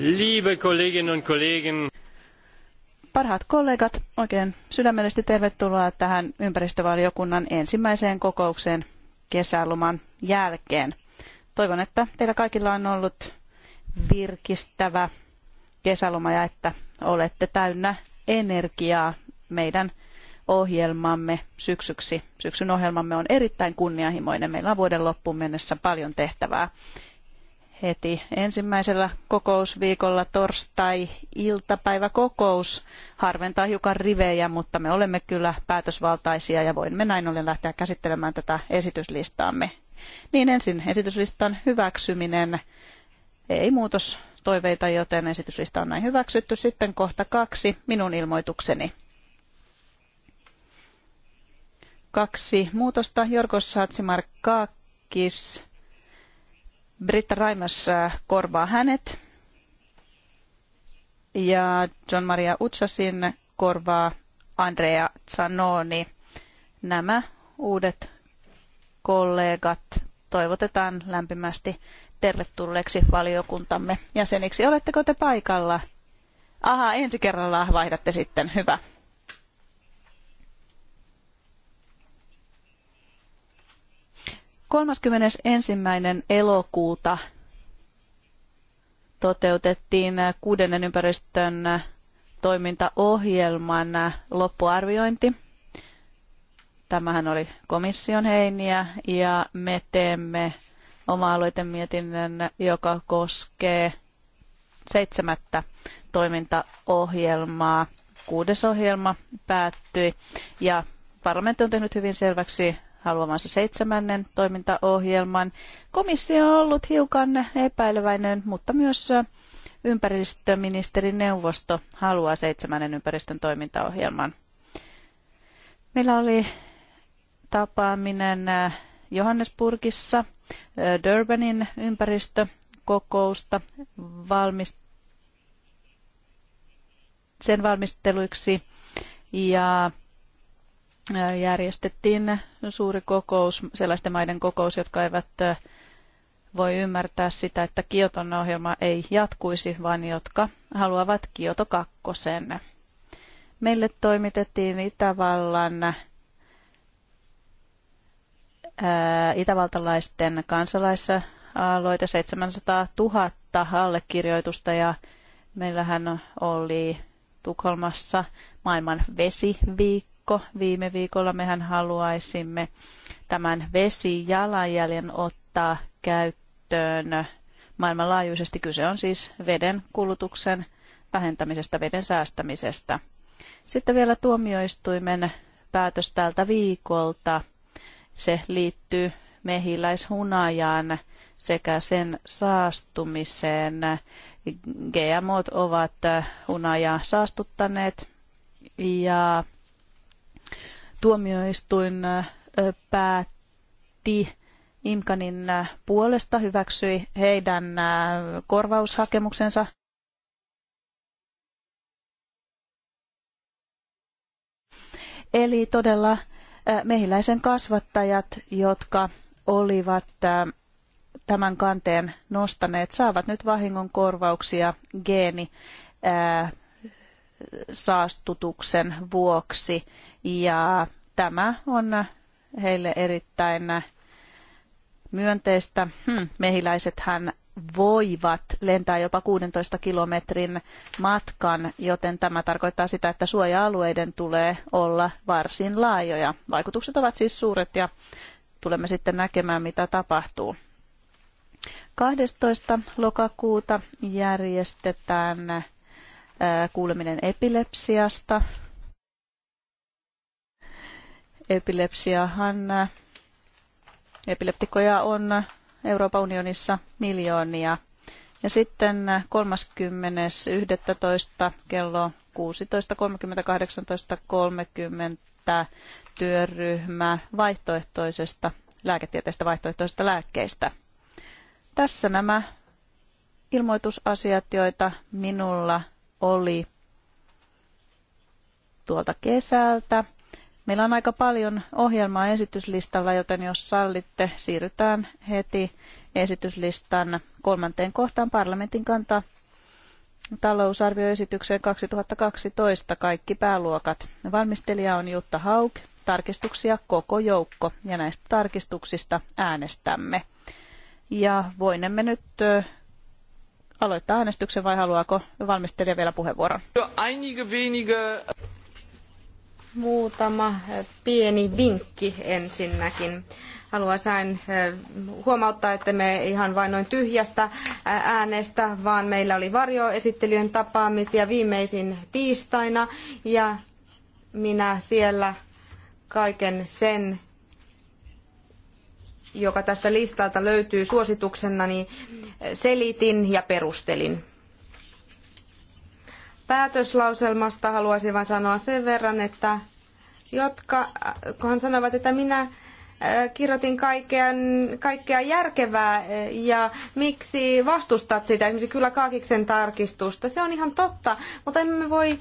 Liebe Kolleginnen und Kollegen. Parhaat kollegat, oikein sydämellisesti tervetuloa tähän ympäristövaliokunnan ensimmäiseen kokoukseen kesäloman jälkeen. Toivon, että teillä kaikilla on ollut virkistävä kesäloma ja että olette täynnä energiaa meidän ohjelmamme syksyksi. Syksyn ohjelmamme on erittäin kunnianhimoinen. Meillä on vuoden loppuun mennessä paljon tehtävää heti ensimmäisellä kokousviikolla torstai-iltapäiväkokous harventaa hiukan rivejä, mutta me olemme kyllä päätösvaltaisia ja voimme näin ollen lähteä käsittelemään tätä esityslistaamme. Niin ensin esityslistan hyväksyminen. Ei muutos toiveita, joten esityslista on näin hyväksytty. Sitten kohta kaksi, minun ilmoitukseni. Kaksi muutosta. Jorgos Hatsimarkkaakis Britta Raimas äh, korvaa hänet ja John Maria Utsasin korvaa Andrea Zanoni. Nämä uudet kollegat toivotetaan lämpimästi tervetulleeksi valiokuntamme jäseniksi. Oletteko te paikalla? Aha, ensi kerralla vaihdatte sitten. Hyvä. 31. elokuuta toteutettiin kuudennen ympäristön toimintaohjelman loppuarviointi. Tämähän oli komission heiniä ja me teemme oma-aloitemietinnön, joka koskee seitsemättä toimintaohjelmaa. Kuudes ohjelma päättyi ja parlamentti on tehnyt hyvin selväksi haluamansa seitsemännen toimintaohjelman. Komissio on ollut hiukan epäileväinen, mutta myös ympäristöministerineuvosto haluaa seitsemännen ympäristön toimintaohjelman. Meillä oli tapaaminen Johannesburgissa Durbanin ympäristökokousta valmist- sen valmisteluiksi ja järjestettiin suuri kokous, sellaisten maiden kokous, jotka eivät voi ymmärtää sitä, että Kioton ohjelma ei jatkuisi, vaan jotka haluavat Kioto kakkosen. Meille toimitettiin Itävallan itävaltalaisten kansalaisaloite 700 000 allekirjoitusta ja meillähän oli Tukholmassa maailman vesiviikko viikko. Viime viikolla mehän haluaisimme tämän vesijalanjäljen ottaa käyttöön maailmanlaajuisesti. Kyse on siis veden kulutuksen vähentämisestä, veden säästämisestä. Sitten vielä tuomioistuimen päätös tältä viikolta. Se liittyy mehiläishunajaan sekä sen saastumiseen. GMOt ovat hunajaa saastuttaneet ja tuomioistuin päätti Imkanin puolesta, hyväksyi heidän korvaushakemuksensa. Eli todella mehiläisen kasvattajat, jotka olivat tämän kanteen nostaneet, saavat nyt vahingon korvauksia geeni saastutuksen vuoksi ja tämä on heille erittäin myönteistä. Hmm, mehiläisethän voivat lentää jopa 16 kilometrin matkan, joten tämä tarkoittaa sitä, että suoja-alueiden tulee olla varsin laajoja. Vaikutukset ovat siis suuret ja tulemme sitten näkemään, mitä tapahtuu. 12. lokakuuta järjestetään kuuleminen epilepsiasta. Epilepsiahan, epileptikoja on Euroopan unionissa miljoonia. Ja sitten 30.11. kello 16.30-18.30 työryhmä vaihtoehtoisesta lääketieteestä vaihtoehtoisista lääkkeistä. Tässä nämä ilmoitusasiat, joita minulla oli tuolta kesältä. Meillä on aika paljon ohjelmaa esityslistalla, joten jos sallitte, siirrytään heti esityslistan kolmanteen kohtaan parlamentin kanta talousarvioesitykseen 2012 kaikki pääluokat. Valmistelija on Jutta Haug, tarkistuksia koko joukko ja näistä tarkistuksista äänestämme. Ja voinemme nyt aloittaa äänestyksen vai haluaako valmistelija vielä puheenvuoron? Muutama eh, pieni vinkki ensinnäkin haluaisin eh, huomauttaa, että me ihan vain noin tyhjästä eh, äänestä, vaan meillä oli varjoesittelijän tapaamisia viimeisin tiistaina ja minä siellä kaiken sen joka tästä listalta löytyy suosituksena, niin selitin ja perustelin. Päätöslauselmasta haluaisin vain sanoa sen verran, että jotka kohan sanovat, että minä kirjoitin kaikkea, kaikkea järkevää ja miksi vastustat sitä, esimerkiksi kyllä kaakiksen tarkistusta. Se on ihan totta, mutta emme voi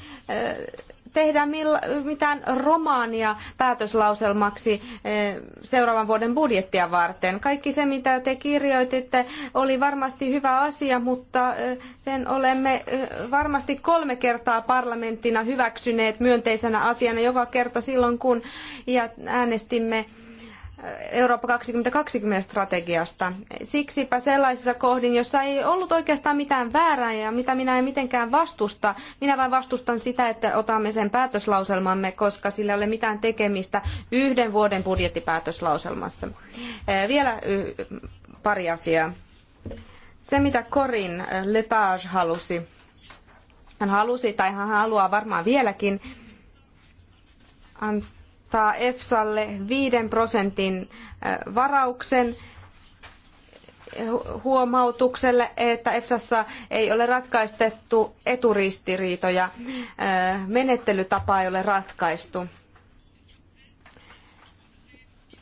tehdä mitään romaania päätöslauselmaksi eh, seuraavan vuoden budjettia varten. Kaikki se, mitä te kirjoititte, oli varmasti hyvä asia, mutta eh, sen olemme eh, varmasti kolme kertaa parlamenttina hyväksyneet myönteisenä asiana joka kerta silloin, kun äänestimme Eurooppa 2020 strategiasta. Siksipä sellaisissa kohdin, jossa ei ollut oikeastaan mitään väärää ja mitä minä en mitenkään vastusta, minä vain vastustan sitä, että otamme sen päätöslauselmamme, koska sillä ei ole mitään tekemistä yhden vuoden budjettipäätöslauselmassa. Vielä pari asiaa. Se, mitä Corin e, Lepage halusi, hän halusi tai hän haluaa varmaan vieläkin, antaa antaa EFSAlle 5 prosentin varauksen huomautukselle, että EFSAssa ei ole ratkaistettu eturistiriitoja. Menettelytapa ei ole ratkaistu.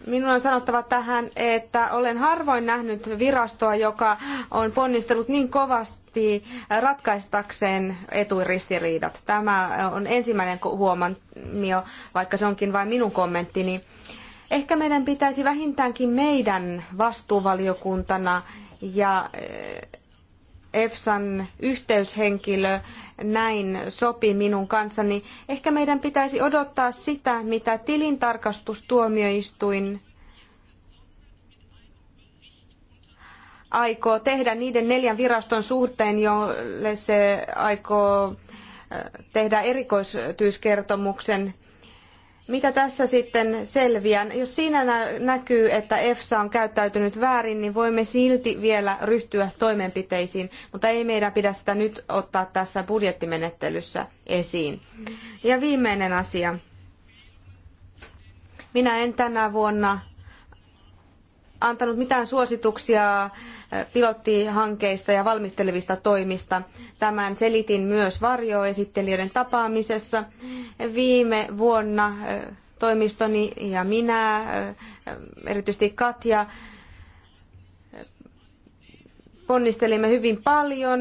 Minun on sanottava tähän, että olen harvoin nähnyt virastoa, joka on ponnistellut niin kovasti vaatii ratkaistakseen eturistiriidat. Tämä on ensimmäinen huomio, vaikka se onkin vain minun kommenttini. Ehkä meidän pitäisi vähintäänkin meidän vastuuvaliokuntana ja eh, EFSAn yhteyshenkilö näin sopi minun kanssani. Ehkä meidän pitäisi odottaa sitä, mitä tilintarkastustuomioistuin aikoo tehdä niiden neljän viraston suhteen, joille se aikoo tehdä erikoistyyskertomuksen. Mitä tässä sitten selviää? Jos siinä näkyy, että EFSA on käyttäytynyt väärin, niin voimme silti vielä ryhtyä toimenpiteisiin, mutta ei meidän pidä sitä nyt ottaa tässä budjettimenettelyssä esiin. Ja viimeinen asia. Minä en tänä vuonna antanut mitään suosituksia pilottihankkeista ja valmistelevista toimista. Tämän selitin myös varjoesittelijöiden tapaamisessa. Viime vuonna toimistoni ja minä, erityisesti Katja, ponnistelimme hyvin paljon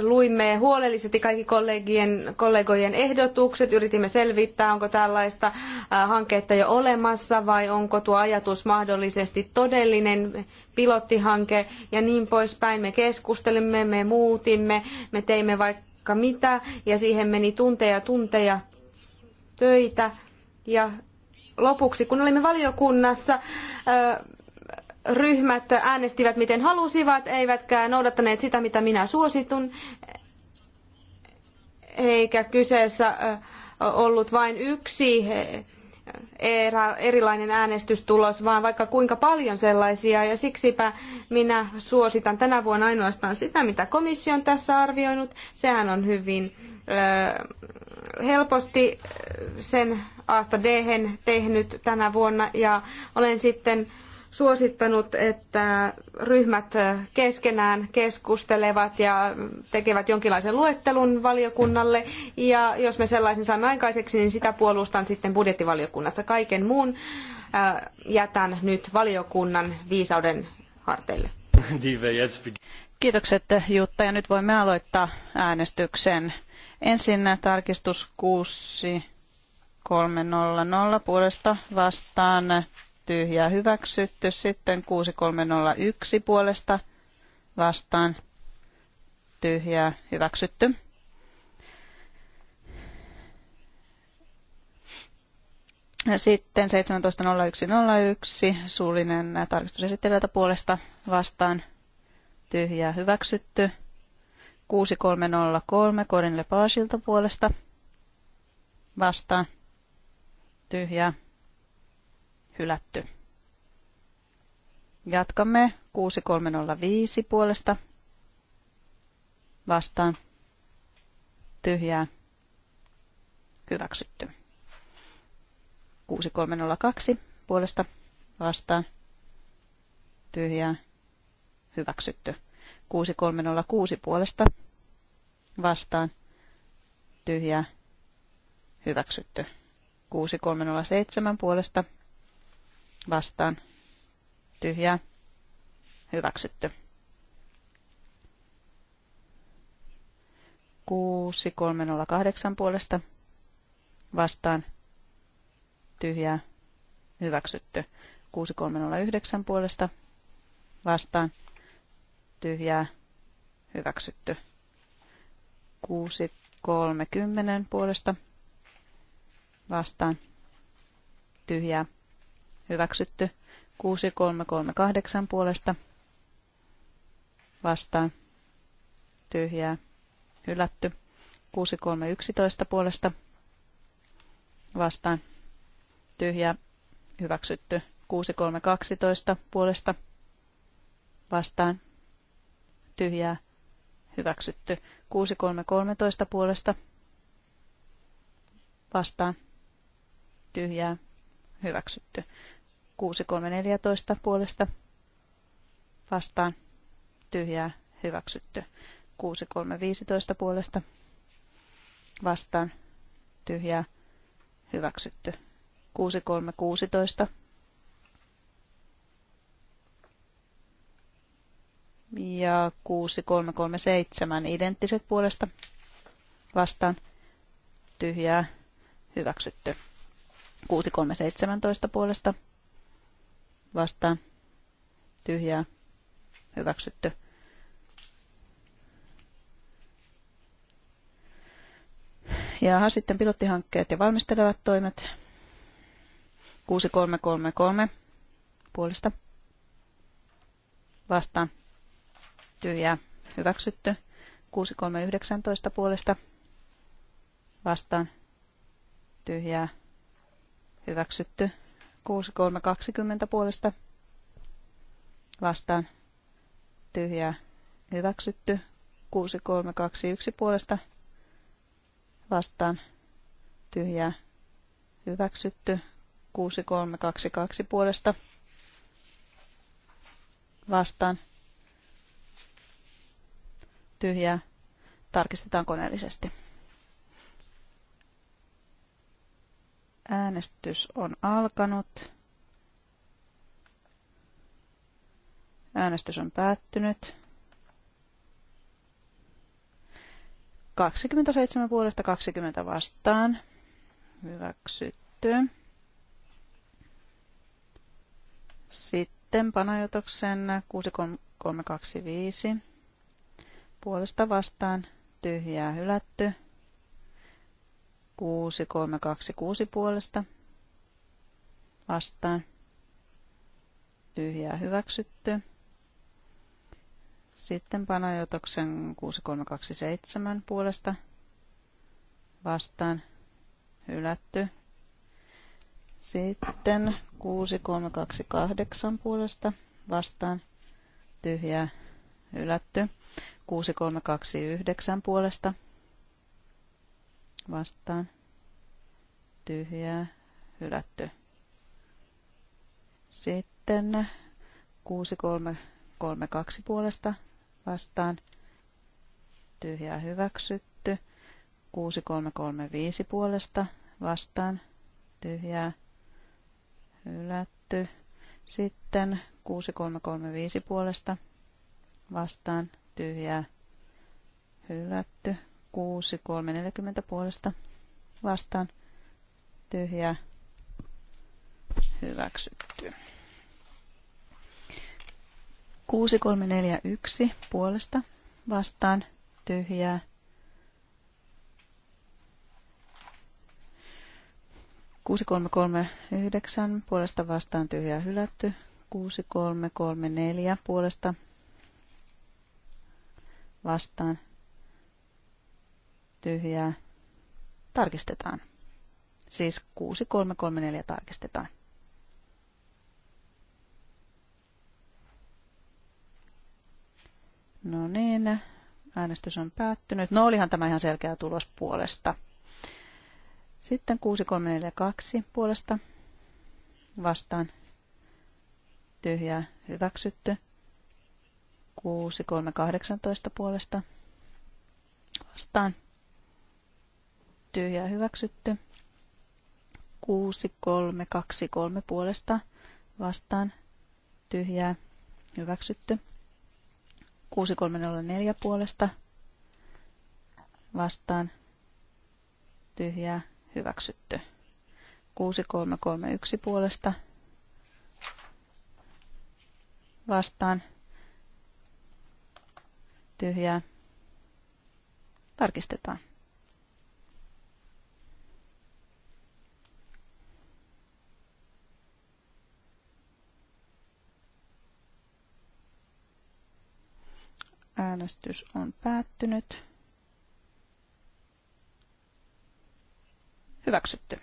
luimme huolellisesti kaikki kollegien, kollegojen ehdotukset, yritimme selvittää, onko tällaista äh, hanketta jo olemassa vai onko tuo ajatus mahdollisesti todellinen pilottihanke ja niin poispäin. Me keskustelimme, me muutimme, me teimme vaikka mitä ja siihen meni tunteja tunteja töitä ja lopuksi, kun olimme valiokunnassa, äh, ryhmät äänestivät miten halusivat, eivätkä noudattaneet sitä, mitä minä suositun, eikä kyseessä ollut vain yksi erilainen äänestystulos, vaan vaikka kuinka paljon sellaisia, ja siksipä minä suositan tänä vuonna ainoastaan sitä, mitä komissio on tässä arvioinut. Sehän on hyvin helposti sen Asta d tehnyt tänä vuonna, ja olen sitten suosittanut, että ryhmät keskenään keskustelevat ja tekevät jonkinlaisen luettelun valiokunnalle. Ja jos me sellaisen saamme aikaiseksi, niin sitä puolustan sitten budjettivaliokunnassa. Kaiken muun äh, jätän nyt valiokunnan viisauden harteille. Kiitokset Jutta ja nyt voimme aloittaa äänestyksen. Ensin tarkistus 6 300 puolesta vastaan tyhjää hyväksytty. Sitten 6301 puolesta vastaan tyhjää hyväksytty. Sitten 17.01.01 suullinen tarkistusesittelijältä puolesta vastaan tyhjää hyväksytty. 6303 Korin Lepaasilta puolesta vastaan tyhjää hylätty. Jatkamme 6305 puolesta vastaan tyhjää hyväksytty. 6302 puolesta vastaan tyhjää hyväksytty. 6306 puolesta vastaan tyhjää hyväksytty. 6307 puolesta vastaan tyhjää hyväksytty. kuusi nolla kahdeksan puolesta vastaan tyhjää hyväksytty. kuusi nolla yhdeksän puolesta vastaan tyhjää hyväksytty. kuusi kymmenen puolesta vastaan tyhjää hyväksytty. 6338 puolesta vastaan tyhjää hylätty. 6311 puolesta vastaan tyhjää hyväksytty. 6312 puolesta vastaan tyhjää hyväksytty. 6313 puolesta vastaan tyhjää hyväksytty. 6314 puolesta vastaan tyhjää hyväksytty. 6315 puolesta vastaan tyhjää hyväksytty. 6316 ja 6337 identtiset puolesta vastaan tyhjää hyväksytty. 6317 puolesta vastaan tyhjää hyväksytty. Ja sitten pilottihankkeet ja valmistelevat toimet. 6333 puolesta vastaan tyhjää hyväksytty. 6319 puolesta vastaan tyhjää hyväksytty. 6320 puolesta vastaan tyhjää hyväksytty. 6321 puolesta vastaan tyhjää hyväksytty. 6322 puolesta vastaan tyhjää tarkistetaan koneellisesti. Äänestys on alkanut. Äänestys on päättynyt. 27 puolesta 20 vastaan. Hyväksytty. Sitten panajotoksen 6325. Puolesta vastaan tyhjää hylätty. 6, 3, 2, 6 puolesta vastaan. Tyhjää hyväksytty. Sitten panajoitoksen 6327 puolesta vastaan hylätty. Sitten 6328 puolesta vastaan tyhjää hylätty. 6329 puolesta vastaan, tyhjää, hylätty. Sitten 6332 puolesta vastaan, tyhjää, hyväksytty. 6335 puolesta vastaan, tyhjää, hylätty. Sitten 6335 puolesta vastaan, tyhjää, hylätty. 6, 3, 40 puolesta vastaan tyhjä hyväksytty. 6, 3, 4, 1 puolesta vastaan tyhjä Kuusi kolme kolme yhdeksän puolesta vastaan tyhjää hylätty. Kuusi kolme kolme neljä puolesta vastaan tyhjää. Tarkistetaan. Siis 6334 tarkistetaan. No niin, äänestys on päättynyt. No olihan tämä ihan selkeä tulos puolesta. Sitten 6342 puolesta vastaan tyhjää hyväksytty. 6318 puolesta vastaan ja hyväksytty. 6, 3, 2, 3 puolesta vastaan tyhjää hyväksytty. 6, 3, 0, 4 puolesta vastaan tyhjää hyväksytty. 6, 3, 3, 1 puolesta vastaan tyhjää tarkistetaan. Äänestys on päättynyt. Hyväksytty.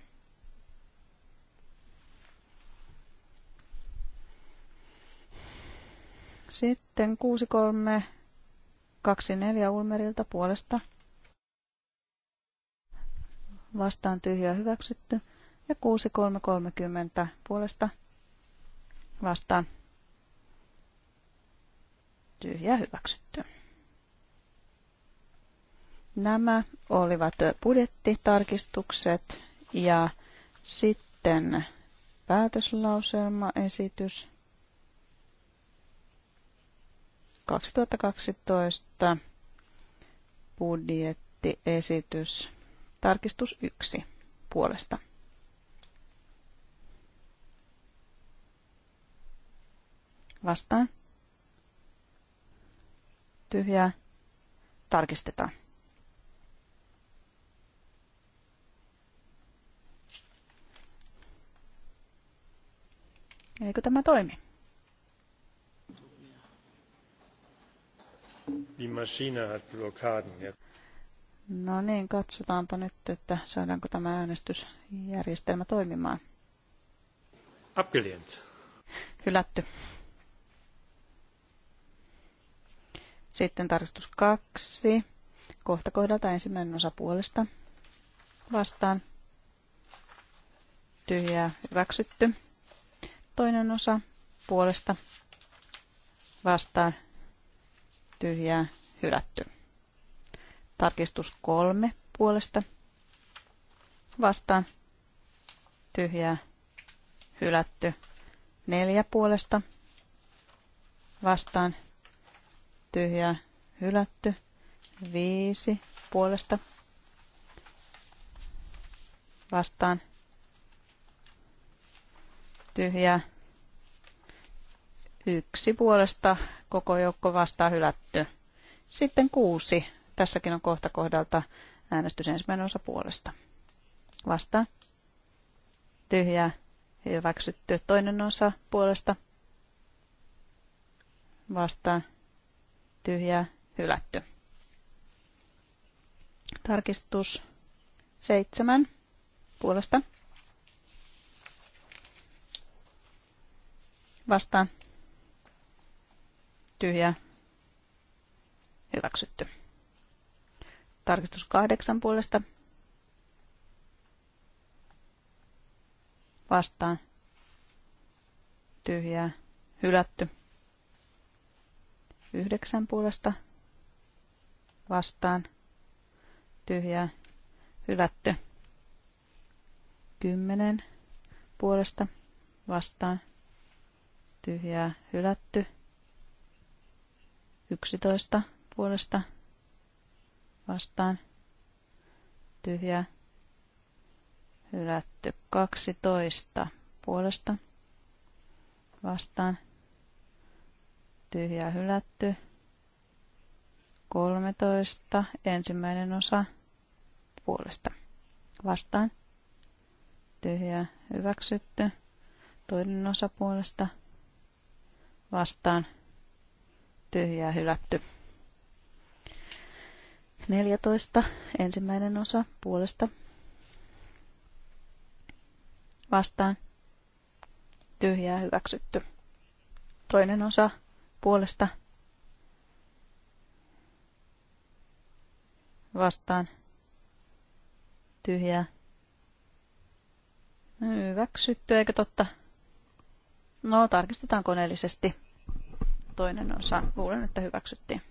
Sitten 6324 Ulmerilta puolesta. Vastaan tyhjä hyväksytty. Ja 6330 puolesta vastaan ja hyväksytty. Nämä olivat budjettitarkistukset ja sitten päätöslauselmaesitys 2012 budjettiesitys tarkistus 1 puolesta. Vastaan tyhjää, tarkistetaan. Eikö tämä toimi? No niin, katsotaanpa nyt, että saadaanko tämä äänestysjärjestelmä toimimaan. Abgelehnt. Hylätty. Sitten tarkistus kaksi. Kohta kohdalta ensimmäinen osa puolesta. Vastaan. Tyhjää hyväksytty. Toinen osa puolesta. Vastaan. Tyhjää hylätty. Tarkistus kolme puolesta. Vastaan. Tyhjää hylätty. Neljä puolesta. Vastaan tyhjä, hylätty. Viisi puolesta vastaan tyhjä, Yksi puolesta koko joukko vastaan hylätty. Sitten kuusi. Tässäkin on kohta kohdalta äänestys ensimmäinen osa puolesta. Vastaan. tyhjä, Hyväksytty. Toinen osa puolesta. Vastaan tyhjää hylätty. Tarkistus 7 puolesta. Vastaan Tyhjä, hyväksytty. Tarkistus kahdeksan puolesta. Vastaan tyhjää hylätty. Yhdeksän puolesta vastaan. Tyhjää. Hylätty. Kymmenen puolesta vastaan. Tyhjää. Hylätty. Yksitoista puolesta vastaan. Tyhjää. Hylätty. Kaksitoista puolesta vastaan tyhjää hylätty. 13. Ensimmäinen osa puolesta. Vastaan. Tyhjää hyväksytty. Toinen osa puolesta. Vastaan. Tyhjää hylätty. 14. Ensimmäinen osa puolesta. Vastaan. Tyhjää hyväksytty. Toinen osa puolesta vastaan tyhjää. Hyväksytty, eikö totta? No, tarkistetaan koneellisesti. Toinen osa. Luulen, että hyväksyttiin.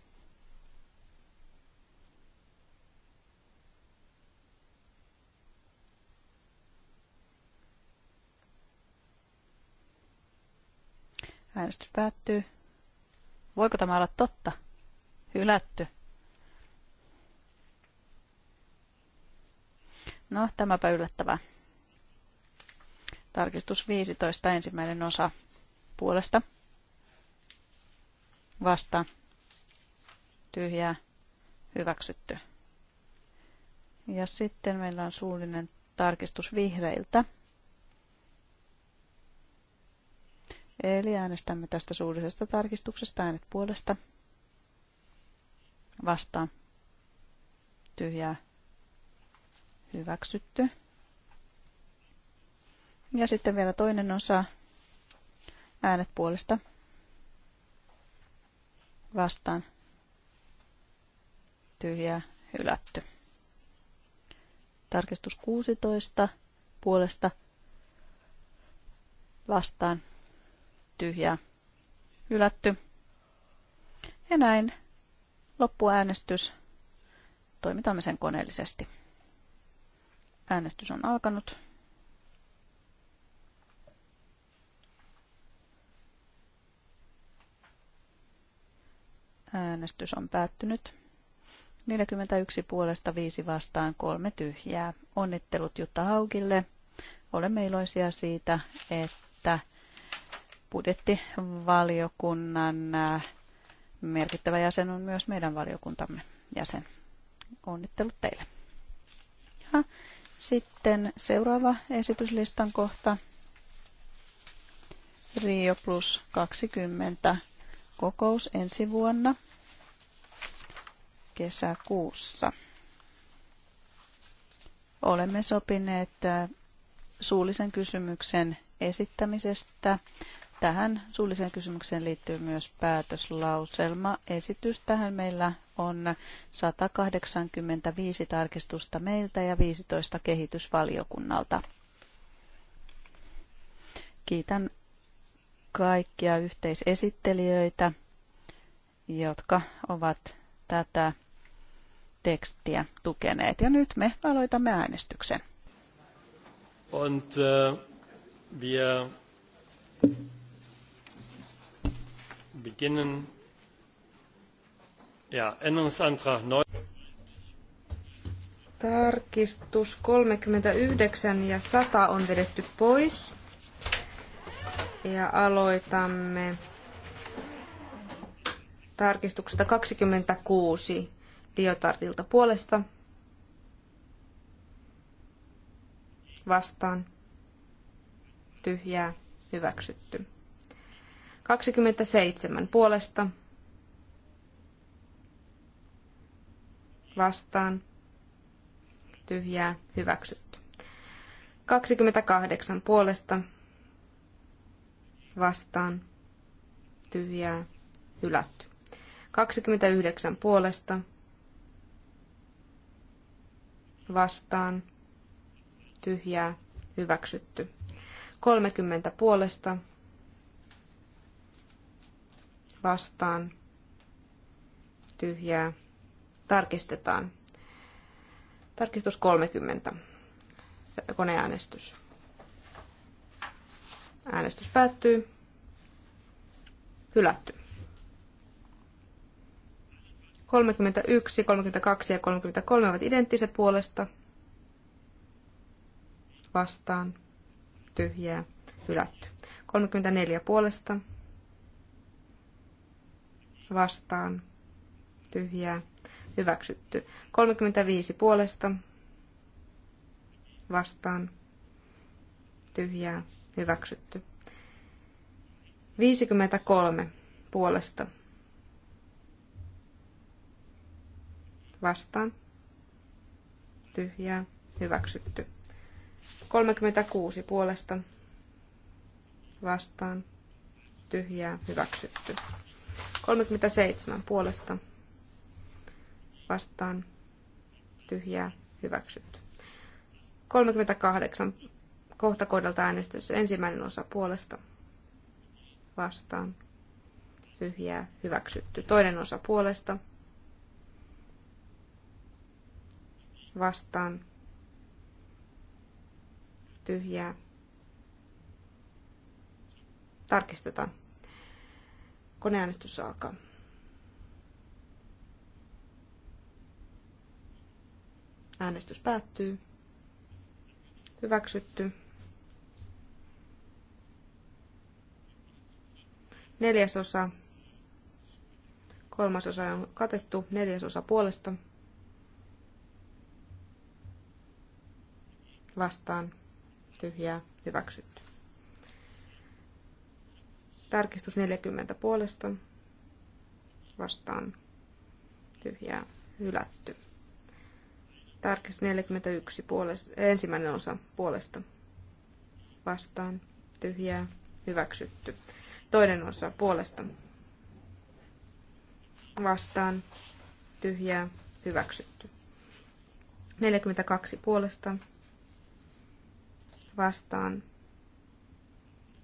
Äänestys päättyy. Voiko tämä olla totta? Hylätty. No, tämäpä yllättävää. Tarkistus 15, ensimmäinen osa puolesta. Vasta. Tyhjää. Hyväksytty. Ja sitten meillä on suullinen tarkistus vihreiltä. Eli äänestämme tästä suullisesta tarkistuksesta äänet puolesta. Vastaan. Tyhjää. Hyväksytty. Ja sitten vielä toinen osa. Äänet puolesta. Vastaan. Tyhjää. Hylätty. Tarkistus 16 puolesta vastaan tyhjää hylätty. Ja näin loppuäänestys. Toimitamme sen koneellisesti. Äänestys on alkanut. Äänestys on päättynyt. 41 puolesta 5 vastaan kolme tyhjää. Onnittelut Jutta Haukille. Olemme iloisia siitä, että budjettivaliokunnan äh, merkittävä jäsen on myös meidän valiokuntamme jäsen. Onnittelut teille. Ja sitten seuraava esityslistan kohta. Rio plus 20 kokous ensi vuonna kesäkuussa. Olemme sopineet äh, suullisen kysymyksen esittämisestä Tähän suulliseen kysymykseen liittyy myös päätöslauselma. Esitys tähän meillä on 185 tarkistusta meiltä ja 15 kehitysvaliokunnalta. Kiitän kaikkia yhteisesittelijöitä, jotka ovat tätä tekstiä tukeneet. Ja nyt me aloitamme äänestyksen. Und, uh, wir beginnen. Ja, Änderungsantrag 9. Tarkistus 39 ja 100 on vedetty pois. Ja aloitamme tarkistuksesta 26 Diotardilta puolesta. Vastaan. Tyhjää. Hyväksytty. 27 puolesta vastaan tyhjää hyväksytty. 28 puolesta vastaan tyhjää hylätty. 29 puolesta vastaan tyhjää hyväksytty. 30 puolesta vastaan, vastaan tyhjää tarkistetaan. Tarkistus 30. Koneäänestys. Äänestys päättyy. Hylätty. 31, 32 ja 33 ovat identtiset puolesta. Vastaan. Tyhjää. Hylätty. 34 puolesta vastaan, tyhjää, hyväksytty. 35 puolesta, vastaan, tyhjää, hyväksytty. 53 puolesta, vastaan, tyhjää, hyväksytty. 36 puolesta, vastaan, tyhjää, hyväksytty. 37 puolesta vastaan tyhjää hyväksytty. 38 kohta kohdalta äänestys ensimmäinen osa puolesta vastaan tyhjää hyväksytty. Toinen osa puolesta vastaan tyhjää tarkistetaan. Koneäänestys alkaa. Äänestys päättyy. Hyväksytty. 4 osa, kolmas osa on katettu, neljäs osa puolesta. Vastaan, tyhjää, hyväksytty. Tarkistus 40 puolesta vastaan tyhjää hylätty. Tarkistus 41 puolesta, eh, ensimmäinen osa puolesta vastaan tyhjää hyväksytty. Toinen osa puolesta vastaan tyhjää hyväksytty. 42 puolesta vastaan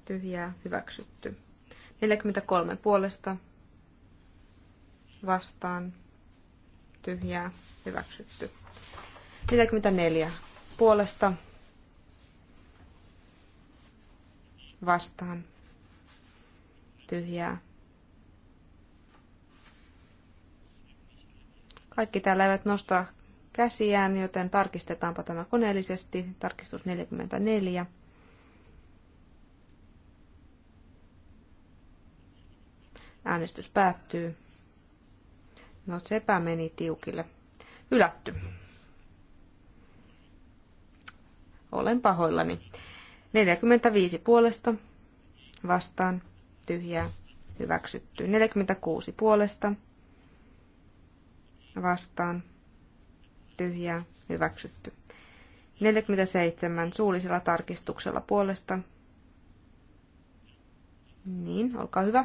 tyhjää hyväksytty. 43 puolesta vastaan tyhjää hyväksytty. 44 puolesta vastaan tyhjää. Kaikki täällä eivät nostaa käsiään, joten tarkistetaanpa tämä koneellisesti. Tarkistus 44. Äänestys päättyy. No sepä meni tiukille. Ylätty. Olen pahoillani. 45 puolesta vastaan tyhjää hyväksytty. 46 puolesta vastaan tyhjää hyväksytty. 47 suullisella tarkistuksella puolesta. Niin, olkaa hyvä.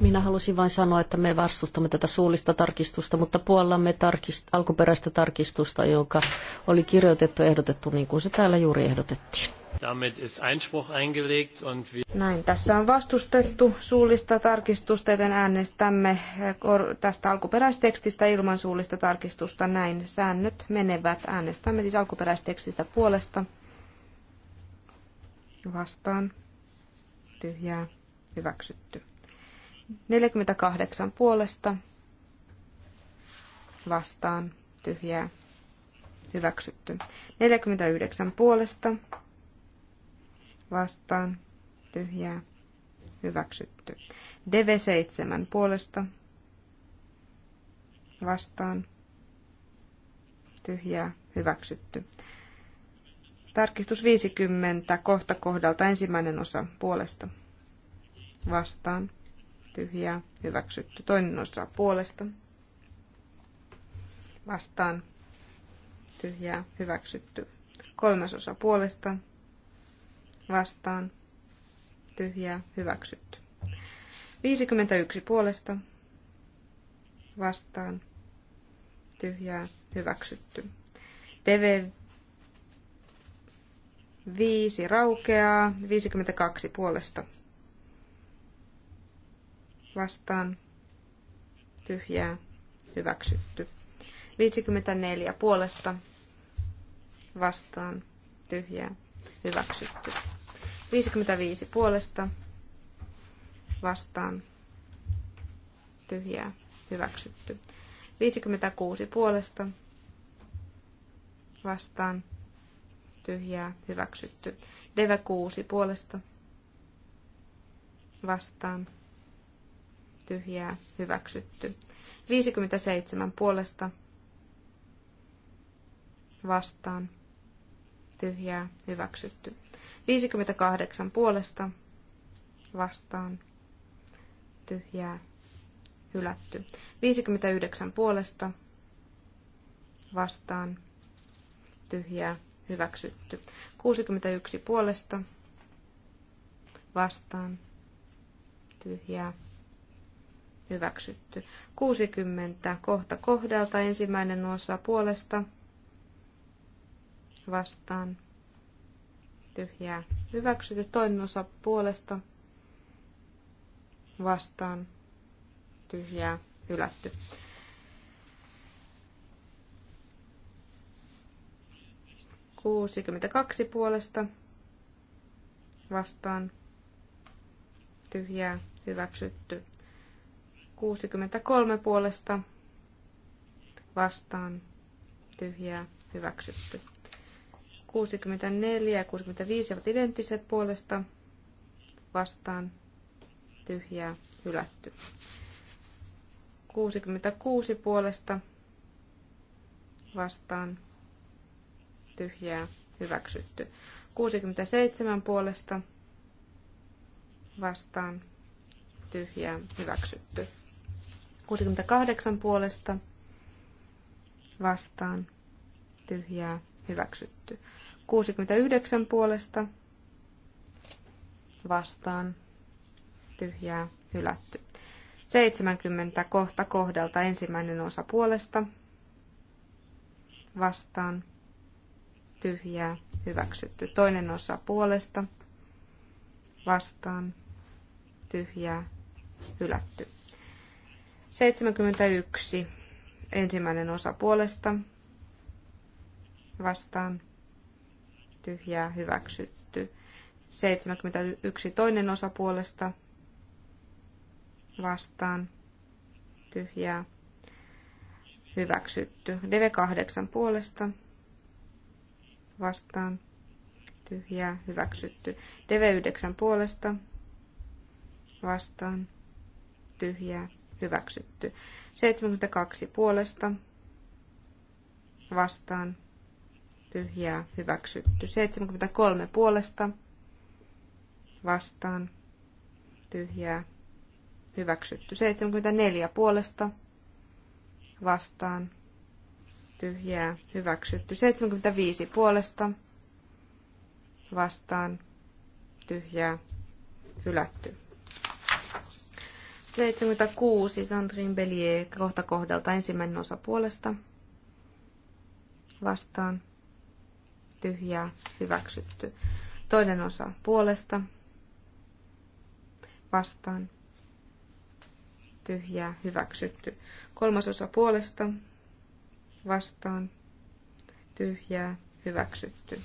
Minä halusin vain sanoa, että me vastustamme tätä suullista tarkistusta, mutta puollamme tarkist- alkuperäistä tarkistusta, joka oli kirjoitettu ja ehdotettu niin kuin se täällä juuri ehdotettiin. Näin, tässä on vastustettu suullista tarkistusta, joten äänestämme eh, tästä alkuperäistekstistä ilman suullista tarkistusta. Näin säännöt menevät. Äänestämme siis alkuperäistekstistä puolesta. Vastaan. Tyhjää. Hyväksytty. 48 puolesta vastaan tyhjää hyväksytty. 49 puolesta vastaan tyhjää hyväksytty. DV7 puolesta vastaan tyhjää hyväksytty. Tarkistus 50 kohta kohdalta ensimmäinen osa puolesta vastaan tyhjää, hyväksytty. Toinen osa puolesta, vastaan, tyhjää, hyväksytty. Kolmas osa puolesta, vastaan, tyhjää, hyväksytty. 51 puolesta, vastaan, tyhjää, hyväksytty. TV 5 raukeaa, 52 puolesta vastaan tyhjää hyväksytty. 54 puolesta vastaan tyhjää hyväksytty. 55 puolesta vastaan tyhjää hyväksytty. 56 puolesta vastaan tyhjää hyväksytty. Deve 6 puolesta vastaan tyhjää, hyväksytty. 57 puolesta vastaan, tyhjää, hyväksytty. 58 puolesta vastaan, tyhjää, hylätty. 59 puolesta vastaan, tyhjää, hyväksytty. 61 puolesta vastaan, tyhjää, hyväksytty. 60 kohta kohdalta ensimmäinen osa puolesta vastaan tyhjää hyväksytty. Toinen osa puolesta vastaan tyhjää hylätty. Kuusikymmentäkaksi puolesta vastaan tyhjää hyväksytty. 63 puolesta vastaan tyhjää hyväksytty. 64 ja 65 ovat identtiset puolesta vastaan tyhjää hylätty. 66 puolesta vastaan tyhjää hyväksytty. 67 puolesta vastaan tyhjää hyväksytty. 68 puolesta vastaan tyhjää hyväksytty. 69 puolesta vastaan tyhjää hylätty. 70 kohta kohdalta ensimmäinen osa puolesta vastaan tyhjää hyväksytty. Toinen osa puolesta vastaan tyhjää hylätty. 71. Ensimmäinen osa puolesta. Vastaan. Tyhjää hyväksytty. 71. Toinen osa puolesta. Vastaan. Tyhjää hyväksytty. DV8 puolesta. Vastaan. Tyhjää hyväksytty. DV9 puolesta. Vastaan. Tyhjää hyväksytty. 72 puolesta vastaan tyhjää hyväksytty. 73 puolesta vastaan tyhjää hyväksytty. 74 puolesta vastaan tyhjää hyväksytty. 75 puolesta vastaan tyhjää hylätty. 76, Sandrine Bellier, kohta kohdalta ensimmäinen osa puolesta. Vastaan. Tyhjää. Hyväksytty. Toinen osa puolesta. Vastaan. Tyhjää. Hyväksytty. Kolmas osa puolesta. Vastaan. Tyhjää. Hyväksytty.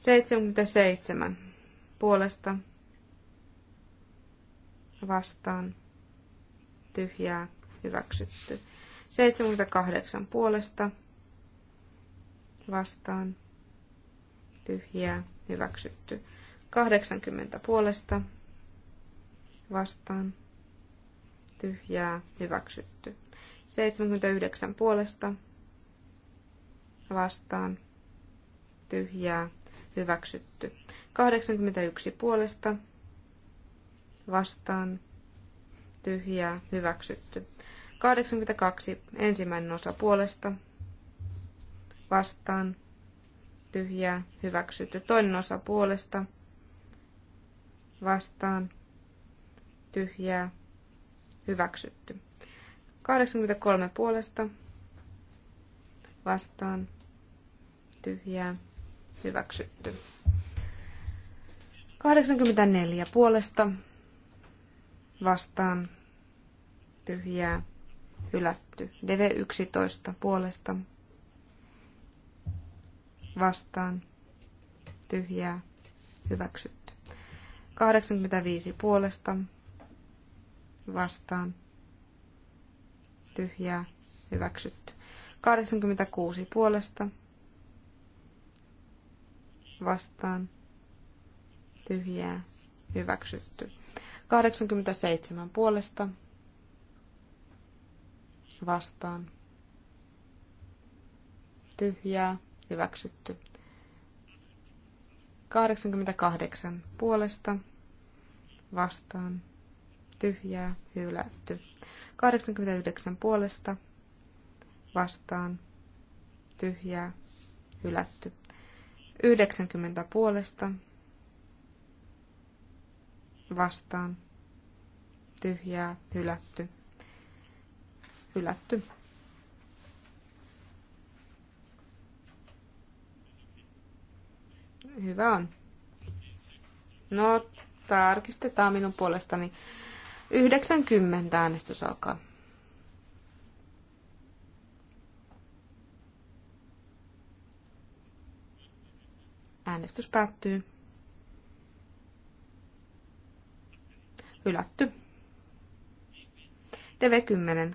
77. Puolesta vastaan tyhjää hyväksytty. 78 puolesta vastaan tyhjää hyväksytty. 80 puolesta vastaan tyhjää hyväksytty. 79 puolesta vastaan tyhjää hyväksytty. 81 puolesta vastaan tyhjää hyväksytty. 82 ensimmäinen osa puolesta vastaan tyhjää hyväksytty. Toinen osa puolesta vastaan tyhjää hyväksytty. 83 puolesta vastaan tyhjää hyväksytty. 84 puolesta vastaan tyhjää hylätty. Deve 11 puolesta vastaan tyhjää hyväksytty. 85 puolesta vastaan tyhjää hyväksytty. 86 puolesta vastaan tyhjää hyväksytty. 87 puolesta vastaan. Tyhjää, hyväksytty. 88 puolesta vastaan. Tyhjää, hylätty. 89 puolesta vastaan. Tyhjää, hylätty. 90 puolesta vastaan vastaan tyhjää, hylätty, hylätty. Hyvä on. No, tarkistetaan minun puolestani. 90 äänestys alkaa. Äänestys päättyy. Hylätty. TV10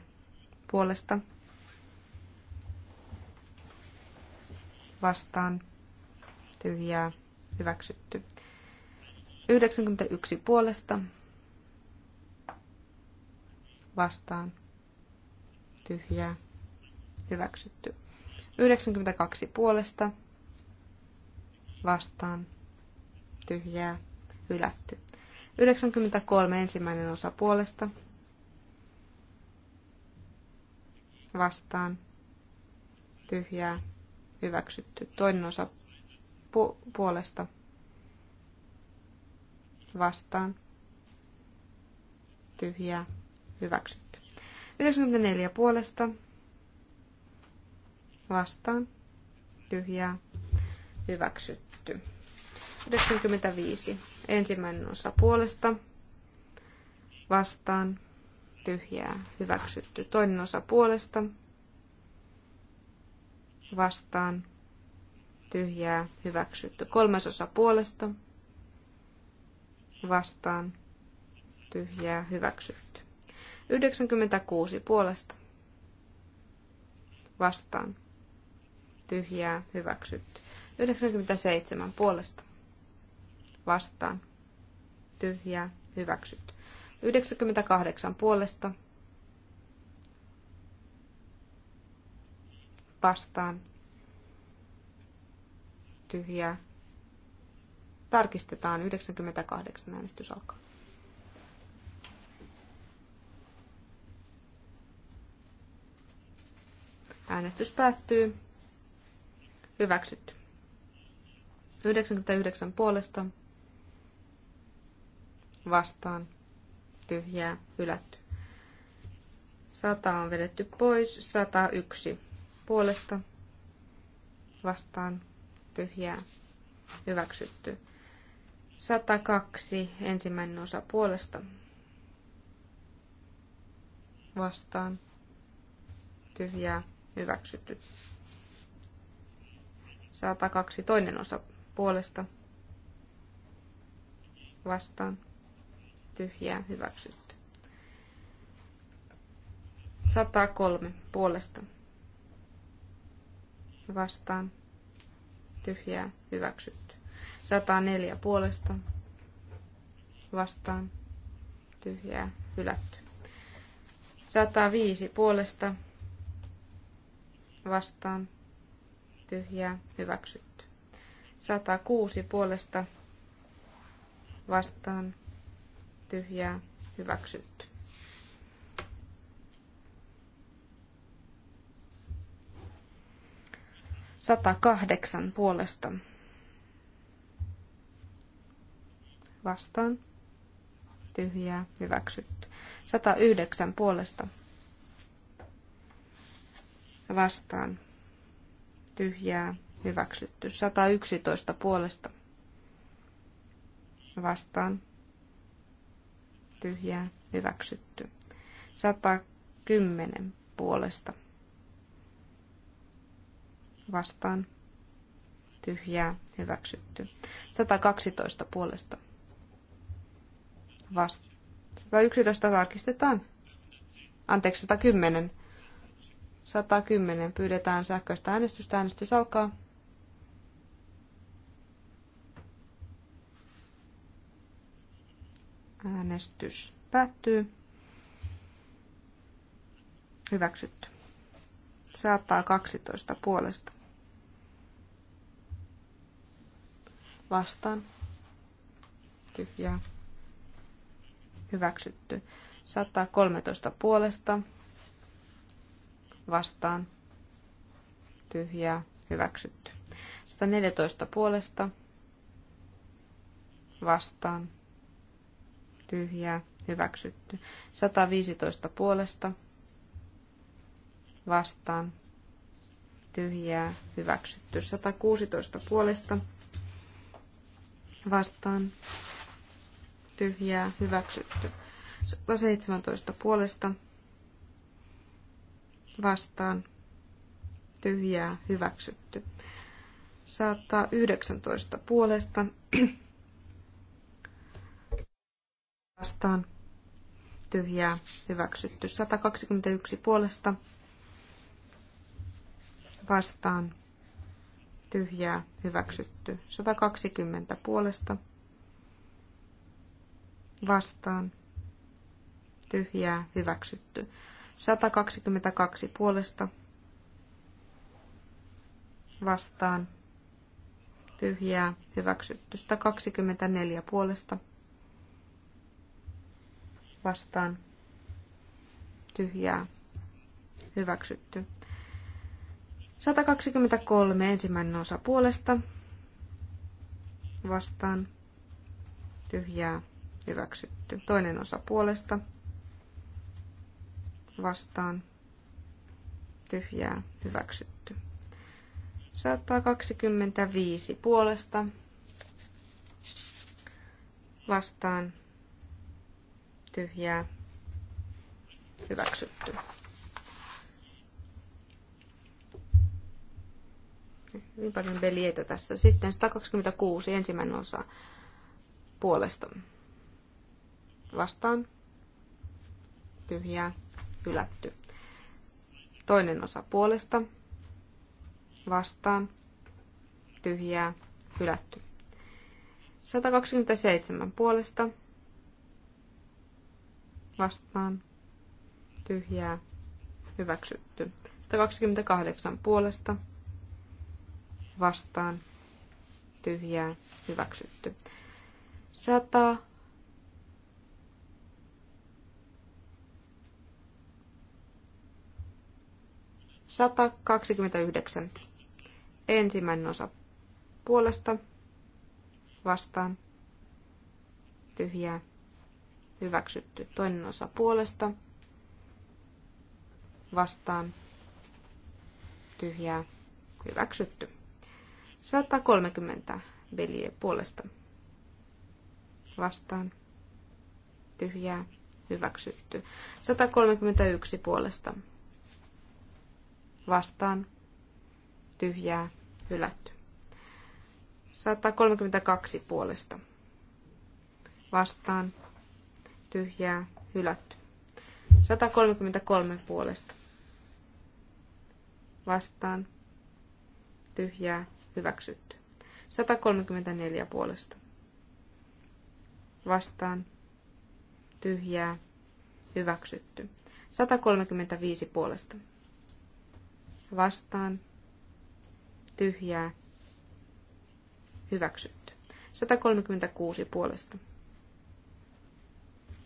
puolesta. Vastaan. Tyhjää. Hyväksytty. 91 puolesta. Vastaan. Tyhjää. Hyväksytty. 92 puolesta. Vastaan. Tyhjää. Hylätty. 93 ensimmäinen osa puolesta. Vastaan. Tyhjää. Hyväksytty. Toinen osa pu- puolesta. Vastaan. Tyhjää. Hyväksytty. 94 puolesta. Vastaan. Tyhjää. Hyväksytty. 95 Ensimmäinen osa puolesta vastaan tyhjää hyväksytty. Toinen osa puolesta vastaan tyhjää hyväksytty. Kolmas osa puolesta vastaan tyhjää hyväksytty. 96 puolesta vastaan tyhjää hyväksytty. 97 puolesta vastaan. Tyhjää, hyväksyt 98 puolesta vastaan. Tyhjää. Tarkistetaan. 98 äänestys alkaa. Äänestys päättyy. Hyväksytty. 99 puolesta vastaan tyhjää hylätty. 100 on vedetty pois, 101 puolesta vastaan tyhjää hyväksytty. 102 ensimmäinen osa puolesta vastaan tyhjää hyväksytty. 102 toinen osa puolesta vastaan tyhjää hyväksytty. 103 puolesta vastaan tyhjää hyväksytty. 104 puolesta vastaan tyhjää hylätty. 105 puolesta vastaan tyhjää hyväksytty. 106 puolesta vastaan tyhjää, hyväksytty. Sata kahdeksan puolesta. Vastaan. Tyhjää, hyväksytty. Sata yhdeksän puolesta. Vastaan. Tyhjää, hyväksytty. sata yksitoista puolesta vastaan tyhjään hyväksytty. 110 puolesta vastaan tyhjää hyväksytty. 112 puolesta vastaan. 111 tarkistetaan. Anteeksi, 110. 110. Pyydetään sähköistä äänestystä. Äänestys alkaa. Äänestys päättyy. Hyväksytty. saattaa 12 puolesta. Vastaan. Tyhjää. Hyväksytty. saattaa 13 puolesta. Vastaan. Tyhjää. Hyväksytty. 114 puolesta. Vastaan tyhjää, hyväksytty. 115 puolesta, vastaan, tyhjää, hyväksytty. 116 puolesta, vastaan, tyhjää, hyväksytty. 117 puolesta, vastaan, tyhjää, hyväksytty. 119 puolesta, vastaan tyhjää hyväksytty. 121 puolesta vastaan tyhjää hyväksytty. 120 puolesta vastaan tyhjää hyväksytty. 122 puolesta vastaan tyhjää hyväksytty. 124 puolesta vastaan vastaan tyhjää hyväksytty. 123 ensimmäinen osa puolesta vastaan tyhjää hyväksytty. Toinen osa puolesta vastaan tyhjää hyväksytty. 125 puolesta vastaan tyhjää, hyväksytty. Hyvin paljon belietä tässä. Sitten 126, ensimmäinen osa puolesta. Vastaan. Tyhjää, hylätty. Toinen osa puolesta. Vastaan. Tyhjää, hylätty. 127 puolesta vastaan tyhjää hyväksytty. 128 puolesta vastaan tyhjää hyväksytty. 100 129. Ensimmäinen osa puolesta vastaan tyhjää hyväksytty. Toinen osa puolesta vastaan tyhjää hyväksytty. 130 veljeä puolesta vastaan tyhjää hyväksytty. 131 puolesta vastaan tyhjää hylätty. 132 puolesta vastaan tyhjää, hylätty. 133 puolesta. Vastaan, tyhjää, hyväksytty. 134 puolesta. Vastaan, tyhjää, hyväksytty. 135 puolesta. Vastaan, tyhjää, hyväksytty. 136 puolesta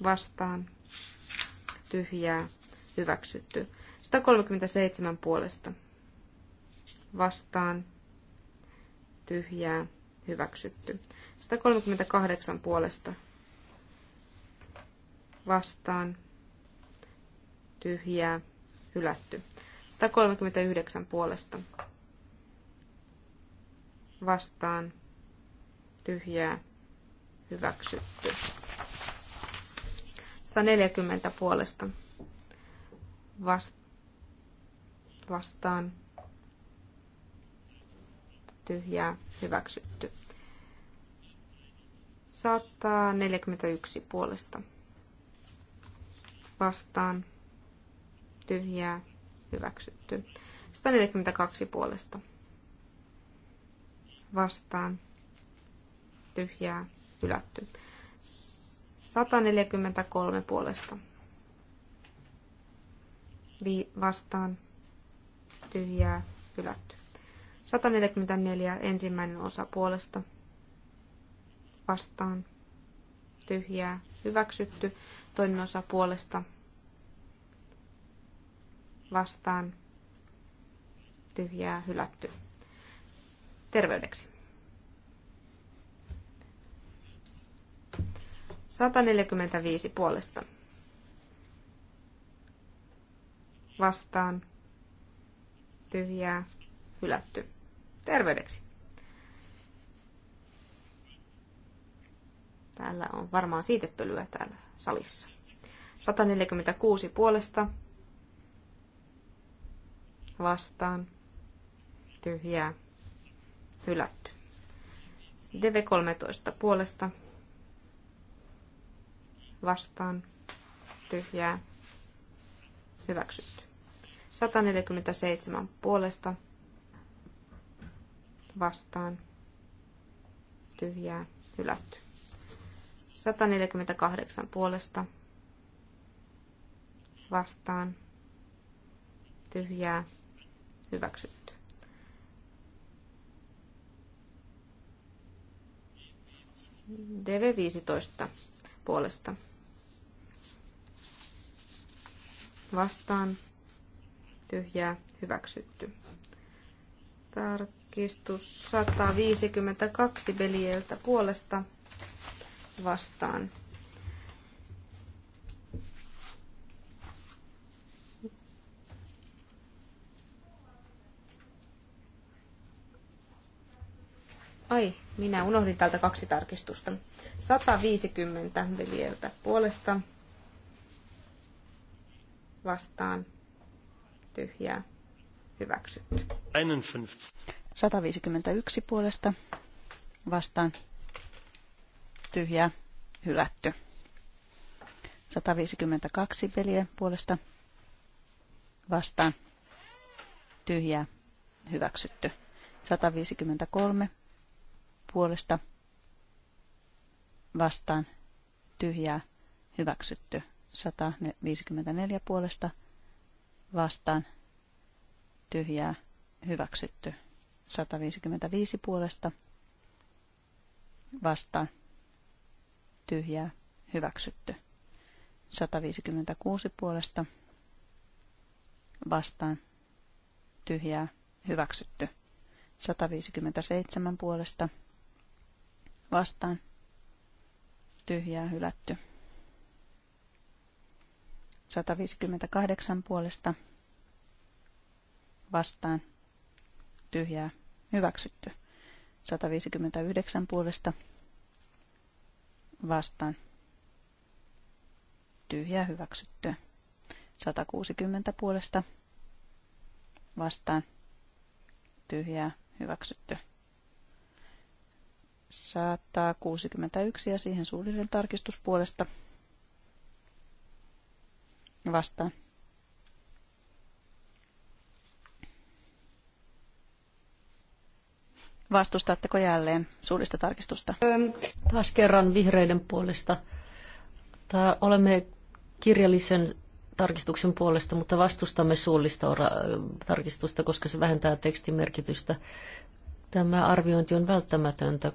vastaan tyhjää hyväksytty. 137 puolesta vastaan tyhjää hyväksytty. 138 puolesta vastaan tyhjää hylätty. 139 puolesta vastaan tyhjää hyväksytty. 140 puolesta vastaan tyhjää hyväksytty. 141 puolesta vastaan tyhjää hyväksytty. 142 puolesta vastaan tyhjää hylätty. 143 puolesta. Vi vastaan tyhjää hylätty. 144 ensimmäinen osa puolesta vastaan tyhjää hyväksytty. Toinen osa puolesta vastaan tyhjää hylätty. Terveydeksi. 145 puolesta. Vastaan. Tyhjää. Hylätty. Terveydeksi. Täällä on varmaan siitepölyä täällä salissa. 146 puolesta. Vastaan. Tyhjää. Hylätty. DV13 puolesta vastaan tyhjää hyväksytty. 147 puolesta vastaan tyhjää hylätty. 148 puolesta vastaan tyhjää hyväksytty. 15 puolesta. Vastaan. Tyhjää. Hyväksytty. Tarkistus 152 Belieltä puolesta. Vastaan. Ai, minä unohdin täältä kaksi tarkistusta. 150 viljeltä puolesta vastaan tyhjää hyväksytty. 151 puolesta vastaan tyhjää hylätty. 152 peliä puolesta vastaan tyhjää hyväksytty. 153 puolesta vastaan tyhjää hyväksytty. 154 puolesta vastaan tyhjää hyväksytty. 155 puolesta vastaan tyhjää hyväksytty. 156 puolesta vastaan tyhjää hyväksytty. 157 puolesta vastaan tyhjää hylätty. 158 puolesta vastaan tyhjää hyväksytty. 159 puolesta vastaan tyhjää hyväksytty. 160 puolesta vastaan tyhjää hyväksytty. 161 ja siihen suullinen tarkistus puolesta vastaan. Vastustatteko jälleen suullista tarkistusta? Taas kerran vihreiden puolesta. Tää olemme kirjallisen tarkistuksen puolesta, mutta vastustamme suullista tarkistusta, koska se vähentää tekstin merkitystä. Tämä arviointi on välttämätöntä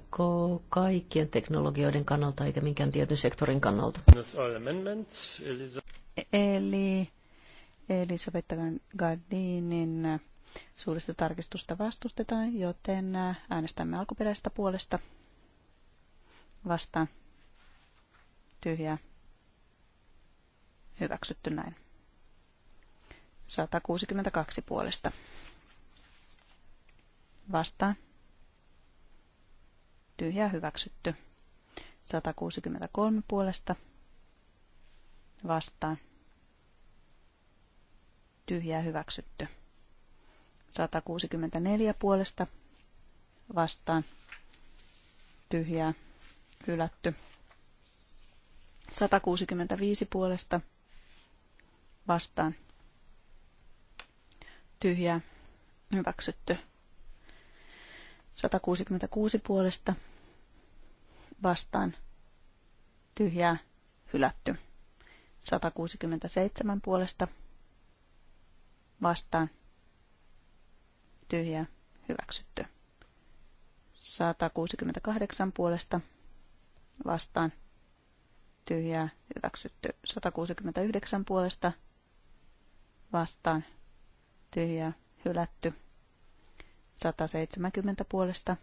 kaikkien teknologioiden kannalta eikä minkään tietyn sektorin kannalta. Eli Elisabetta Gardinin suurista tarkistusta vastustetaan, joten äänestämme alkuperäisestä puolesta vastaan tyhjää hyväksytty näin. 162 puolesta Vastaan. Tyhjää hyväksytty. 163 puolesta. Vastaan. Tyhjää hyväksytty. 164 puolesta. Vastaan. Tyhjää hylätty. 165 puolesta vastaan. Tyhjää, hyväksytty. 166 puolesta vastaan tyhjää hylätty. 167 puolesta vastaan tyhjää hyväksytty. 168 puolesta vastaan tyhjää hyväksytty. 169 puolesta vastaan tyhjää hylätty. 170 puolesta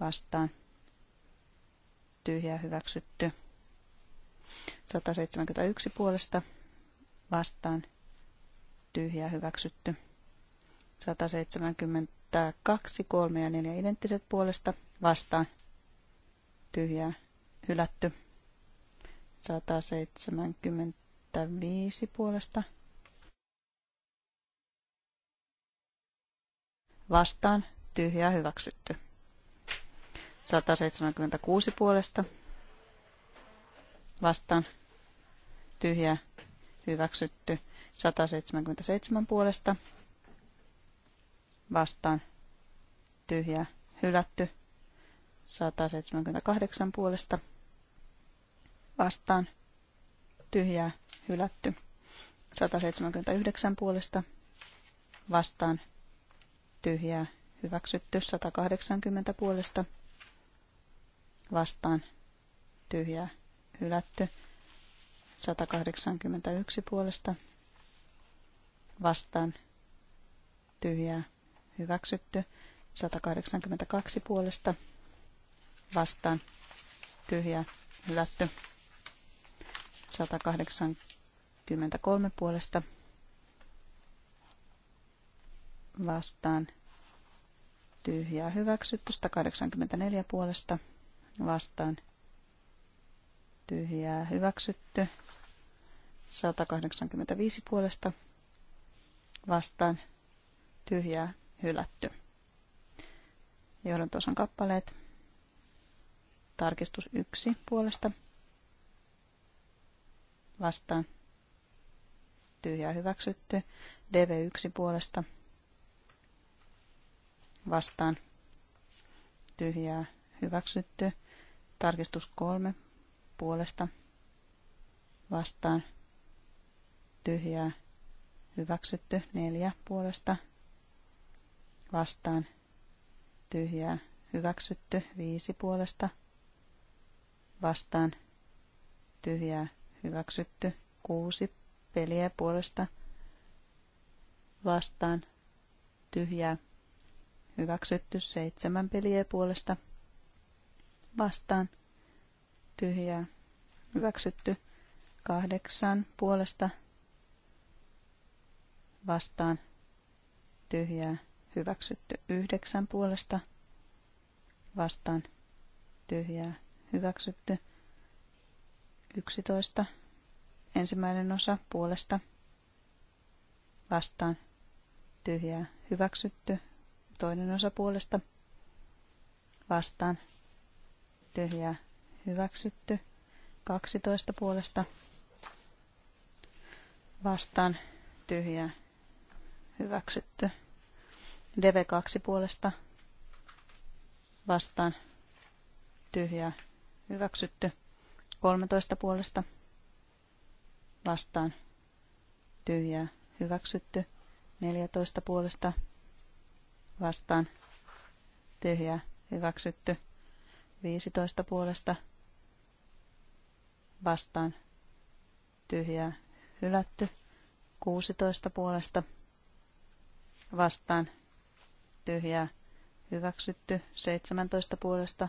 vastaan. Tyhjää hyväksytty. 171 puolesta vastaan. Tyhjää hyväksytty. 172, 3 ja 4 identtiset puolesta vastaan. Tyhjää hylätty. 175 puolesta vastaan tyhjää hyväksytty. 176 puolesta vastaan tyhjää hyväksytty. 177 puolesta vastaan tyhjää hylätty. 178 puolesta vastaan tyhjää hylätty. 179 puolesta vastaan tyhjää hyväksytty 180 puolesta vastaan tyhjää hylätty 181 puolesta vastaan tyhjää hyväksytty 182 puolesta vastaan tyhjää hylätty 183 puolesta vastaan tyhjää hyväksytty, 184 puolesta vastaan tyhjää hyväksytty, 185 puolesta vastaan tyhjää hylätty. Johdon tuosan kappaleet. Tarkistus 1 puolesta vastaan tyhjää hyväksytty, DV1 puolesta vastaan vastaan tyhjää hyväksytty. Tarkistus kolme puolesta vastaan tyhjää hyväksytty. Neljä puolesta vastaan tyhjää hyväksytty. Viisi puolesta vastaan tyhjää hyväksytty. Kuusi peliä puolesta vastaan tyhjää Hyväksytty seitsemän peliä puolesta vastaan. Tyhjää. Hyväksytty kahdeksan puolesta vastaan. Tyhjää. Hyväksytty yhdeksän puolesta vastaan. Tyhjää. Hyväksytty yksitoista. Ensimmäinen osa puolesta vastaan. Tyhjää. Hyväksytty Toinen osa puolesta vastaan tyhjää hyväksytty. 12 puolesta vastaan tyhjää hyväksytty. DV2 puolesta vastaan tyhjää hyväksytty. 13 puolesta vastaan tyhjää hyväksytty. 14 puolesta vastaan tyhjää hyväksytty. 15 puolesta vastaan tyhjää hylätty. 16 puolesta vastaan tyhjää hyväksytty. 17 puolesta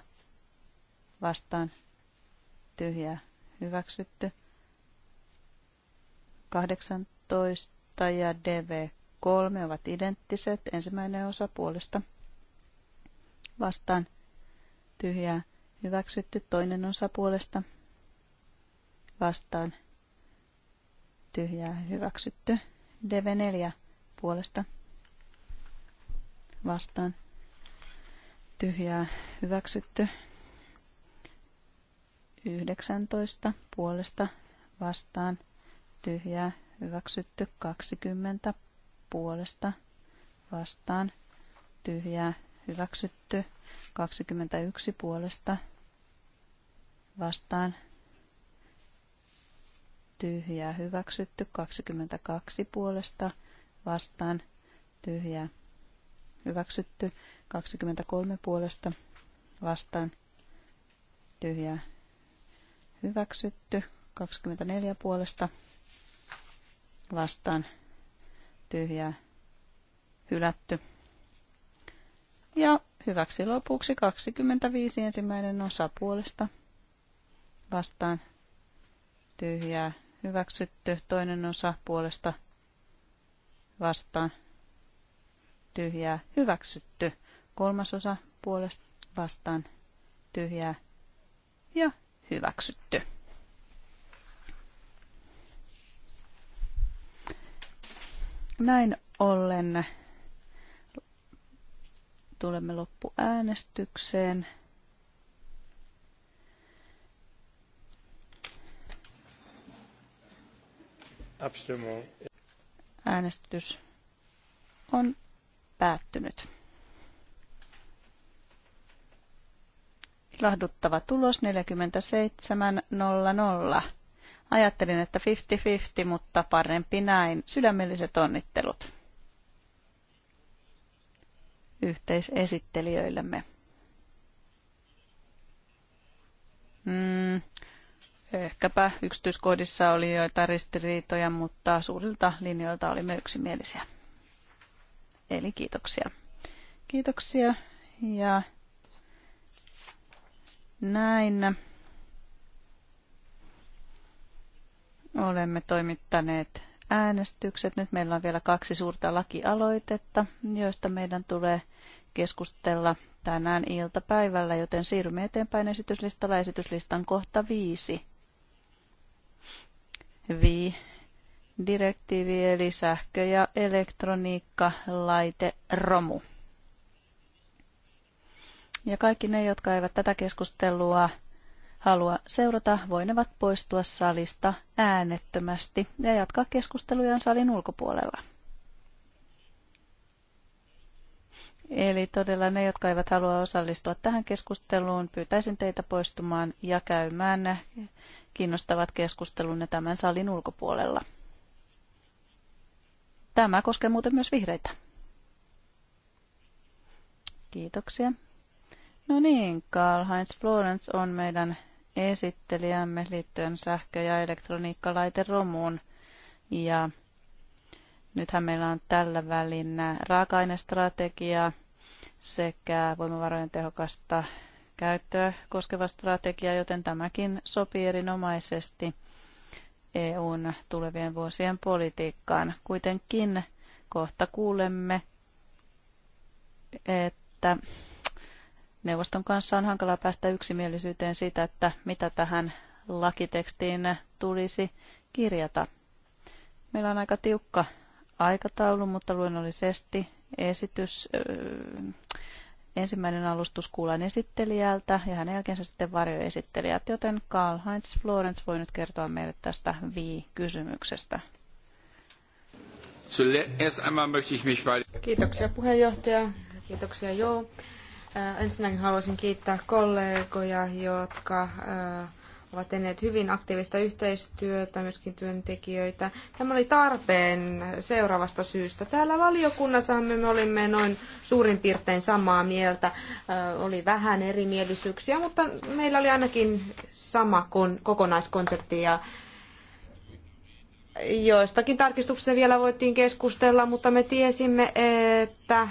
vastaan tyhjää hyväksytty. 18 ja DV kolme ovat identtiset. Ensimmäinen osa puolesta vastaan tyhjää hyväksytty. Toinen osa puolesta vastaan tyhjää hyväksytty. DV4 puolesta vastaan tyhjää hyväksytty. 19 puolesta vastaan tyhjää hyväksytty 20 puolesta vastaan tyhjää hyväksytty. 21 puolesta vastaan tyhjää hyväksytty. 22 puolesta vastaan tyhjää hyväksytty. 23 puolesta vastaan tyhjää hyväksytty. 24 puolesta vastaan tyhjää hylätty. Ja hyväksi lopuksi 25 ensimmäinen osa puolesta vastaan tyhjää hyväksytty, toinen osa puolesta vastaan tyhjää hyväksytty, kolmas osa puolesta vastaan tyhjää ja hyväksytty. Näin ollen tulemme loppuäänestykseen. Äänestys on päättynyt. Lahduttava tulos 47.00. Ajattelin, että 50-50, mutta parempi näin. Sydämelliset onnittelut yhteisesittelijöillemme. Mm, ehkäpä yksityiskohdissa oli joita ristiriitoja, mutta suurilta linjoilta olimme yksimielisiä. Eli kiitoksia. Kiitoksia ja näin. Olemme toimittaneet äänestykset. Nyt meillä on vielä kaksi suurta lakialoitetta, joista meidän tulee keskustella tänään iltapäivällä, joten siirrymme eteenpäin esityslistalla esityslistan kohta viisi. Vi direktiivi eli sähkö- ja elektroniikka, laite, romu. Ja kaikki ne, jotka eivät tätä keskustelua halua seurata, voinevat poistua salista äänettömästi ja jatkaa keskustelujaan salin ulkopuolella. Eli todella ne, jotka eivät halua osallistua tähän keskusteluun, pyytäisin teitä poistumaan ja käymään kiinnostavat keskustelunne tämän salin ulkopuolella. Tämä koskee muuten myös vihreitä. Kiitoksia. No niin, Karl Heinz Florence on meidän esittelijämme liittyen sähkö- ja elektroniikkalaiteromuun. Ja nythän meillä on tällä välin raaka-ainestrategia sekä voimavarojen tehokasta käyttöä koskeva strategia, joten tämäkin sopii erinomaisesti EUn tulevien vuosien politiikkaan. Kuitenkin kohta kuulemme, että neuvoston kanssa on hankalaa päästä yksimielisyyteen siitä, että mitä tähän lakitekstiin tulisi kirjata. Meillä on aika tiukka aikataulu, mutta luonnollisesti esitys, ensimmäinen alustus kuullaan esittelijältä ja hänen jälkeensä sitten varjoesittelijät, joten Karl Heinz Florence voi nyt kertoa meille tästä vii kysymyksestä Kiitoksia puheenjohtaja. Kiitoksia joo. Äh, ensinnäkin haluaisin kiittää kollegoja, jotka äh, ovat tehneet hyvin aktiivista yhteistyötä, myöskin työntekijöitä. Tämä oli tarpeen seuraavasta syystä. Täällä valiokunnassa me olimme noin suurin piirtein samaa mieltä. Äh, oli vähän erimielisyyksiä, mutta meillä oli ainakin sama kokonaiskonsepti ja Joistakin tarkistuksista vielä voitiin keskustella, mutta me tiesimme, että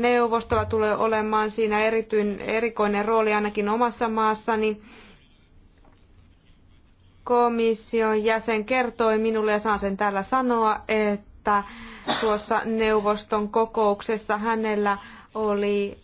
neuvostolla tulee olemaan siinä erityin, erikoinen rooli ainakin omassa maassani. Komission jäsen kertoi minulle, ja saan sen täällä sanoa, että tuossa neuvoston kokouksessa hänellä oli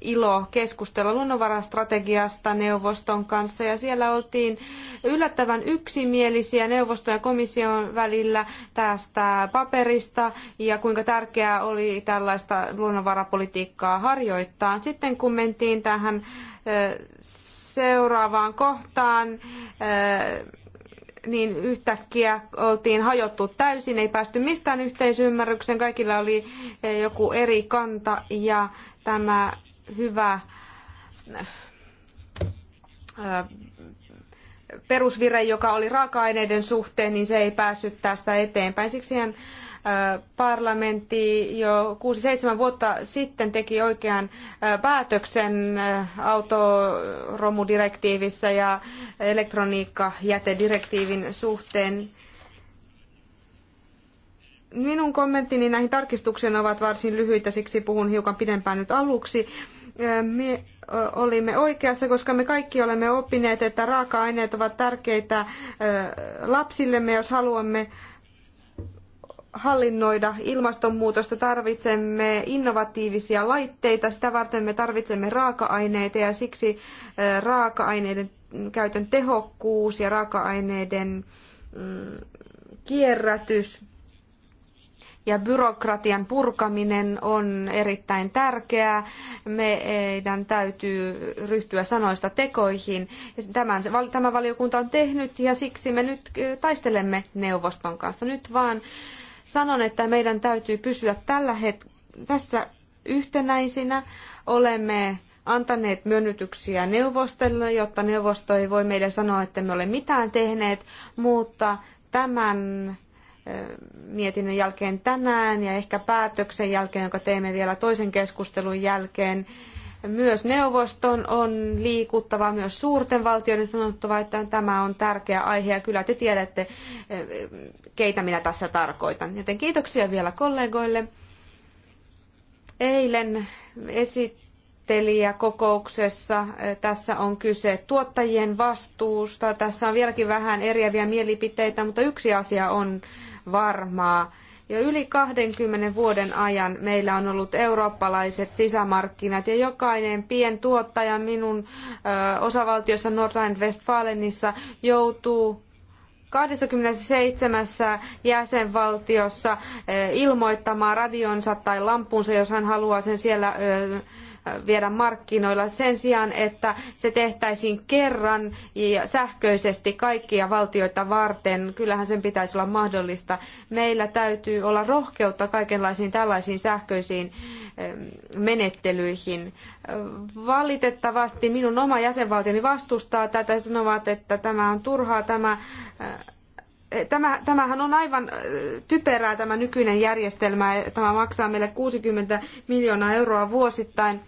ilo keskustella luonnonvarastrategiasta neuvoston kanssa ja siellä oltiin yllättävän yksimielisiä neuvoston ja komission välillä tästä paperista ja kuinka tärkeää oli tällaista luonnonvarapolitiikkaa harjoittaa. Sitten kun mentiin tähän seuraavaan kohtaan, niin yhtäkkiä oltiin hajottu täysin, ei päästy mistään yhteisymmärrykseen, kaikilla oli joku eri kanta ja tämä hyvä äh, perusvire, joka oli raaka-aineiden suhteen, niin se ei päässyt tästä eteenpäin. Siksi hän äh, parlamentti jo kuusi seitsemän vuotta sitten teki oikean äh, päätöksen autoromudirektiivissä ja elektroniikkajätedirektiivin suhteen. Minun kommenttini näihin tarkistuksiin ovat varsin lyhyitä, siksi puhun hiukan pidempään nyt aluksi me olimme oikeassa, koska me kaikki olemme oppineet, että raaka-aineet ovat tärkeitä lapsillemme, jos haluamme hallinnoida ilmastonmuutosta, tarvitsemme innovatiivisia laitteita, sitä varten me tarvitsemme raaka-aineita ja siksi raaka-aineiden käytön tehokkuus ja raaka-aineiden mm, kierrätys ja byrokratian purkaminen on erittäin tärkeää. Meidän täytyy ryhtyä sanoista tekoihin. Tämän, tämä valiokunta on tehnyt ja siksi me nyt eh, taistelemme neuvoston kanssa. Nyt vaan sanon, että meidän täytyy pysyä tällä het- tässä yhtenäisinä. Olemme antaneet myönnytyksiä neuvostolle, jotta neuvosto ei voi meille sanoa, että me ole mitään tehneet, mutta tämän mietinnön jälkeen tänään ja ehkä päätöksen jälkeen, jonka teemme vielä toisen keskustelun jälkeen. Myös neuvoston on liikuttava, myös suurten valtioiden sanottava, että tämä on tärkeä aihe ja kyllä te tiedätte, keitä minä tässä tarkoitan. Joten kiitoksia vielä kollegoille. Eilen esittelijäkokouksessa kokouksessa Tässä on kyse tuottajien vastuusta. Tässä on vieläkin vähän eriäviä mielipiteitä, mutta yksi asia on varmaa. Jo yli 20 vuoden ajan meillä on ollut eurooppalaiset sisämarkkinat ja jokainen pientuottaja minun ö, osavaltiossa Nordrhein-Westfalenissa joutuu 27 jäsenvaltiossa ilmoittamaan radionsa tai lampunsa, jos hän haluaa sen siellä viedä markkinoilla sen sijaan, että se tehtäisiin kerran ja sähköisesti kaikkia valtioita varten. Kyllähän sen pitäisi olla mahdollista. Meillä täytyy olla rohkeutta kaikenlaisiin tällaisiin sähköisiin menettelyihin. Valitettavasti minun oma jäsenvaltioni vastustaa tätä, sanovat, että tämä on turhaa, tämä Tämä, tämähän on aivan typerää tämä nykyinen järjestelmä. Tämä maksaa meille 60 miljoonaa euroa vuosittain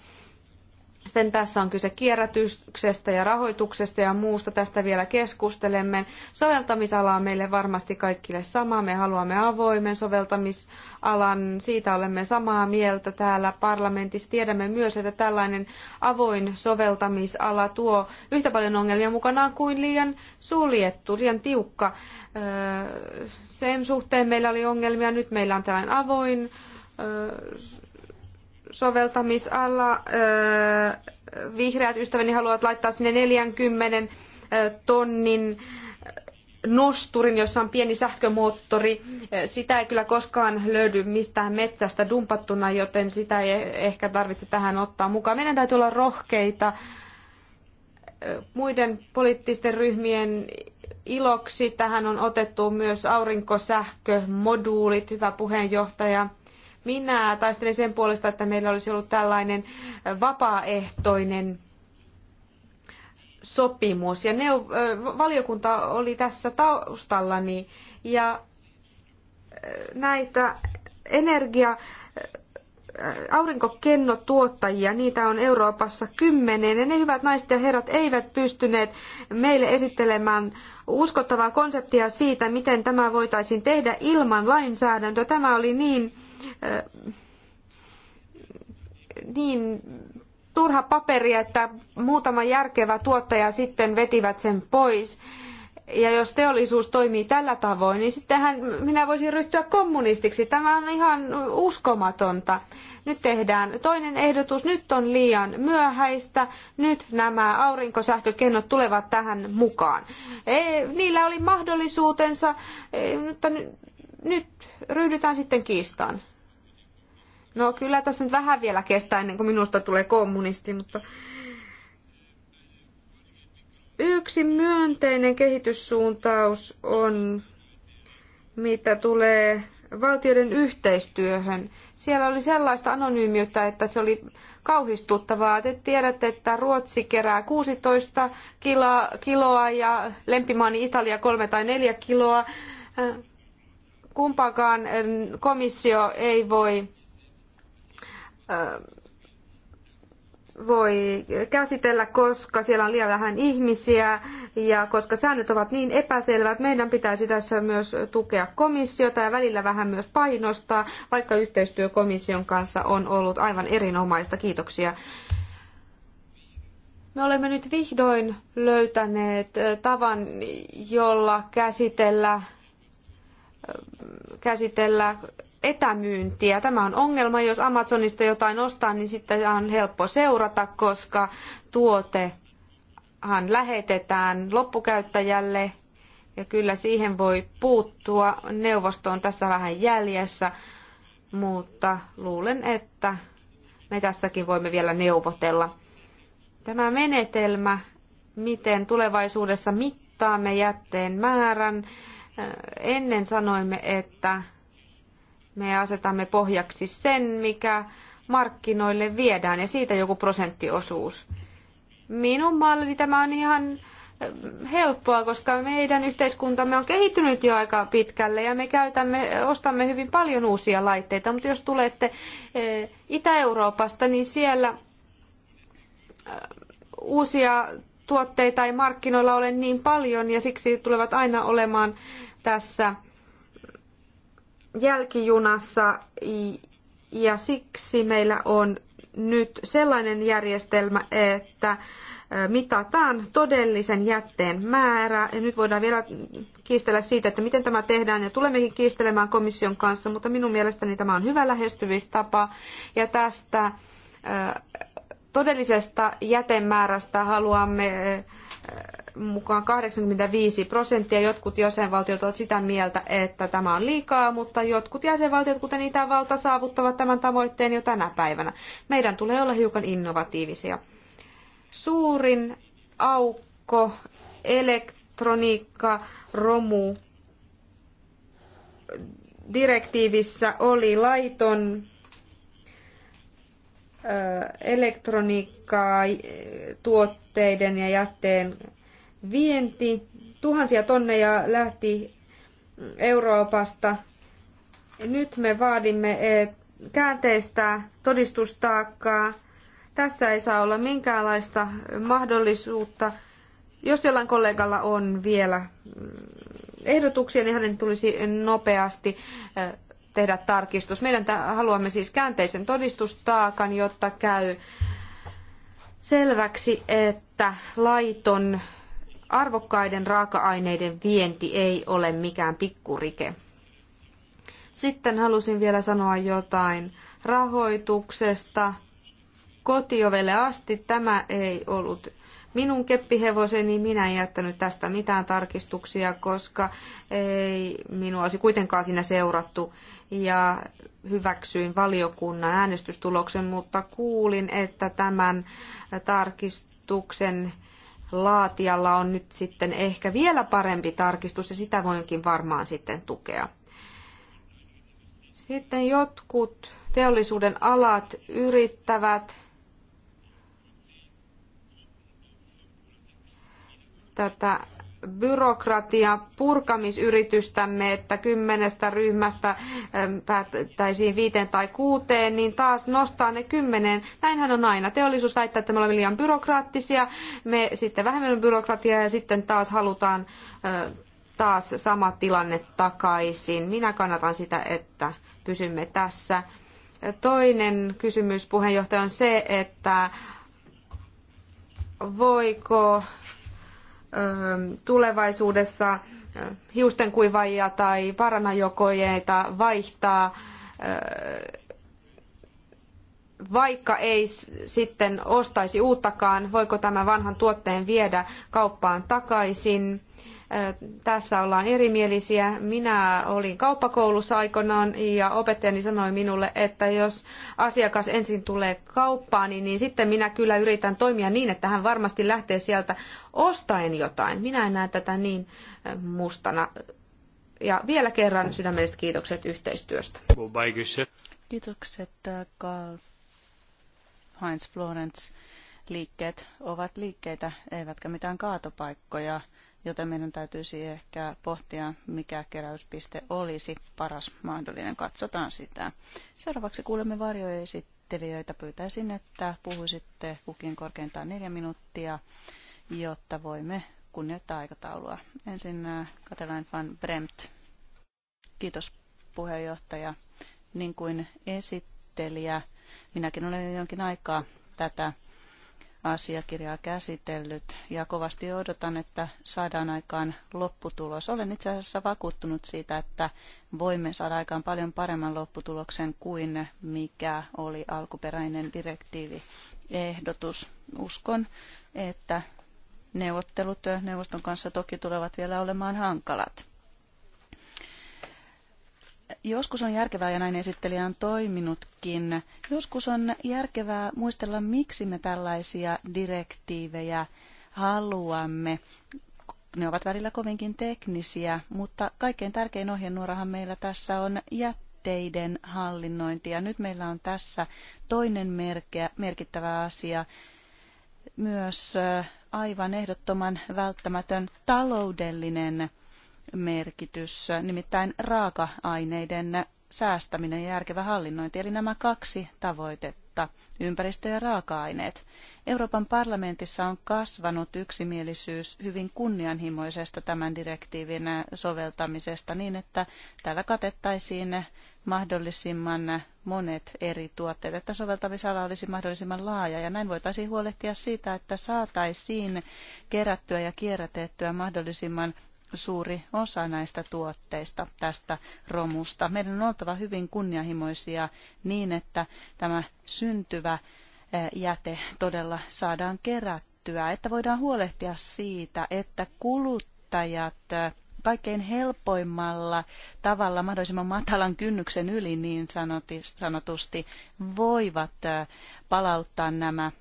sitten tässä on kyse kierrätyksestä ja rahoituksesta ja muusta. Tästä vielä keskustelemme. Soveltamisala on meille varmasti kaikille sama. Me haluamme avoimen soveltamisalan. Siitä olemme samaa mieltä täällä parlamentissa. Tiedämme myös, että tällainen avoin soveltamisala tuo yhtä paljon ongelmia mukanaan kuin liian suljettu, liian tiukka. Öö, sen suhteen meillä oli ongelmia. Nyt meillä on tällainen avoin öö, soveltamisalla. Vihreät ystäväni haluavat laittaa sinne 40 tonnin nosturin, jossa on pieni sähkömoottori. Sitä ei kyllä koskaan löydy mistään metsästä dumpattuna, joten sitä ei ehkä tarvitse tähän ottaa mukaan. Meidän täytyy olla rohkeita muiden poliittisten ryhmien iloksi. Tähän on otettu myös aurinkosähkömoduulit. Hyvä puheenjohtaja minä taistelin sen puolesta, että meillä olisi ollut tällainen vapaaehtoinen sopimus. Ja ne valiokunta oli tässä taustallani ja näitä energia aurinkokennotuottajia, niitä on Euroopassa kymmenen, ja ne hyvät naiset ja herrat eivät pystyneet meille esittelemään uskottavaa konseptia siitä, miten tämä voitaisiin tehdä ilman lainsäädäntöä. Tämä oli niin niin turha paperi, että muutama järkevä tuottaja sitten vetivät sen pois. Ja jos teollisuus toimii tällä tavoin, niin sittenhän minä voisin ryhtyä kommunistiksi. Tämä on ihan uskomatonta. Nyt tehdään toinen ehdotus. Nyt on liian myöhäistä. Nyt nämä aurinkosähkökennot tulevat tähän mukaan. Ei, niillä oli mahdollisuutensa, e, mutta nyt ryhdytään sitten kiistaan. No kyllä tässä nyt vähän vielä kestää ennen kuin minusta tulee kommunisti, mutta yksi myönteinen kehityssuuntaus on, mitä tulee valtioiden yhteistyöhön. Siellä oli sellaista anonyymiyttä, että se oli kauhistuttavaa. Te tiedätte, että Ruotsi kerää 16 kiloa ja lempimaani Italia 3 tai 4 kiloa. Kumpaakaan eh, komissio ei voi voi käsitellä, koska siellä on liian vähän ihmisiä ja koska säännöt ovat niin epäselvät, meidän pitäisi tässä myös tukea komissiota ja välillä vähän myös painostaa, vaikka yhteistyö komission kanssa on ollut aivan erinomaista. Kiitoksia. Me olemme nyt vihdoin löytäneet tavan, jolla käsitellä, käsitellä etämyyntiä. Tämä on ongelma, jos Amazonista jotain ostaa, niin sitten on helppo seurata, koska tuotehan lähetetään loppukäyttäjälle ja kyllä siihen voi puuttua. Neuvosto on tässä vähän jäljessä, mutta luulen, että me tässäkin voimme vielä neuvotella. Tämä menetelmä, miten tulevaisuudessa mittaamme jätteen määrän, ennen sanoimme, että me asetamme pohjaksi sen, mikä markkinoille viedään ja siitä joku prosenttiosuus. Minun malli tämä on ihan eh, helppoa, koska meidän yhteiskuntamme on kehittynyt jo aika pitkälle ja me käytämme, ostamme hyvin paljon uusia laitteita, mutta jos tulette eh, Itä-Euroopasta, niin siellä eh, uusia tuotteita ei markkinoilla ole niin paljon ja siksi tulevat aina olemaan tässä jälkijunassa ja siksi meillä on nyt sellainen järjestelmä, että mitataan todellisen jätteen määrä. Ja nyt voidaan vielä kiistellä siitä, että miten tämä tehdään ja tulemmekin kiistelemään komission kanssa, mutta minun mielestäni tämä on hyvä lähestymistapa ja tästä todellisesta jätemäärästä haluamme mukaan 85 prosenttia. Jotkut jäsenvaltiot ovat sitä mieltä, että tämä on liikaa, mutta jotkut jäsenvaltiot, kuten Itävalta, saavuttavat tämän tavoitteen jo tänä päivänä. Meidän tulee olla hiukan innovatiivisia. Suurin aukko elektroniikka romu direktiivissä oli laiton elektroniikkaa tuotteiden ja jätteen vienti, tuhansia tonneja lähti Euroopasta. Nyt me vaadimme käänteistä todistustaakkaa. Tässä ei saa olla minkäänlaista mahdollisuutta. Jos jollain kollegalla on vielä mm, ehdotuksia, niin hänen tulisi nopeasti tehdä tarkistus. Meidän haluamme siis käänteisen todistustaakan, jotta käy selväksi, että laiton Arvokkaiden raaka-aineiden vienti ei ole mikään pikkurike. Sitten halusin vielä sanoa jotain rahoituksesta. Kotiovelle asti tämä ei ollut minun keppihevoseni. Minä en jättänyt tästä mitään tarkistuksia, koska ei minua olisi kuitenkaan siinä seurattu. Ja hyväksyin valiokunnan äänestystuloksen, mutta kuulin, että tämän tarkistuksen laatijalla on nyt sitten ehkä vielä parempi tarkistus ja sitä voinkin varmaan sitten tukea. Sitten jotkut teollisuuden alat yrittävät tätä byrokratia purkamisyritystämme, että kymmenestä ryhmästä päättäisiin viiteen tai kuuteen, niin taas nostaa ne kymmeneen. Näinhän on aina. Teollisuus väittää, että me olemme liian byrokraattisia, me sitten vähemmän byrokratiaa ja sitten taas halutaan taas sama tilanne takaisin. Minä kannatan sitä, että pysymme tässä. Toinen kysymys puheenjohtaja on se, että voiko Ähm, tulevaisuudessa äh, hiustenkuivaajia tai paranajokojeita vaihtaa, äh, vaikka ei sitten ostaisi uuttakaan, voiko tämä vanhan tuotteen viedä kauppaan takaisin tässä ollaan erimielisiä. Minä olin kauppakoulussa aikanaan ja opettajani sanoi minulle, että jos asiakas ensin tulee kauppaan, niin, niin sitten minä kyllä yritän toimia niin, että hän varmasti lähtee sieltä ostaen jotain. Minä en näe tätä niin mustana. Ja vielä kerran sydämelliset kiitokset yhteistyöstä. Kiitokset, Carl. Äh, Heinz Florence liikkeet ovat liikkeitä, eivätkä mitään kaatopaikkoja joten meidän täytyisi ehkä pohtia, mikä keräyspiste olisi paras mahdollinen. Katsotaan sitä. Seuraavaksi kuulemme varjoesittelijöitä. Pyytäisin, että puhuisitte kukin korkeintaan neljä minuuttia, jotta voimme kunnioittaa aikataulua. Ensin äh, Katelain van Bremt. Kiitos puheenjohtaja. Niin kuin esittelijä, minäkin olen jonkin aikaa tätä asiakirjaa käsitellyt ja kovasti odotan, että saadaan aikaan lopputulos. Olen itse asiassa vakuuttunut siitä, että voimme saada aikaan paljon paremman lopputuloksen kuin mikä oli alkuperäinen direktiivi ehdotus. Uskon, että neuvottelut neuvoston kanssa toki tulevat vielä olemaan hankalat. Joskus on järkevää, ja näin esittelijä on toiminutkin, joskus on järkevää muistella, miksi me tällaisia direktiivejä haluamme. Ne ovat välillä kovinkin teknisiä, mutta kaikkein tärkein ohjenuorahan meillä tässä on jätteiden hallinnointi. Ja nyt meillä on tässä toinen merkeä, merkittävä asia, myös aivan ehdottoman välttämätön taloudellinen merkitys, nimittäin raaka-aineiden säästäminen ja järkevä hallinnointi, eli nämä kaksi tavoitetta, ympäristö ja raaka-aineet. Euroopan parlamentissa on kasvanut yksimielisyys hyvin kunnianhimoisesta tämän direktiivin soveltamisesta niin, että tällä katettaisiin mahdollisimman monet eri tuotteet, että soveltamisala olisi mahdollisimman laaja ja näin voitaisiin huolehtia siitä, että saataisiin kerättyä ja kierrätettyä mahdollisimman suuri osa näistä tuotteista tästä romusta. Meidän on oltava hyvin kunnianhimoisia niin, että tämä syntyvä jäte todella saadaan kerättyä, että voidaan huolehtia siitä, että kuluttajat kaikkein helpoimmalla tavalla mahdollisimman matalan kynnyksen yli niin sanotusti voivat palauttaa nämä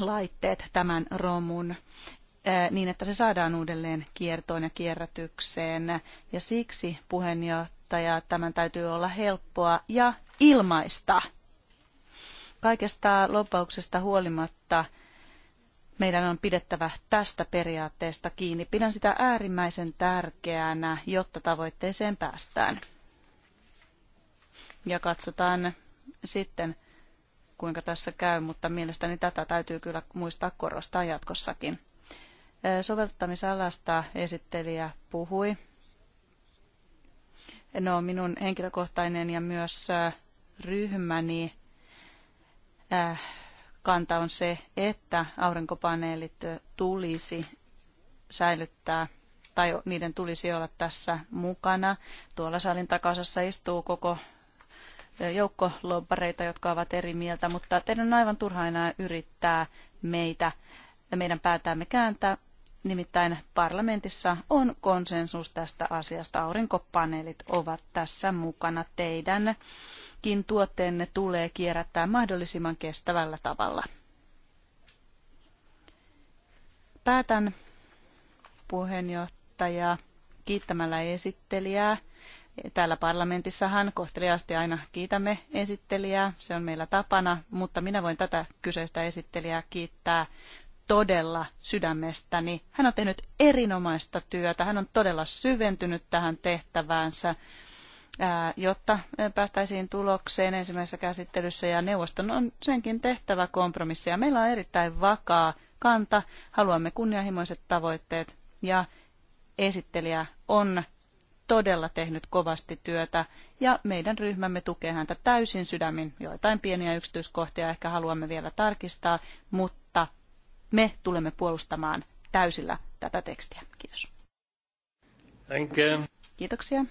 laitteet tämän romun niin, että se saadaan uudelleen kiertoon ja kierrätykseen. Ja siksi puheenjohtaja, tämän täytyy olla helppoa ja ilmaista. Kaikesta lopauksesta huolimatta meidän on pidettävä tästä periaatteesta kiinni. Pidän sitä äärimmäisen tärkeänä, jotta tavoitteeseen päästään. Ja katsotaan sitten, kuinka tässä käy, mutta mielestäni tätä täytyy kyllä muistaa korostaa jatkossakin soveltamisalasta esittelijä puhui. No, minun henkilökohtainen ja myös ryhmäni kanta on se, että aurinkopaneelit tulisi säilyttää tai niiden tulisi olla tässä mukana. Tuolla salin takaisessa istuu koko joukko lobbareita, jotka ovat eri mieltä, mutta teidän on aivan turha enää yrittää meitä meidän päätäämme kääntää, Nimittäin parlamentissa on konsensus tästä asiasta. Aurinkopaneelit ovat tässä mukana. Teidänkin tuotteenne tulee kierrättää mahdollisimman kestävällä tavalla. Päätän puheenjohtajaa kiittämällä esittelijää. Täällä parlamentissahan kohteliaasti aina kiitämme esittelijää, se on meillä tapana, mutta minä voin tätä kyseistä esittelijää kiittää todella sydämestäni. Hän on tehnyt erinomaista työtä, hän on todella syventynyt tähän tehtäväänsä, jotta päästäisiin tulokseen ensimmäisessä käsittelyssä ja neuvoston on senkin tehtävä Ja Meillä on erittäin vakaa kanta, haluamme kunnianhimoiset tavoitteet ja esittelijä on todella tehnyt kovasti työtä ja meidän ryhmämme tukee häntä täysin sydämin. Joitain pieniä yksityiskohtia ehkä haluamme vielä tarkistaa, mutta me tulemme puolustamaan täysillä tätä tekstiä. Kiitos. Thank Kiitoksia.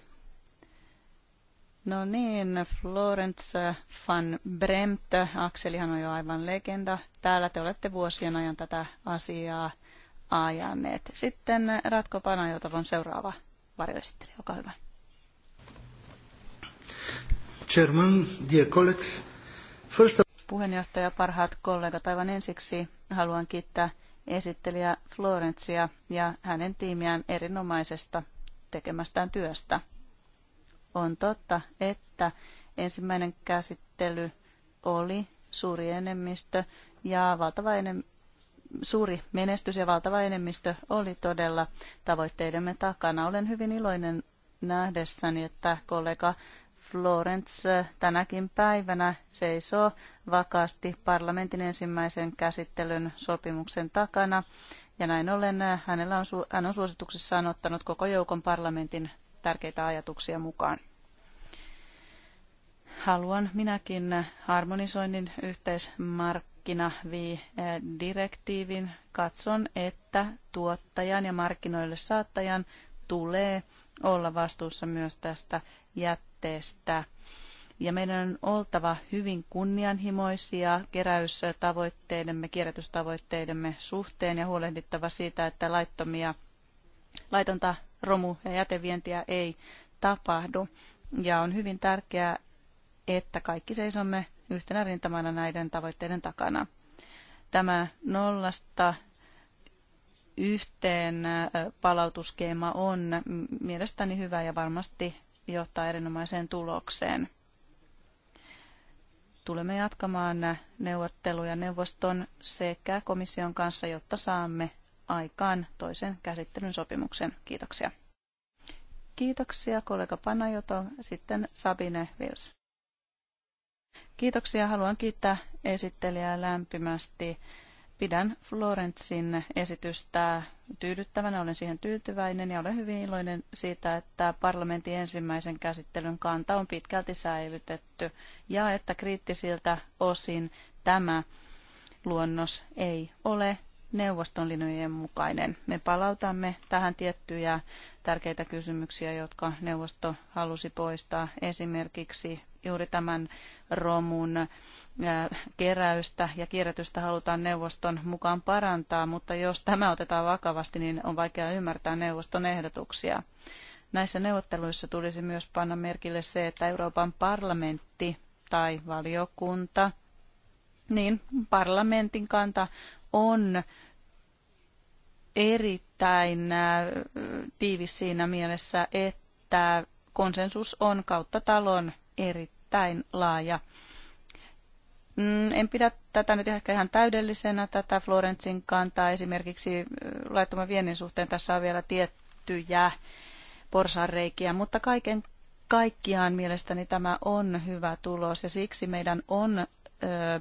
No niin, Florence van Bremt, Akselihan on jo aivan legenda. Täällä te olette vuosien ajan tätä asiaa ajaneet. Sitten Ratko Panajotavon seuraava varjoesittely, olkaa hyvä. Chairman, dear colleagues, first of... Puheenjohtaja, parhaat kollegat, aivan ensiksi haluan kiittää esittelijä Florencia ja hänen tiimiään erinomaisesta tekemästään työstä. On totta, että ensimmäinen käsittely oli suuri enemmistö ja valtava enem- suuri menestys ja valtava enemmistö oli todella tavoitteidemme takana. Olen hyvin iloinen nähdessäni, että kollega Florence eh, tänäkin päivänä seisoo vakaasti parlamentin ensimmäisen käsittelyn sopimuksen takana. Ja näin ollen eh, hänellä on, hän on suosituksissaan ottanut koko joukon parlamentin tärkeitä ajatuksia mukaan. Haluan minäkin harmonisoinnin yhteismarkkinavi-direktiivin. Katson, että tuottajan ja markkinoille saattajan tulee olla vastuussa myös tästä jätteestä liikenteestä. Ja meidän on oltava hyvin kunnianhimoisia keräystavoitteidemme, kierrätystavoitteidemme suhteen ja huolehdittava siitä, että laittomia, laitonta romu- ja jätevientiä ei tapahdu. Ja on hyvin tärkeää, että kaikki seisomme yhtenä rintamana näiden tavoitteiden takana. Tämä nollasta yhteen palautuskeema on mielestäni hyvä ja varmasti johtaa erinomaiseen tulokseen. Tulemme jatkamaan neuvotteluja neuvoston sekä komission kanssa, jotta saamme aikaan toisen käsittelyn sopimuksen. Kiitoksia. Kiitoksia kollega Panajoto, sitten Sabine Vils. Kiitoksia, haluan kiittää esittelijää lämpimästi. Pidän Florentsin esitystä tyydyttävänä, olen siihen tyytyväinen ja olen hyvin iloinen siitä, että parlamentin ensimmäisen käsittelyn kanta on pitkälti säilytetty ja että kriittisiltä osin tämä luonnos ei ole neuvoston linjojen mukainen. Me palautamme tähän tiettyjä tärkeitä kysymyksiä, jotka neuvosto halusi poistaa, esimerkiksi juuri tämän romun äh, keräystä ja kierrätystä halutaan neuvoston mukaan parantaa, mutta jos tämä otetaan vakavasti, niin on vaikea ymmärtää neuvoston ehdotuksia. Näissä neuvotteluissa tulisi myös panna merkille se, että Euroopan parlamentti tai valiokunta, niin parlamentin kanta on erittäin äh, tiivis siinä mielessä, että konsensus on kautta talon eri erittäin laaja. Mm, en pidä tätä nyt ehkä ihan täydellisenä, tätä Florentsin kantaa. Esimerkiksi laittoman viennin suhteen tässä on vielä tiettyjä porsareikiä, mutta kaiken kaikkiaan mielestäni tämä on hyvä tulos ja siksi meidän on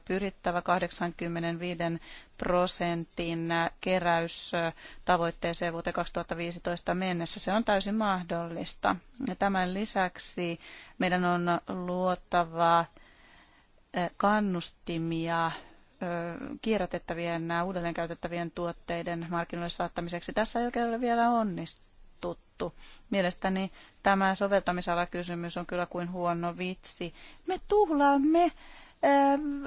pyrittävä 85 prosentin keräystavoitteeseen vuoteen 2015 mennessä. Se on täysin mahdollista. Ja tämän lisäksi meidän on luottava kannustimia kierrätettävien, uudelleenkäytettävien tuotteiden markkinoille saattamiseksi. Tässä ei oikein ole vielä onnistuttu. Mielestäni tämä soveltamisalakysymys on kyllä kuin huono vitsi. Me tuhlaamme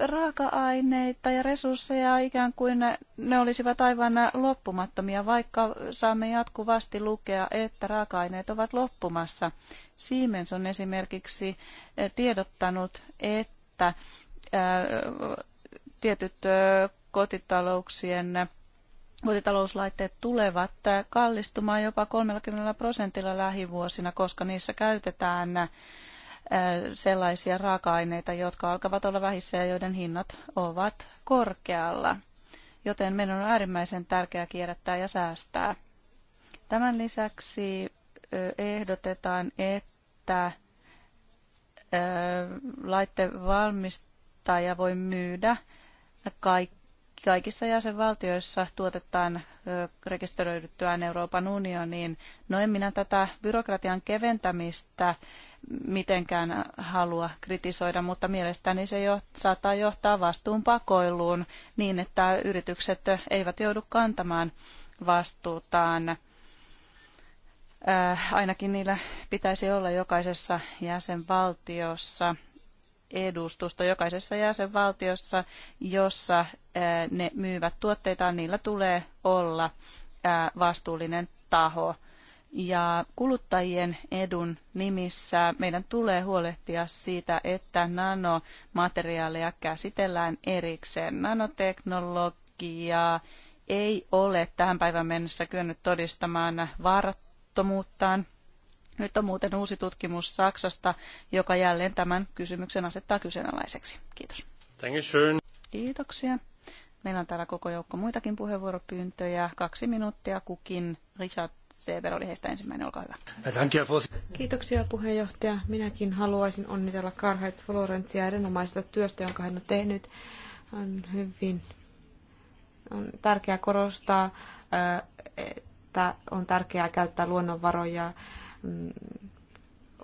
raaka-aineita ja resursseja ikään kuin ne olisivat aivan loppumattomia, vaikka saamme jatkuvasti lukea, että raaka-aineet ovat loppumassa. Siemens on esimerkiksi eh, tiedottanut, että eh, tietyt eh, kotitalouksien kotitalouslaitteet tulevat kallistumaan jopa 30 prosentilla lähivuosina, koska niissä käytetään sellaisia raaka-aineita, jotka alkavat olla vähissä ja joiden hinnat ovat korkealla. Joten meidän on äärimmäisen tärkeää kierrättää ja säästää. Tämän lisäksi ehdotetaan, että laittevalmistaja voi myydä kaikissa jäsenvaltioissa tuotetaan rekisteröidyttyään Euroopan unioniin. No en minä tätä byrokratian keventämistä mitenkään halua kritisoida, mutta mielestäni se jo, saattaa johtaa vastuun pakoiluun niin, että yritykset eivät joudu kantamaan vastuutaan. Äh, ainakin niillä pitäisi olla jokaisessa jäsenvaltiossa edustusta jokaisessa jäsenvaltiossa, jossa äh, ne myyvät tuotteitaan, niillä tulee olla äh, vastuullinen taho ja kuluttajien edun nimissä meidän tulee huolehtia siitä, että nanomateriaaleja käsitellään erikseen. Nanoteknologiaa ei ole tähän päivään mennessä kyennyt todistamaan vaarattomuuttaan. Nyt on muuten uusi tutkimus Saksasta, joka jälleen tämän kysymyksen asettaa kyseenalaiseksi. Kiitos. Kiitoksia. Meillä on täällä koko joukko muitakin puheenvuoropyyntöjä. Kaksi minuuttia kukin. Richard Seber oli heistä ensimmäinen, olkaa hyvä. Kiitoksia puheenjohtaja. Minäkin haluaisin onnitella Karhaits Florencia erinomaisesta työstä, jonka hän on tehnyt. On hyvin on tärkeää korostaa, että on tärkeää käyttää luonnonvaroja mm,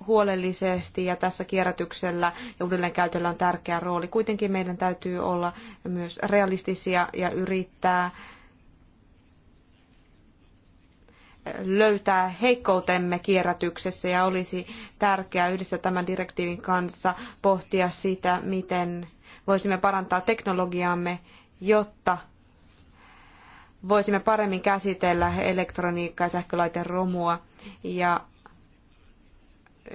huolellisesti ja tässä kierrätyksellä ja uudelleenkäytöllä on tärkeä rooli. Kuitenkin meidän täytyy olla myös realistisia ja yrittää löytää heikkoutemme kierrätyksessä ja olisi tärkeää yhdessä tämän direktiivin kanssa pohtia sitä, miten voisimme parantaa teknologiaamme, jotta voisimme paremmin käsitellä elektroniikkaa ja sähkölaiteromua. Ja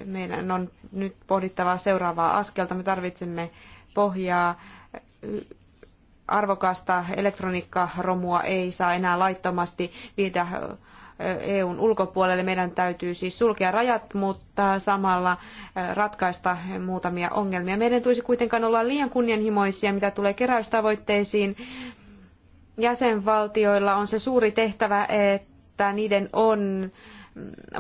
meidän on nyt pohdittava seuraavaa askelta. Me tarvitsemme pohjaa. Arvokasta elektroniikkaromua ei saa enää laittomasti viedä EUn ulkopuolelle. Meidän täytyy siis sulkea rajat, mutta samalla ratkaista muutamia ongelmia. Meidän tulisi kuitenkaan olla liian kunnianhimoisia, mitä tulee keräystavoitteisiin. Jäsenvaltioilla on se suuri tehtävä, että niiden on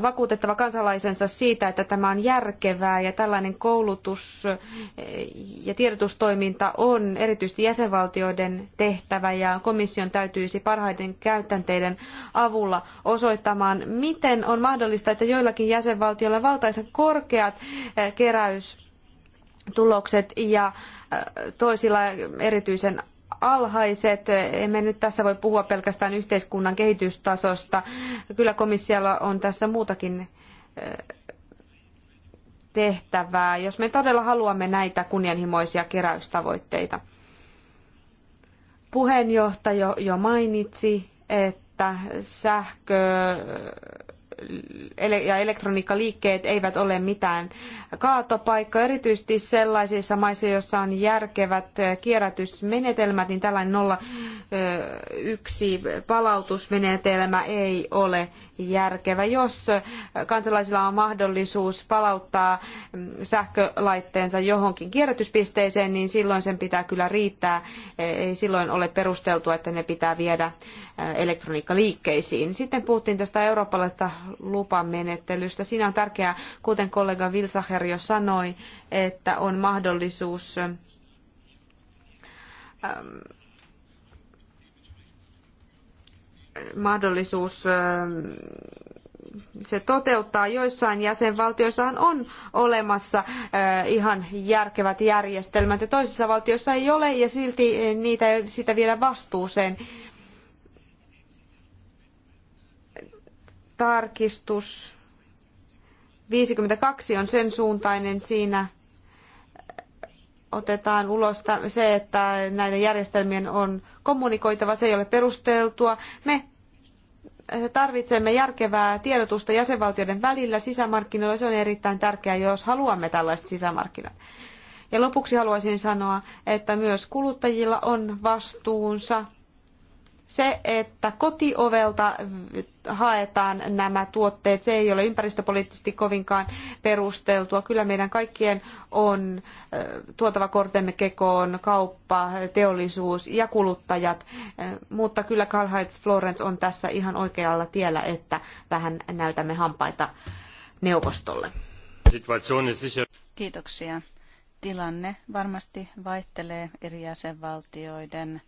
vakuutettava kansalaisensa siitä, että tämä on järkevää ja tällainen koulutus eh, ja tiedotustoiminta on erityisesti jäsenvaltioiden tehtävä ja komission täytyisi parhaiden käytänteiden avulla osoittamaan, miten on mahdollista, että joillakin jäsenvaltioilla valtaisen korkeat eh, keräystulokset ja eh, toisilla erityisen alhaiset. Emme nyt tässä voi puhua pelkästään yhteiskunnan kehitystasosta. Kyllä komissiolla on tässä muutakin tehtävää, jos me todella haluamme näitä kunnianhimoisia keräystavoitteita. Puheenjohtaja jo mainitsi, että sähkö ja elektroniikkaliikkeet eivät ole mitään kaatopaikka. Erityisesti sellaisissa maissa, joissa on järkevät eh, kierrätysmenetelmät, niin tällainen nolla eh, yksi palautusmenetelmä ei ole järkevä. Jos eh, kansalaisilla on mahdollisuus palauttaa mm, sähkölaitteensa johonkin kierrätyspisteeseen, niin silloin sen pitää kyllä riittää. Ei silloin ole perusteltua, että ne pitää viedä elektroniikkaliikkeisiin. Sitten puhuttiin tästä eurooppalaisesta lupamenettelystä. Siinä on tärkeää, kuten kollega Vilsacher jo sanoi, että on mahdollisuus ähm, mahdollisuus ähm, se toteuttaa. Joissain jäsenvaltioissahan on olemassa äh, ihan järkevät järjestelmät ja toisissa valtioissa ei ole ja silti äh, niitä ei sitä viedä vastuuseen. tarkistus 52 on sen suuntainen siinä otetaan ulos se, että näiden järjestelmien on kommunikoitava, se ei ole perusteltua. Me tarvitsemme järkevää tiedotusta jäsenvaltioiden välillä sisämarkkinoilla. Se on erittäin tärkeää, jos haluamme tällaiset sisämarkkinat. Ja lopuksi haluaisin sanoa, että myös kuluttajilla on vastuunsa se, että kotiovelta haetaan nämä tuotteet, se ei ole ympäristöpoliittisesti kovinkaan perusteltua. Kyllä meidän kaikkien on tuotava kortemme kekoon kauppa, teollisuus ja kuluttajat, mutta kyllä Karl Heinz Florence on tässä ihan oikealla tiellä, että vähän näytämme hampaita neuvostolle. Kiitoksia. Tilanne varmasti vaihtelee eri jäsenvaltioiden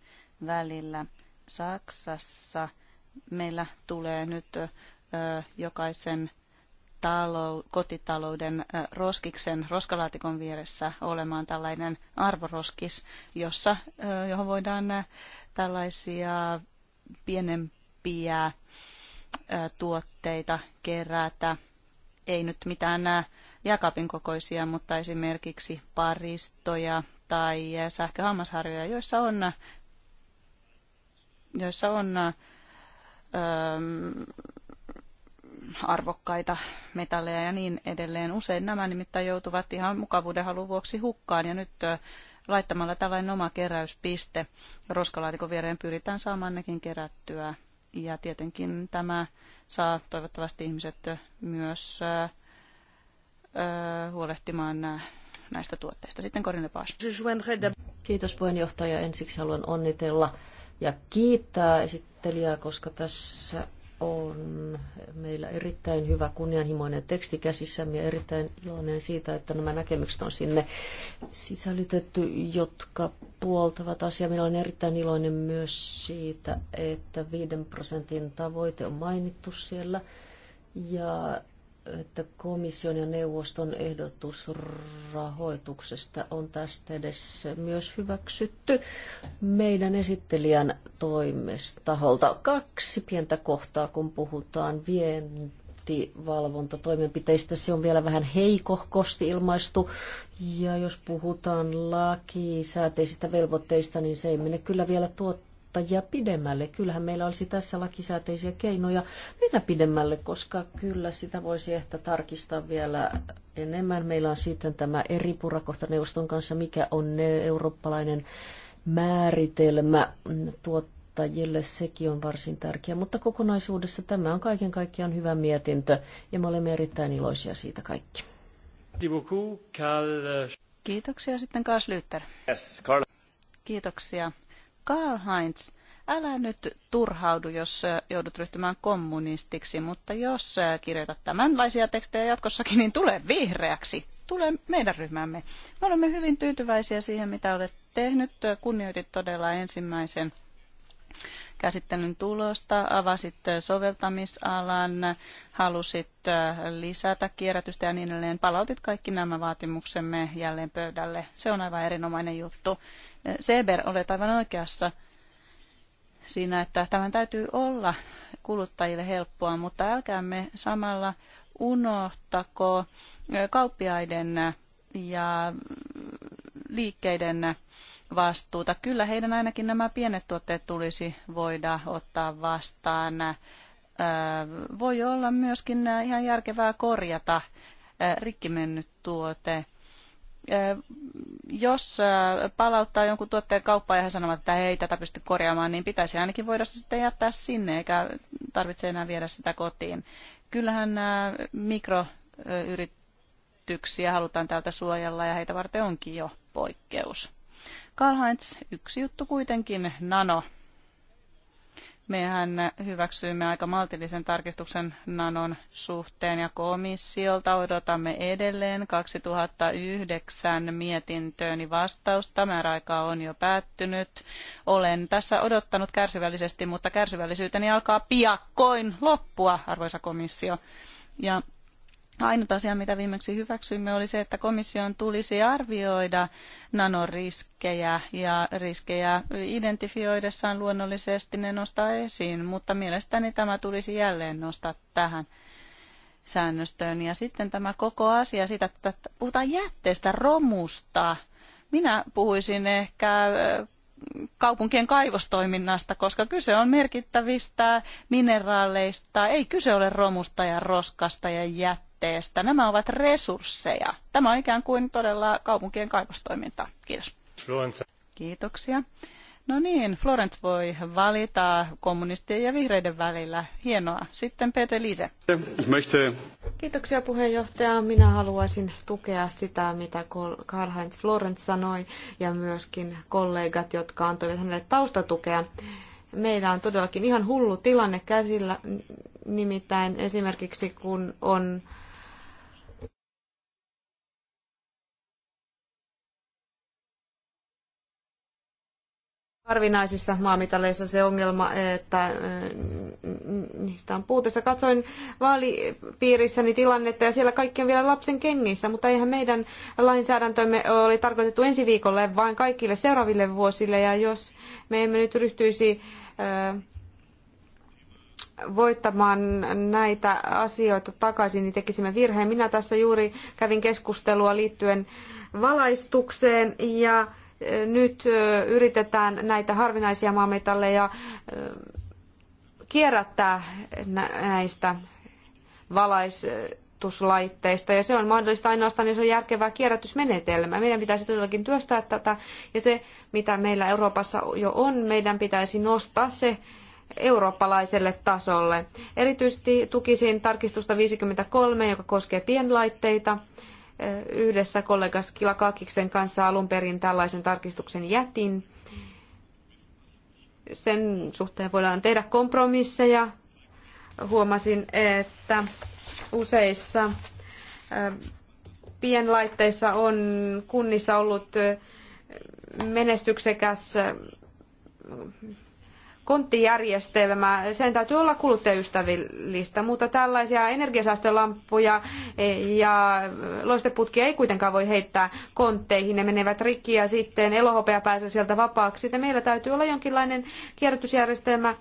välillä. Saksassa meillä tulee nyt jokaisen talou, kotitalouden roskiksen roskalaatikon vieressä olemaan tällainen arvoroskis, jossa, johon voidaan tällaisia pienempiä tuotteita kerätä. Ei nyt mitään nämä jakapin kokoisia, mutta esimerkiksi paristoja tai sähköhammasharjoja, joissa on joissa on arvokkaita metalleja ja niin edelleen. Usein nämä nimittäin joutuvat ihan mukavuuden halun vuoksi hukkaan ja nyt laittamalla tällainen oma keräyspiste roskalaatikon viereen pyritään saamaan nekin kerättyä. Ja tietenkin tämä saa toivottavasti ihmiset myös huolehtimaan näistä tuotteista. Sitten Corinne Paas. Kiitos puheenjohtaja. Ensiksi haluan onnitella ja kiittää esittelijää, koska tässä on meillä erittäin hyvä kunnianhimoinen teksti käsissämme ja erittäin iloinen siitä, että nämä näkemykset on sinne sisällytetty, jotka puoltavat asiaa. Minä olen erittäin iloinen myös siitä, että 5 prosentin tavoite on mainittu siellä ja että komission ja neuvoston ehdotus rahoituksesta on tästä edes myös hyväksytty meidän esittelijän toimestaholta. Kaksi pientä kohtaa, kun puhutaan vientivalvontatoimenpiteistä. Se on vielä vähän heikohkosti ilmaistu. Ja jos puhutaan lakisääteisistä velvoitteista, niin se ei mene kyllä vielä tuottaa kuluttajia pidemmälle. Kyllähän meillä olisi tässä lakisääteisiä keinoja mennä pidemmälle, koska kyllä sitä voisi ehkä tarkistaa vielä enemmän. Meillä on sitten tämä eri purakohta neuvoston kanssa, mikä on ne eurooppalainen määritelmä tuottajille, sekin on varsin tärkeä. Mutta kokonaisuudessa tämä on kaiken kaikkiaan hyvä mietintö ja me olemme erittäin iloisia siitä kaikki. Kiitoksia sitten Kaas Lyytter. Yes, Kiitoksia Karl-Heinz, älä nyt turhaudu, jos joudut ryhtymään kommunistiksi, mutta jos kirjoitat tämänlaisia tekstejä jatkossakin, niin tule vihreäksi. Tule meidän ryhmämme. Me olemme hyvin tyytyväisiä siihen, mitä olet tehnyt. Kunnioitit todella ensimmäisen käsittelyn tulosta, avasit soveltamisalan, halusit lisätä kierrätystä ja niin edelleen. Palautit kaikki nämä vaatimuksemme jälleen pöydälle. Se on aivan erinomainen juttu. Seber, olet aivan oikeassa siinä, että tämän täytyy olla kuluttajille helppoa, mutta älkäämme samalla unohtako kauppiaiden ja liikkeiden vastuuta. Kyllä heidän ainakin nämä pienet tuotteet tulisi voida ottaa vastaan. Voi olla myöskin ihan järkevää korjata rikki mennyt tuote. Jos palauttaa jonkun tuotteen kauppaan ja he sanovat, että ei tätä pysty korjaamaan, niin pitäisi ainakin voida se sitten jättää sinne, eikä tarvitse enää viedä sitä kotiin. Kyllähän mikroyrittäjät mikroyrityksiä halutaan täältä suojella ja heitä varten onkin jo poikkeus. Karl-Heinz, yksi juttu kuitenkin, nano. Mehän hyväksyimme aika maltillisen tarkistuksen nanon suhteen ja komissiolta odotamme edelleen 2009 mietintööni vastausta. Määräaika on jo päättynyt. Olen tässä odottanut kärsivällisesti, mutta kärsivällisyyteni alkaa piakkoin loppua, arvoisa komissio. Ja Ainut asia, mitä viimeksi hyväksyimme, oli se, että komission tulisi arvioida nanoriskejä ja riskejä identifioidessaan luonnollisesti ne nostaa esiin, mutta mielestäni tämä tulisi jälleen nostaa tähän säännöstöön. Ja sitten tämä koko asia siitä, että puhutaan jätteestä, romusta. Minä puhuisin ehkä äh, kaupunkien kaivostoiminnasta, koska kyse on merkittävistä mineraaleista. Ei kyse ole romusta ja roskasta ja jätteestä liikenteestä. Nämä ovat resursseja. Tämä on ikään kuin todella kaupunkien kaivostoimintaa. Kiitos. Florence. Kiitoksia. No niin, Florence voi valita kommunistien ja vihreiden välillä. Hienoa. Sitten Peter Liise. Kiitoksia puheenjohtaja. Minä haluaisin tukea sitä, mitä Karl-Heinz Florence sanoi ja myöskin kollegat, jotka antoivat hänelle taustatukea. Meillä on todellakin ihan hullu tilanne käsillä, nimittäin esimerkiksi kun on harvinaisissa maamitaleissa se ongelma, että äh, niistä on puutessa. Katsoin vaalipiirissäni tilannetta ja siellä kaikki on vielä lapsen kengissä, mutta eihän meidän lainsäädäntömme oli tarkoitettu ensi viikolle, vaan kaikille seuraaville vuosille. Ja jos me emme nyt ryhtyisi äh, voittamaan näitä asioita takaisin, niin tekisimme virheen. Minä tässä juuri kävin keskustelua liittyen valaistukseen ja nyt yritetään näitä harvinaisia maametalleja kierrättää näistä valaistuslaitteista. Ja se on mahdollista ainoastaan, jos on järkevää kierrätysmenetelmä. Meidän pitäisi todellakin työstää tätä. Ja se, mitä meillä Euroopassa jo on, meidän pitäisi nostaa se eurooppalaiselle tasolle. Erityisesti tukisin tarkistusta 53, joka koskee pienlaitteita yhdessä kollega Skilakakiksen kanssa alun perin tällaisen tarkistuksen jätin. Sen suhteen voidaan tehdä kompromisseja. Huomasin, että useissa pienlaitteissa on kunnissa ollut menestyksekäs konttijärjestelmä, sen täytyy olla kuluttajaystävällistä, mutta tällaisia energiasäästölampuja eh, ja loisteputkia ei kuitenkaan voi heittää kontteihin. Ne menevät rikki ja sitten elohopea pääsee sieltä vapaaksi. Sitten meillä täytyy olla jonkinlainen kierrätysjärjestelmä,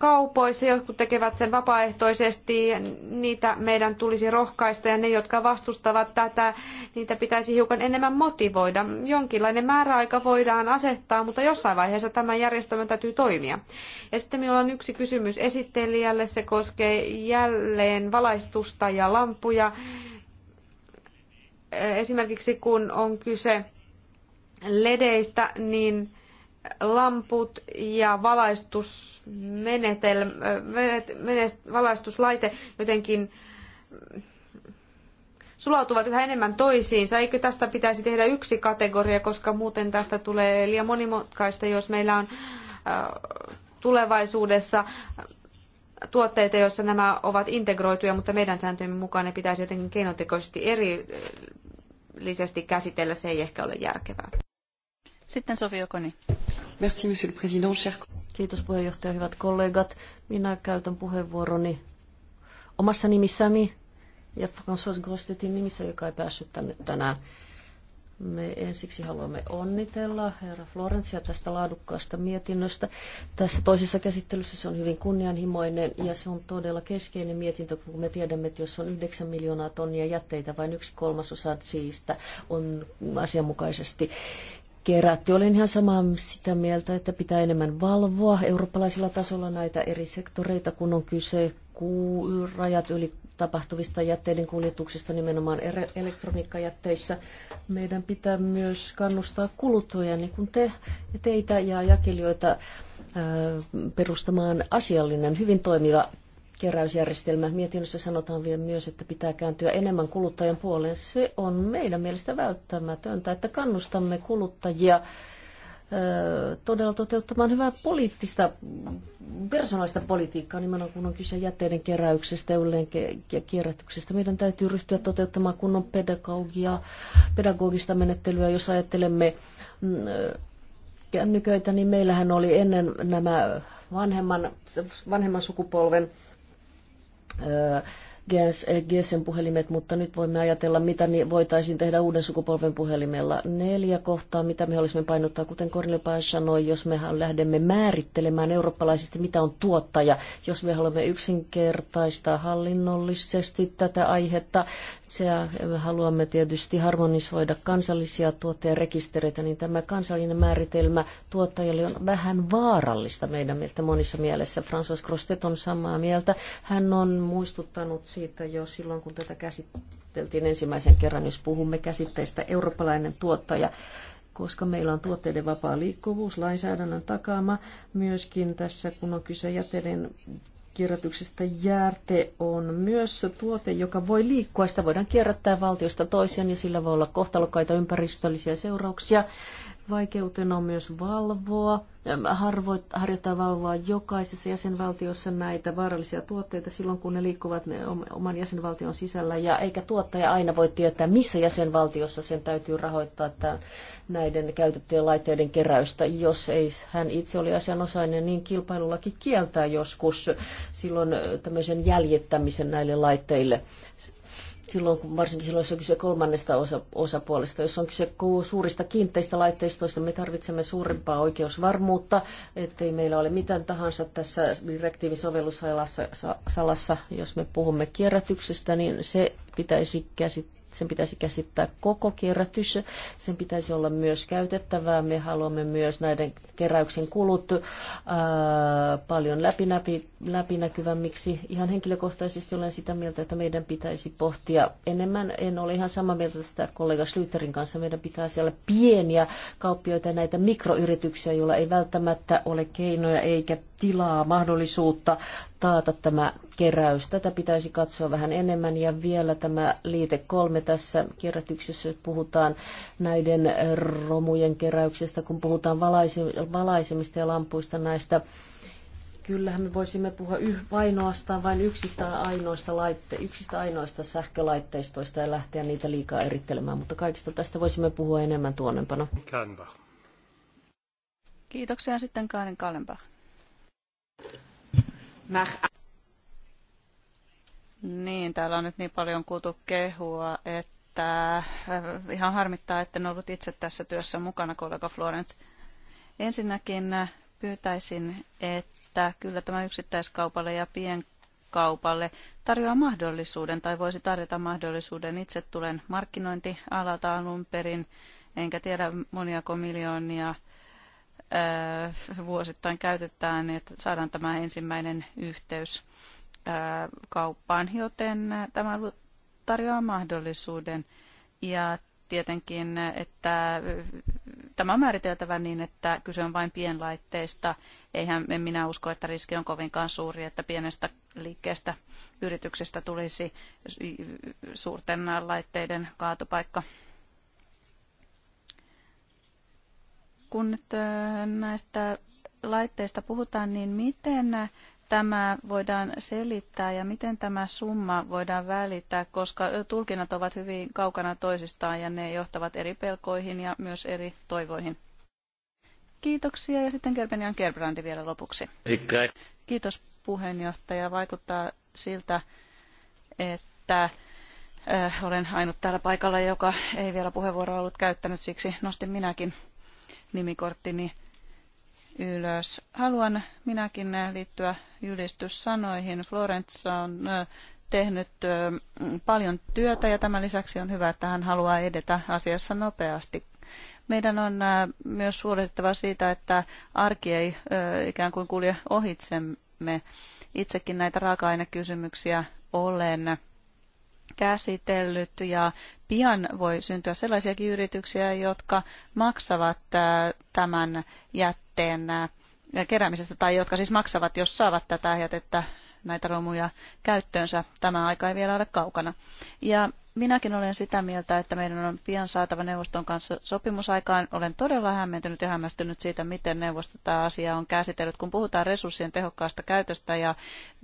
kaupoissa, jotkut tekevät sen vapaaehtoisesti, niitä meidän tulisi rohkaista ja ne, jotka vastustavat tätä, niitä pitäisi hiukan enemmän motivoida. Jonkinlainen määräaika voidaan asettaa, mutta jossain vaiheessa tämän järjestelmän täytyy toimia. Ja sitten minulla on yksi kysymys esittelijälle, se koskee jälleen valaistusta ja lampuja. Esimerkiksi kun on kyse ledeistä, niin lamput ja valaistusmenetelmä, valaistuslaite jotenkin mm, sulautuvat yhä enemmän toisiinsa. Eikö tästä pitäisi tehdä yksi kategoria, koska muuten tästä tulee liian monimutkaista, jos meillä on äh, tulevaisuudessa tuotteita, joissa nämä ovat integroituja, mutta meidän sääntöjen mukaan ne pitäisi jotenkin keinotekoisesti erillisesti käsitellä. Se ei ehkä ole järkevää. Sitten Sofi Okoni. Merci, monsieur le président. Cher... Kiitos puheenjohtaja, hyvät kollegat. Minä käytän puheenvuoroni omassa nimissäni ja François Grostetin nimissä, joka ei päässyt tänne tänään. Me ensiksi haluamme onnitella herra Florencia tästä laadukkaasta mietinnöstä. Tässä toisessa käsittelyssä se on hyvin kunnianhimoinen ja se on todella keskeinen mietintö, kun me tiedämme, että jos on 9 miljoonaa tonnia jätteitä, vain yksi kolmasosa siitä on asianmukaisesti kerätty. Olen ihan samaa sitä mieltä, että pitää enemmän valvoa eurooppalaisella tasolla näitä eri sektoreita, kun on kyse rajat yli tapahtuvista jätteiden kuljetuksista nimenomaan elektroniikkajätteissä. Meidän pitää myös kannustaa kuluttajia, niin kuin te, teitä ja jakelijoita, perustamaan asiallinen, hyvin toimiva keräysjärjestelmä. Mietinnössä sanotaan vielä myös, että pitää kääntyä enemmän kuluttajan puoleen. Se on meidän mielestä välttämätöntä, että kannustamme kuluttajia todella toteuttamaan hyvää poliittista, persoonallista politiikkaa, nimenomaan kun on kyse jätteiden keräyksestä ja kierrätyksestä. Meidän täytyy ryhtyä toteuttamaan kunnon pedagogia, pedagogista menettelyä, jos ajattelemme mm, kännyköitä, niin meillähän oli ennen nämä vanhemman, vanhemman sukupolven Äh, GSM äh, puhelimet, mutta nyt voimme ajatella, mitä voitaisiin tehdä uuden sukupolven puhelimella. Neljä kohtaa, mitä me olisimme painottaa, kuten Cornel Paes sanoi, jos me lähdemme määrittelemään eurooppalaisesti, mitä on tuottaja, jos me haluamme yksinkertaistaa hallinnollisesti tätä aihetta, se me haluamme tietysti harmonisoida kansallisia tuottajarekistereitä, niin tämä kansallinen määritelmä tuottajalle on vähän vaarallista meidän mielestä monissa mielessä. François Crostet on samaa mieltä. Hän on muistuttanut siitä jo silloin, kun tätä käsiteltiin ensimmäisen kerran, jos puhumme käsitteistä eurooppalainen tuottaja koska meillä on tuotteiden vapaa liikkuvuus lainsäädännön takaama. Myöskin tässä, kun on kyse jäteiden kierrätyksestä järte on myös tuote, joka voi liikkua. Sitä voidaan kierrättää valtiosta toiseen ja sillä voi olla kohtalokkaita ympäristöllisiä seurauksia. Vaikeutena on myös valvoa, ähm, harvoit harjoittaa valvoa jokaisessa jäsenvaltiossa näitä vaarallisia tuotteita silloin, kun ne liikkuvat ne oman jäsenvaltion sisällä. Ja eikä tuottaja aina voi tietää, missä jäsenvaltiossa sen täytyy rahoittaa tämän, näiden käytettyjen laitteiden keräystä. Jos ei hän itse oli asianosainen, niin kilpailullakin kieltää joskus silloin äh, tämmöisen jäljittämisen näille laitteille silloin, kun varsinkin silloin, jos on kyse kolmannesta osa, osapuolesta, jos on kyse suurista kiinteistä laitteistoista, me tarvitsemme suurempaa oikeusvarmuutta, ettei meillä ole mitään tahansa tässä direktiivisovellussalassa, salassa, jos me puhumme kierrätyksestä, niin se pitäisi käsittää sen pitäisi käsittää koko kierrätys, sen pitäisi olla myös käytettävää. Me haluamme myös näiden keräyksen kulut ää, äh, paljon läpinäpi, läpinäkyvämmiksi. Ihan henkilökohtaisesti olen sitä mieltä, että meidän pitäisi pohtia enemmän. En ole ihan samaa mieltä sitä kollega Slyterin kanssa. Meidän pitää siellä pieniä kauppioita ja näitä mikroyrityksiä, joilla ei välttämättä ole keinoja eikä tilaa, mahdollisuutta taata tämä keräys. Tätä pitäisi katsoa vähän enemmän ja vielä tämä liite kolme tässä kerätyksessä puhutaan näiden romujen keräyksestä, kun puhutaan valaisemista ja lampuista näistä kyllähän me voisimme puhua yh, ainoastaan vain yksistä ainoista, laitte, yksistä ainoista sähkölaitteistoista ja lähteä niitä liikaa erittelemään, mutta kaikista tästä voisimme puhua enemmän tuonnempana. Kiitoksia sitten Kaarin Kallenbach. Niin, täällä on nyt niin paljon kuultu kehua, että äh, ihan harmittaa, että en ollut itse tässä työssä mukana, kollega Florence. Ensinnäkin äh, pyytäisin, että kyllä tämä yksittäiskaupalle ja pienkaupalle tarjoaa mahdollisuuden tai voisi tarjota mahdollisuuden. Itse tulen markkinointialalta alun perin, enkä tiedä moniako miljoonia vuosittain käytetään, niin että saadaan tämä ensimmäinen yhteys kauppaan, joten tämä tarjoaa mahdollisuuden. Ja tietenkin, että tämä on määriteltävä niin, että kyse on vain pienlaitteista. Eihän en minä usko, että riski on kovinkaan suuri, että pienestä liikkeestä yrityksestä tulisi suurten laitteiden kaatopaikka kun nyt näistä laitteista puhutaan, niin miten tämä voidaan selittää ja miten tämä summa voidaan välittää, koska tulkinnat ovat hyvin kaukana toisistaan ja ne johtavat eri pelkoihin ja myös eri toivoihin. Kiitoksia ja sitten Gerbenian Gerbrandi vielä lopuksi. Kiitos puheenjohtaja. Vaikuttaa siltä, että olen ainut täällä paikalla, joka ei vielä puheenvuoroa ollut käyttänyt, siksi nostin minäkin nimikorttini ylös. Haluan minäkin liittyä julistussanoihin. Florence on tehnyt paljon työtä ja tämän lisäksi on hyvä, että hän haluaa edetä asiassa nopeasti. Meidän on myös huolehdittava siitä, että arki ei ikään kuin kulje ohitsemme. Itsekin näitä raaka-ainekysymyksiä olen käsitellyt ja pian voi syntyä sellaisiakin yrityksiä, jotka maksavat äh, tämän jätteen äh, keräämisestä tai jotka siis maksavat, jos saavat tätä jätettä näitä romuja käyttöönsä. Tämä aika ei vielä ole kaukana. Ja minäkin olen sitä mieltä, että meidän on pian saatava neuvoston kanssa sopimusaikaan. Olen todella hämmentynyt ja hämmästynyt siitä, miten neuvosto tämä asia on käsitellyt. Kun puhutaan resurssien tehokkaasta käytöstä ja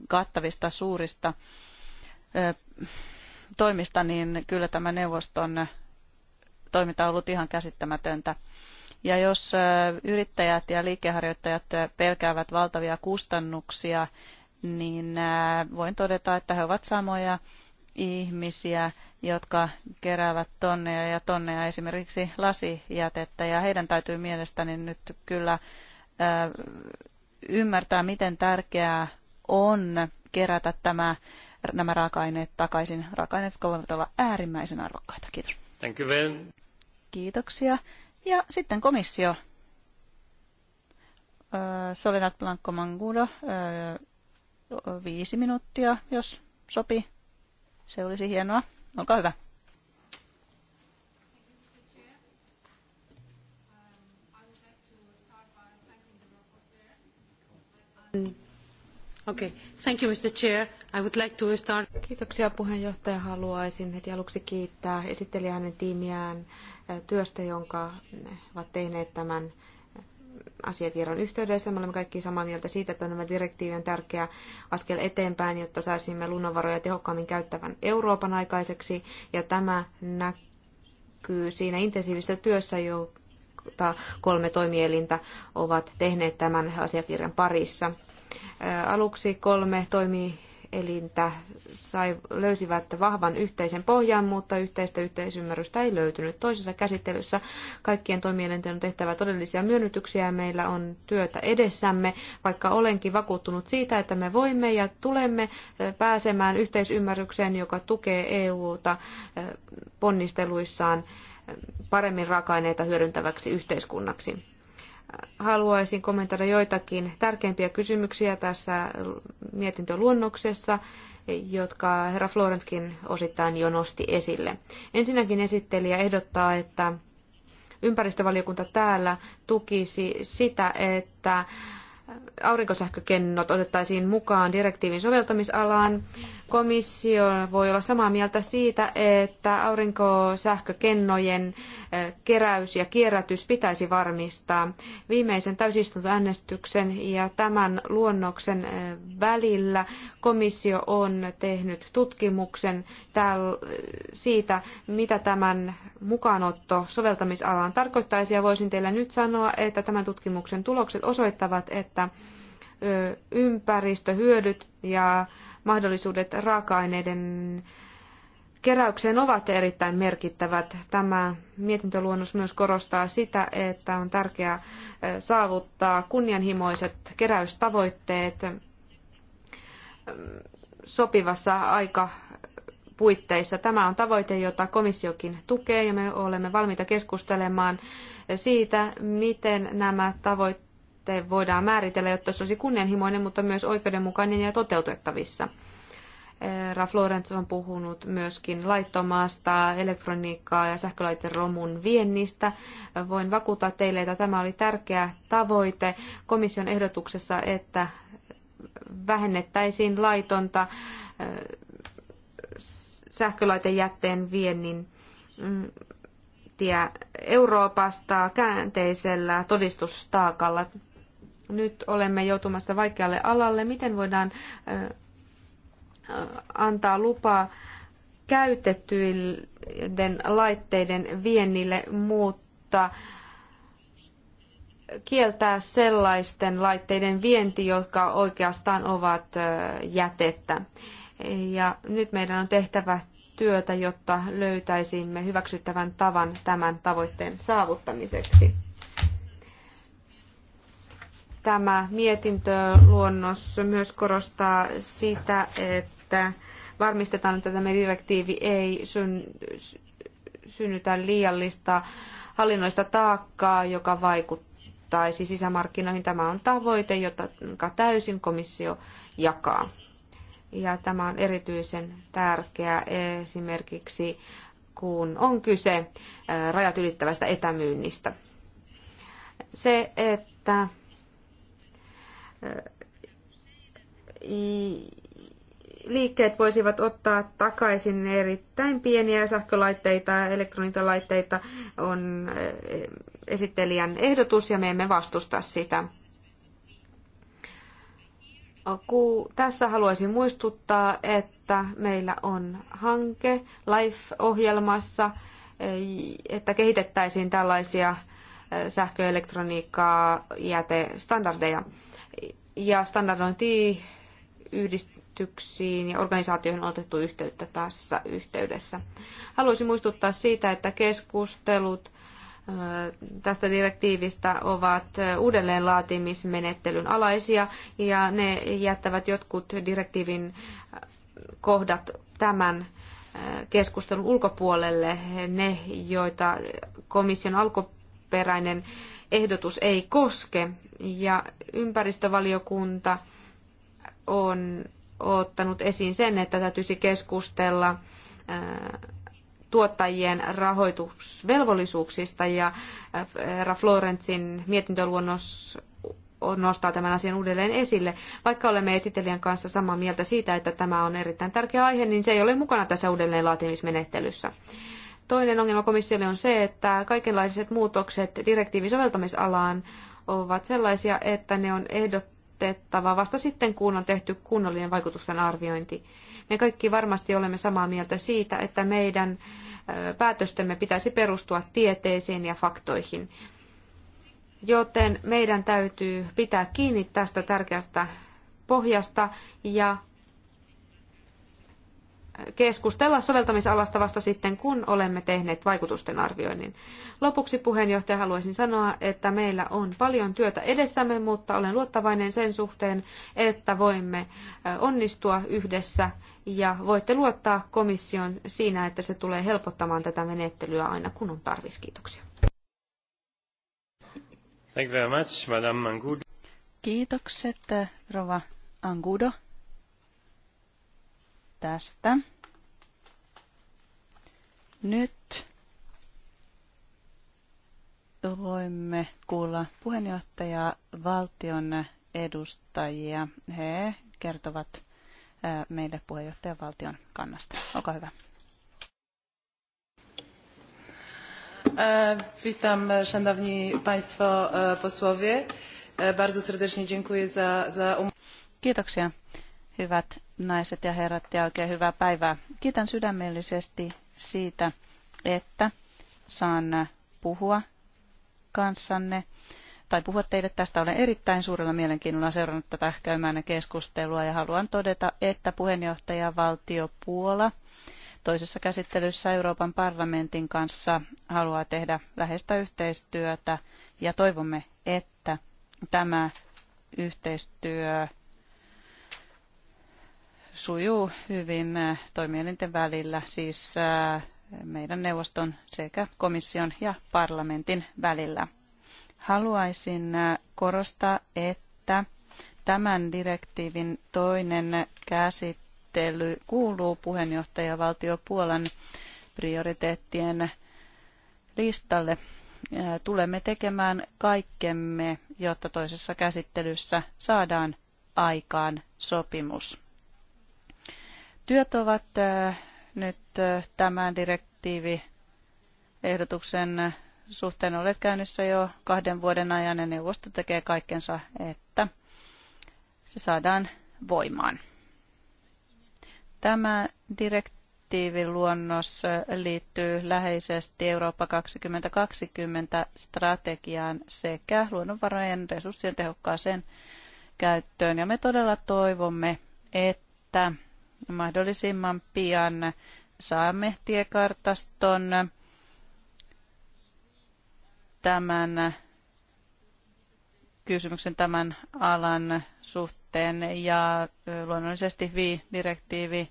kattavista suurista ö, toimista, niin kyllä tämä neuvoston toiminta on ollut ihan käsittämätöntä. Ja jos yrittäjät ja liikeharjoittajat pelkäävät valtavia kustannuksia, niin voin todeta, että he ovat samoja ihmisiä, jotka keräävät tonneja ja tonneja esimerkiksi lasijätettä. Ja heidän täytyy mielestäni nyt kyllä ymmärtää, miten tärkeää on kerätä tämä nämä raaka-aineet takaisin. Raaka-aineet voivat olla äärimmäisen arvokkaita. Kiitos. Thank you very. Kiitoksia. Ja sitten komissio. Soledad Blanco Mangudo, viisi minuuttia, jos sopii. Se olisi hienoa. Olkaa hyvä. Mm Okay. Thank Kiitoksia puheenjohtaja. Haluaisin heti aluksi kiittää esittelijä hänen tiimiään eh, työstä, jonka ovat tehneet tämän eh, asiakirjan yhteydessä. Me olemme kaikki samaa mieltä siitä, että tämä direktiivi on tärkeä askel eteenpäin, jotta saisimme luonnonvaroja tehokkaammin käyttävän Euroopan aikaiseksi. Ja tämä näkyy siinä intensiivisessä työssä, jota kolme toimielintä ovat tehneet tämän asiakirjan parissa. Aluksi kolme toimielintä sai, löysivät vahvan yhteisen pohjan, mutta yhteistä yhteisymmärrystä ei löytynyt. Toisessa käsittelyssä kaikkien toimielinten on tehtävä todellisia myönnytyksiä ja meillä on työtä edessämme, vaikka olenkin vakuuttunut siitä, että me voimme ja tulemme pääsemään yhteisymmärrykseen, joka tukee EUta ponnisteluissaan paremmin raaka-aineita hyödyntäväksi yhteiskunnaksi haluaisin kommentoida joitakin tärkeimpiä kysymyksiä tässä mietintöluonnoksessa, jotka herra Florentkin osittain jo nosti esille. Ensinnäkin esittelijä ehdottaa, että ympäristövaliokunta täällä tukisi sitä, että aurinkosähkökennot otettaisiin mukaan direktiivin soveltamisalaan Komissio voi olla samaa mieltä siitä, että aurinkosähkökennojen keräys ja kierrätys pitäisi varmistaa. Viimeisen täysistuntoäänestyksen ja tämän luonnoksen välillä komissio on tehnyt tutkimuksen siitä, mitä tämän mukaanotto soveltamisalaan tarkoittaisi. Ja voisin teille nyt sanoa, että tämän tutkimuksen tulokset osoittavat, että ympäristöhyödyt ja mahdollisuudet raaka-aineiden keräykseen ovat erittäin merkittävät. Tämä mietintöluonnos myös korostaa sitä, että on tärkeää saavuttaa kunnianhimoiset keräystavoitteet sopivassa aika puitteissa. Tämä on tavoite, jota komissiokin tukee ja me olemme valmiita keskustelemaan siitä, miten nämä tavoitteet tavoite voidaan määritellä, jotta se olisi kunnianhimoinen, mutta myös oikeudenmukainen ja toteutettavissa. Raf Lorenz on puhunut myöskin laittomasta elektroniikkaa ja romun viennistä. Voin vakuuttaa teille, että tämä oli tärkeä tavoite komission ehdotuksessa, että vähennettäisiin laitonta sähkölaitejätteen viennin mm, tie Euroopasta käänteisellä todistustaakalla nyt olemme joutumassa vaikealle alalle. Miten voidaan antaa lupaa käytettyiden laitteiden viennille, mutta kieltää sellaisten laitteiden vienti, jotka oikeastaan ovat jätettä. Ja nyt meidän on tehtävä työtä, jotta löytäisimme hyväksyttävän tavan tämän tavoitteen saavuttamiseksi. Tämä mietintöluonnos myös korostaa sitä, että varmistetaan, että tämä direktiivi ei synnytä liiallista hallinnoista taakkaa, joka vaikuttaisi sisämarkkinoihin. Tämä on tavoite, jota täysin komissio jakaa. Ja tämä on erityisen tärkeää esimerkiksi, kun on kyse rajat ylittävästä etämyynnistä. Se, että liikkeet voisivat ottaa takaisin erittäin pieniä sähkölaitteita ja elektroniikkalaitteita on esittelijän ehdotus ja me emme vastusta sitä. Tässä haluaisin muistuttaa, että meillä on hanke LIFE-ohjelmassa, että kehitettäisiin tällaisia sähköelektroniikkaa jätestandardeja. standardeja ja standardointiyhdistyksiin ja organisaatioihin on otettu yhteyttä tässä yhteydessä. Haluaisin muistuttaa siitä, että keskustelut tästä direktiivistä ovat uudelleenlaatimismenettelyn alaisia ja ne jättävät jotkut direktiivin kohdat tämän keskustelun ulkopuolelle, ne joita komission alkuperäinen ehdotus ei koske. Ja ympäristövaliokunta on ottanut esiin sen, että täytyisi keskustella tuottajien rahoitusvelvollisuuksista ja Ra Florencin mietintöluonnos nostaa tämän asian uudelleen esille. Vaikka olemme esittelijän kanssa samaa mieltä siitä, että tämä on erittäin tärkeä aihe, niin se ei ole mukana tässä uudelleenlaatimismenettelyssä. laatimismenettelyssä. Toinen ongelma komissiolle on se, että kaikenlaiset muutokset direktiivin soveltamisalaan ovat sellaisia, että ne on ehdotettava vasta sitten, kun on tehty kunnollinen vaikutusten arviointi. Me kaikki varmasti olemme samaa mieltä siitä, että meidän päätöstemme pitäisi perustua tieteeseen ja faktoihin. Joten meidän täytyy pitää kiinni tästä tärkeästä pohjasta ja keskustella soveltamisalasta vasta sitten, kun olemme tehneet vaikutusten arvioinnin. Lopuksi puheenjohtaja haluaisin sanoa, että meillä on paljon työtä edessämme, mutta olen luottavainen sen suhteen, että voimme onnistua yhdessä ja voitte luottaa komission siinä, että se tulee helpottamaan tätä menettelyä aina kun on tarvis. Kiitoksia. Thank you very much, Madame Kiitokset, Rova Angudo tästä. Nyt voimme kuulla puheenjohtaja valtion edustajia. He kertovat äh, meille puheenjohtajan valtion kannasta. Olkaa hyvä. Äh, witam szanowni państwo e, posłowie. E, bardzo serdecznie dziękuję za, za... Um- Kiitoksia hyvät naiset ja herrat ja oikein hyvää päivää. Kiitän sydämellisesti siitä, että saan puhua kanssanne tai puhua teille tästä. Olen erittäin suurella mielenkiinnolla seurannut tätä käymään keskustelua ja haluan todeta, että puheenjohtaja Valtio Puola toisessa käsittelyssä Euroopan parlamentin kanssa haluaa tehdä läheistä yhteistyötä ja toivomme, että tämä yhteistyö sujuu hyvin äh, toimielinten välillä, siis äh, meidän neuvoston sekä komission ja parlamentin välillä. Haluaisin äh, korostaa, että tämän direktiivin toinen käsittely kuuluu puheenjohtajavaltio Puolan prioriteettien listalle. Tulemme tekemään kaikkemme, jotta toisessa käsittelyssä saadaan aikaan sopimus. Työt ovat nyt tämän direktiivi ehdotuksen suhteen olet käynnissä jo kahden vuoden ajan ja neuvosto tekee kaikkensa, että se saadaan voimaan. Tämä direktiiviluonnos liittyy läheisesti Eurooppa 2020 strategiaan sekä luonnonvarojen resurssien tehokkaaseen käyttöön. Ja me todella toivomme, että mahdollisimman pian saamme tiekartaston tämän kysymyksen tämän alan suhteen ja luonnollisesti VI-direktiivi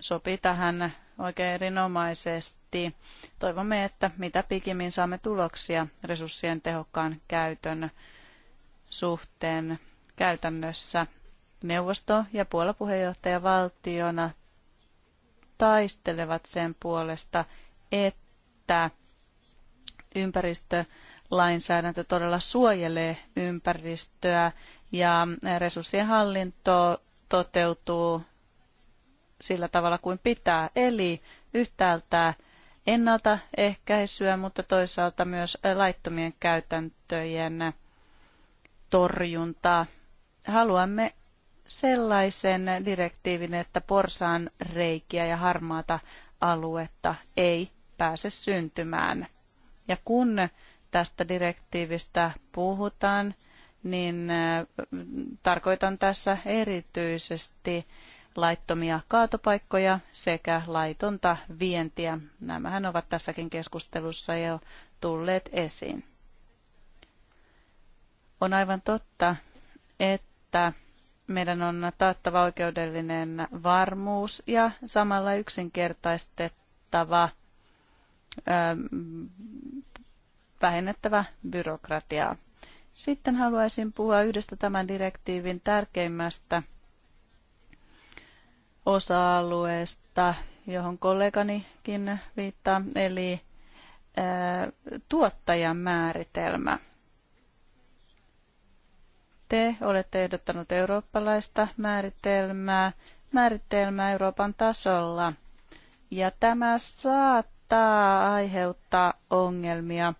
sopii tähän oikein erinomaisesti. Toivomme, että mitä pikimmin saamme tuloksia resurssien tehokkaan käytön suhteen käytännössä neuvosto ja puolapuheenjohtajavaltiona taistelevat sen puolesta, että ympäristölainsäädäntö todella suojelee ympäristöä ja resurssien hallinto toteutuu sillä tavalla kuin pitää. Eli yhtäältä ennaltaehkäisyä, mutta toisaalta myös laittomien käytäntöjen torjuntaa. Haluamme sellaisen direktiivin, että porsaan reikiä ja harmaata aluetta ei pääse syntymään. Ja kun tästä direktiivistä puhutaan, niin tarkoitan tässä erityisesti laittomia kaatopaikkoja sekä laitonta vientiä. Nämähän ovat tässäkin keskustelussa jo tulleet esiin. On aivan totta, että meidän on taattava oikeudellinen varmuus ja samalla yksinkertaistettava, vähennettävä byrokratiaa. Sitten haluaisin puhua yhdestä tämän direktiivin tärkeimmästä osa-alueesta, johon kolleganikin viittaa, eli tuottajan määritelmä. Te olette ehdottanut eurooppalaista määritelmää, määritelmää Euroopan tasolla. Ja tämä saattaa aiheuttaa ongelmia,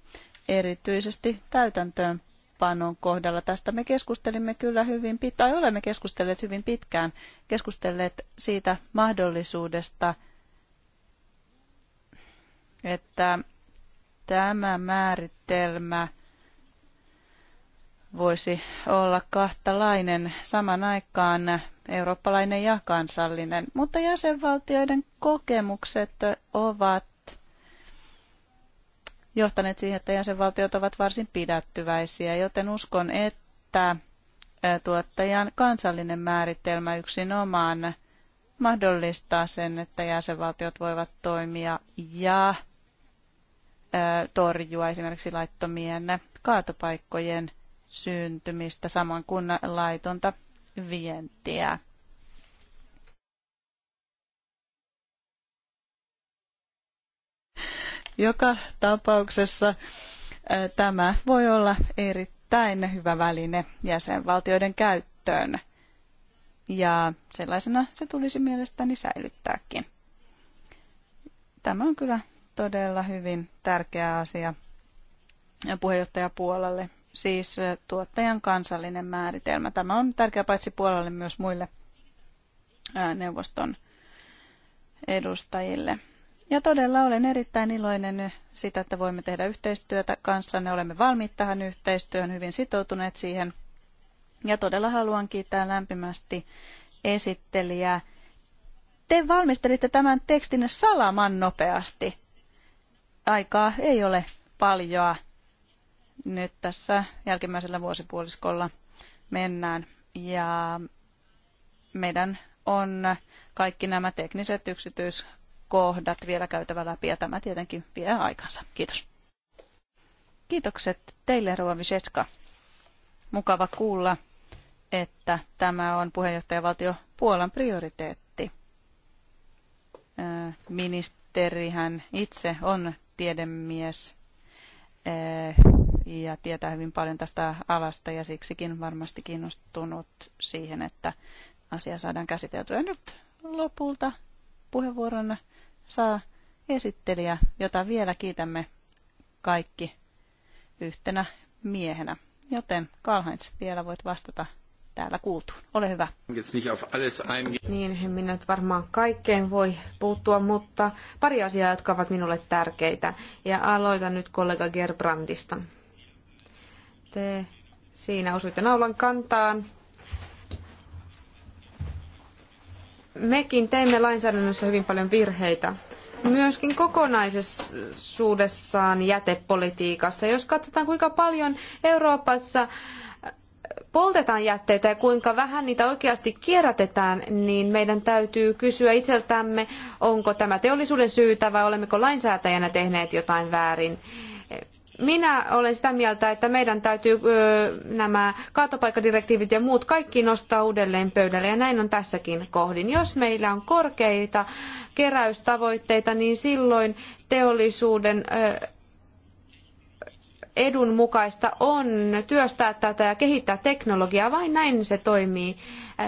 erityisesti täytäntöönpanon kohdalla. Tästä me keskustelimme kyllä hyvin tai olemme keskustelleet hyvin pitkään, keskustelleet siitä mahdollisuudesta, että tämä määritelmä – voisi olla kahtalainen saman aikaan eurooppalainen ja kansallinen, mutta jäsenvaltioiden kokemukset ovat johtaneet siihen, että jäsenvaltiot ovat varsin pidättyväisiä, joten uskon, että tuottajan kansallinen määritelmä yksinomaan mahdollistaa sen, että jäsenvaltiot voivat toimia ja torjua esimerkiksi laittomien kaatopaikkojen syntymistä, samoin kuin laitonta vientiä. Joka tapauksessa äh, tämä voi olla erittäin hyvä väline jäsenvaltioiden käyttöön. Ja sellaisena se tulisi mielestäni säilyttääkin. Tämä on kyllä todella hyvin tärkeä asia puheenjohtajapuolelle siis tuottajan kansallinen määritelmä. Tämä on tärkeä paitsi Puolalle myös muille neuvoston edustajille. Ja todella olen erittäin iloinen sitä, että voimme tehdä yhteistyötä kanssanne. Olemme valmiit tähän yhteistyöhön, hyvin sitoutuneet siihen. Ja todella haluan kiittää lämpimästi esittelijää. Te valmistelitte tämän tekstin salaman nopeasti. Aikaa ei ole paljoa nyt tässä jälkimmäisellä vuosipuoliskolla mennään. Ja meidän on kaikki nämä tekniset yksityiskohdat vielä käytävä läpi ja tämä tietenkin vie aikansa. Kiitos. Kiitokset teille, Rova Viseska. Mukava kuulla, että tämä on puheenjohtajavaltio Puolan prioriteetti. Ministerihän itse on tiedemies ja tietää hyvin paljon tästä alasta ja siksikin varmasti kiinnostunut siihen, että asia saadaan käsiteltyä. Nyt lopulta puheenvuoron saa esittelijä, jota vielä kiitämme kaikki yhtenä miehenä. Joten Karl-Heinz, vielä voit vastata täällä kuultuun. Ole hyvä. Niin, en minä nyt varmaan kaikkeen voi puuttua, mutta pari asiaa, jotka ovat minulle tärkeitä. Ja aloitan nyt kollega Gerbrandista lähtee. siinä osuitte naulan kantaan. Mekin teimme lainsäädännössä hyvin paljon virheitä. Myöskin kokonaisuudessaan jätepolitiikassa. Jos katsotaan kuinka paljon Euroopassa poltetaan jätteitä ja kuinka vähän niitä oikeasti kierrätetään, niin meidän täytyy kysyä itseltämme, onko tämä teollisuuden syytä vai olemmeko lainsäätäjänä tehneet jotain väärin. Minä olen sitä mieltä, että meidän täytyy nämä kaatopaikkadirektiivit ja muut kaikki nostaa uudelleen pöydälle, ja näin on tässäkin kohdin. Jos meillä on korkeita keräystavoitteita, niin silloin teollisuuden ö, edun mukaista on työstää tätä ja kehittää teknologiaa. Vain näin se toimii.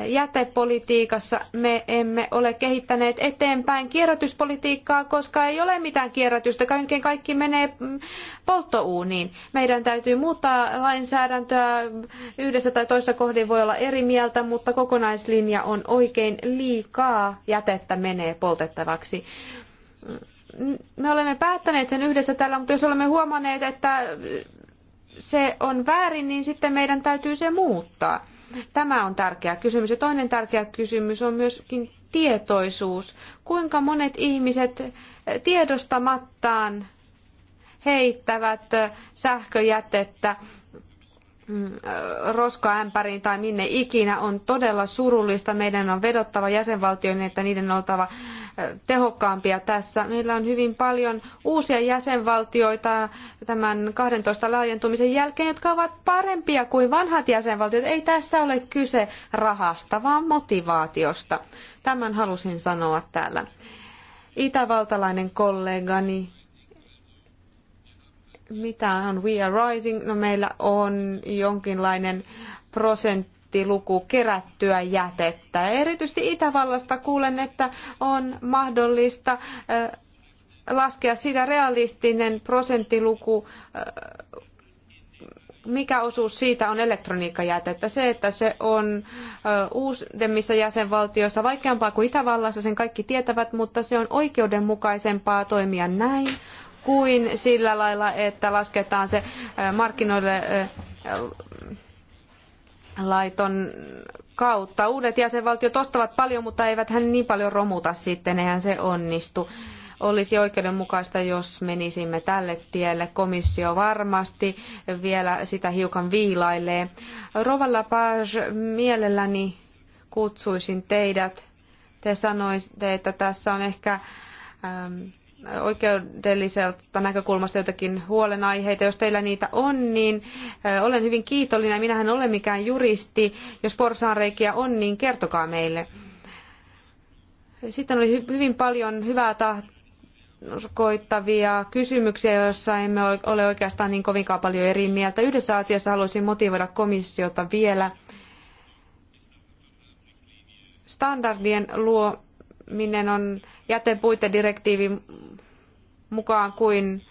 Jätepolitiikassa me emme ole kehittäneet eteenpäin kierrätyspolitiikkaa, koska ei ole mitään kierrätystä. Kaiken kaikki menee mm, polttouuniin. Meidän täytyy muuttaa lainsäädäntöä. Yhdessä tai toisessa kohdin voi olla eri mieltä, mutta kokonaislinja on oikein liikaa jätettä menee poltettavaksi me olemme päättäneet sen yhdessä täällä, mutta jos olemme huomanneet, että se on väärin, niin sitten meidän täytyy se muuttaa. Tämä on tärkeä kysymys. Ja toinen tärkeä kysymys on myöskin tietoisuus. Kuinka monet ihmiset tiedostamattaan heittävät sähköjätettä Mm, äh, roskaämpäriin tai minne ikinä on todella surullista. Meidän on vedottava jäsenvaltioihin, että niiden on oltava äh, tehokkaampia tässä. Meillä on hyvin paljon uusia jäsenvaltioita tämän 12 laajentumisen jälkeen, jotka ovat parempia kuin vanhat jäsenvaltiot. Ei tässä ole kyse rahasta, vaan motivaatiosta. Tämän halusin sanoa täällä. Itävaltalainen kollegani mitä on We Are Rising? No meillä on jonkinlainen prosenttiluku kerättyä jätettä. Ja erityisesti Itävallasta kuulen, että on mahdollista laskea sitä realistinen prosenttiluku, mikä osuus siitä on elektroniikkajätettä. Se, että se on uudemmissa jäsenvaltioissa vaikeampaa kuin Itävallassa, sen kaikki tietävät, mutta se on oikeudenmukaisempaa toimia näin kuin sillä lailla, että lasketaan se markkinoille laiton kautta. Uudet jäsenvaltiot ostavat paljon, mutta eivät hän niin paljon romuta sitten, eihän se onnistu. Olisi oikeudenmukaista, jos menisimme tälle tielle. Komissio varmasti vielä sitä hiukan viilailee. Rova Lapage, mielelläni kutsuisin teidät. Te sanoitte, että tässä on ehkä ähm, oikeudelliselta näkökulmasta jotakin huolenaiheita. Jos teillä niitä on, niin olen hyvin kiitollinen. Minähän olen mikään juristi. Jos porsaanreikiä on, niin kertokaa meille. Sitten oli hyvin paljon hyvää tarkoittavia kysymyksiä, joissa emme ole oikeastaan niin kovinkaan paljon eri mieltä. Yhdessä asiassa haluaisin motivoida komissiota vielä. Standardien luominen on jätepuitedirektiivin mukaan kuin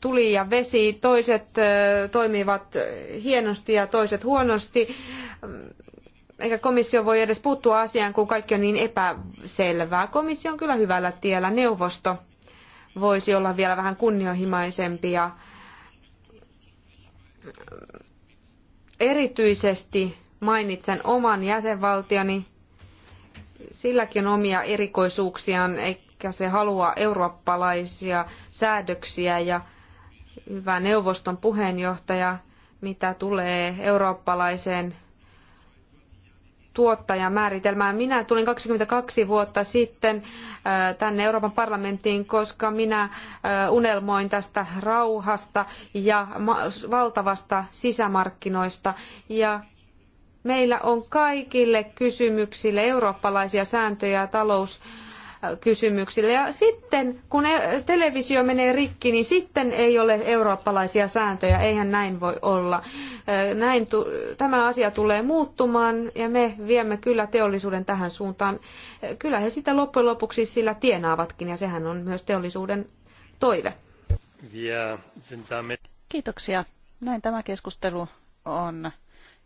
tuli ja vesi. Toiset toimivat hienosti ja toiset huonosti. Eikä komissio voi edes puuttua asiaan, kun kaikki on niin epäselvää. Komissio on kyllä hyvällä tiellä. Neuvosto voisi olla vielä vähän kunnianhimoisempi ja erityisesti mainitsen oman jäsenvaltioni. Silläkin on omia erikoisuuksiaan, ehkä se haluaa eurooppalaisia säädöksiä ja hyvä neuvoston puheenjohtaja, mitä tulee eurooppalaiseen tuottajamääritelmään. Minä tulin 22 vuotta sitten tänne Euroopan parlamenttiin, koska minä unelmoin tästä rauhasta ja valtavasta sisämarkkinoista. Ja meillä on kaikille kysymyksille eurooppalaisia sääntöjä talous- kysymyksillä. Ja sitten, kun e- televisio menee rikki, niin sitten ei ole eurooppalaisia sääntöjä. Eihän näin voi olla. Näin tämä asia tulee muuttumaan ja me viemme kyllä teollisuuden tähän suuntaan. Kyllä he sitä loppujen lopuksi sillä tienaavatkin ja sehän on myös teollisuuden toive. Kiitoksia. Näin tämä keskustelu on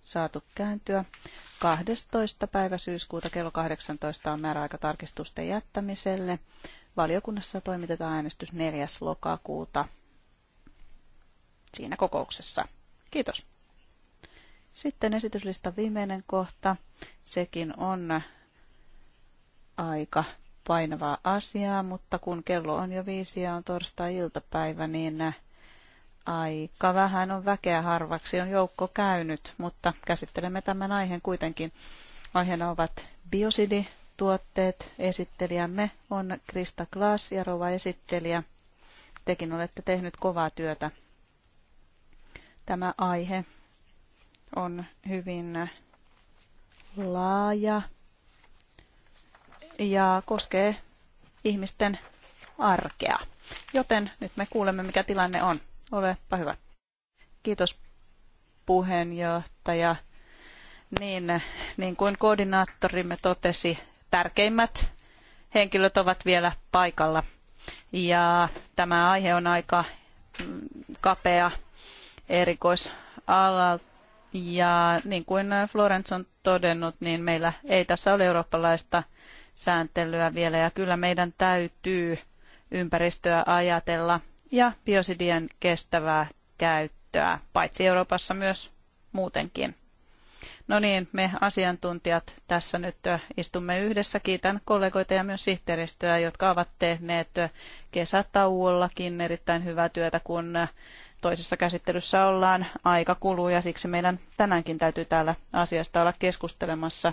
saatu kääntyä. 12. päivä syyskuuta kello 18 on määräaika tarkistusten jättämiselle. Valiokunnassa toimitetaan äänestys 4. lokakuuta siinä kokouksessa. Kiitos. Sitten esityslistan viimeinen kohta. Sekin on aika painavaa asiaa, mutta kun kello on jo viisi ja on torstai-iltapäivä, niin Aika vähän on väkeä harvaksi, on joukko käynyt, mutta käsittelemme tämän aiheen kuitenkin. Aiheena ovat biosidituotteet. Esittelijämme on Krista Klaas, Rova esittelijä. Tekin olette tehnyt kovaa työtä. Tämä aihe on hyvin laaja ja koskee ihmisten arkea. Joten nyt me kuulemme, mikä tilanne on. Olepa hyvä. Kiitos puheenjohtaja. Niin, niin kuin koordinaattorimme totesi, tärkeimmät henkilöt ovat vielä paikalla. Ja tämä aihe on aika mm, kapea erikoisala. Ja niin kuin Florence on todennut, niin meillä ei tässä ole eurooppalaista sääntelyä vielä ja kyllä meidän täytyy ympäristöä ajatella ja biosidien kestävää käyttöä, paitsi Euroopassa myös muutenkin. No niin, me asiantuntijat tässä nyt istumme yhdessä. Kiitän kollegoita ja myös sihteeristöä, jotka ovat tehneet kesätauollakin erittäin hyvää työtä, kun toisessa käsittelyssä ollaan aika kuluu ja siksi meidän tänäänkin täytyy täällä asiasta olla keskustelemassa.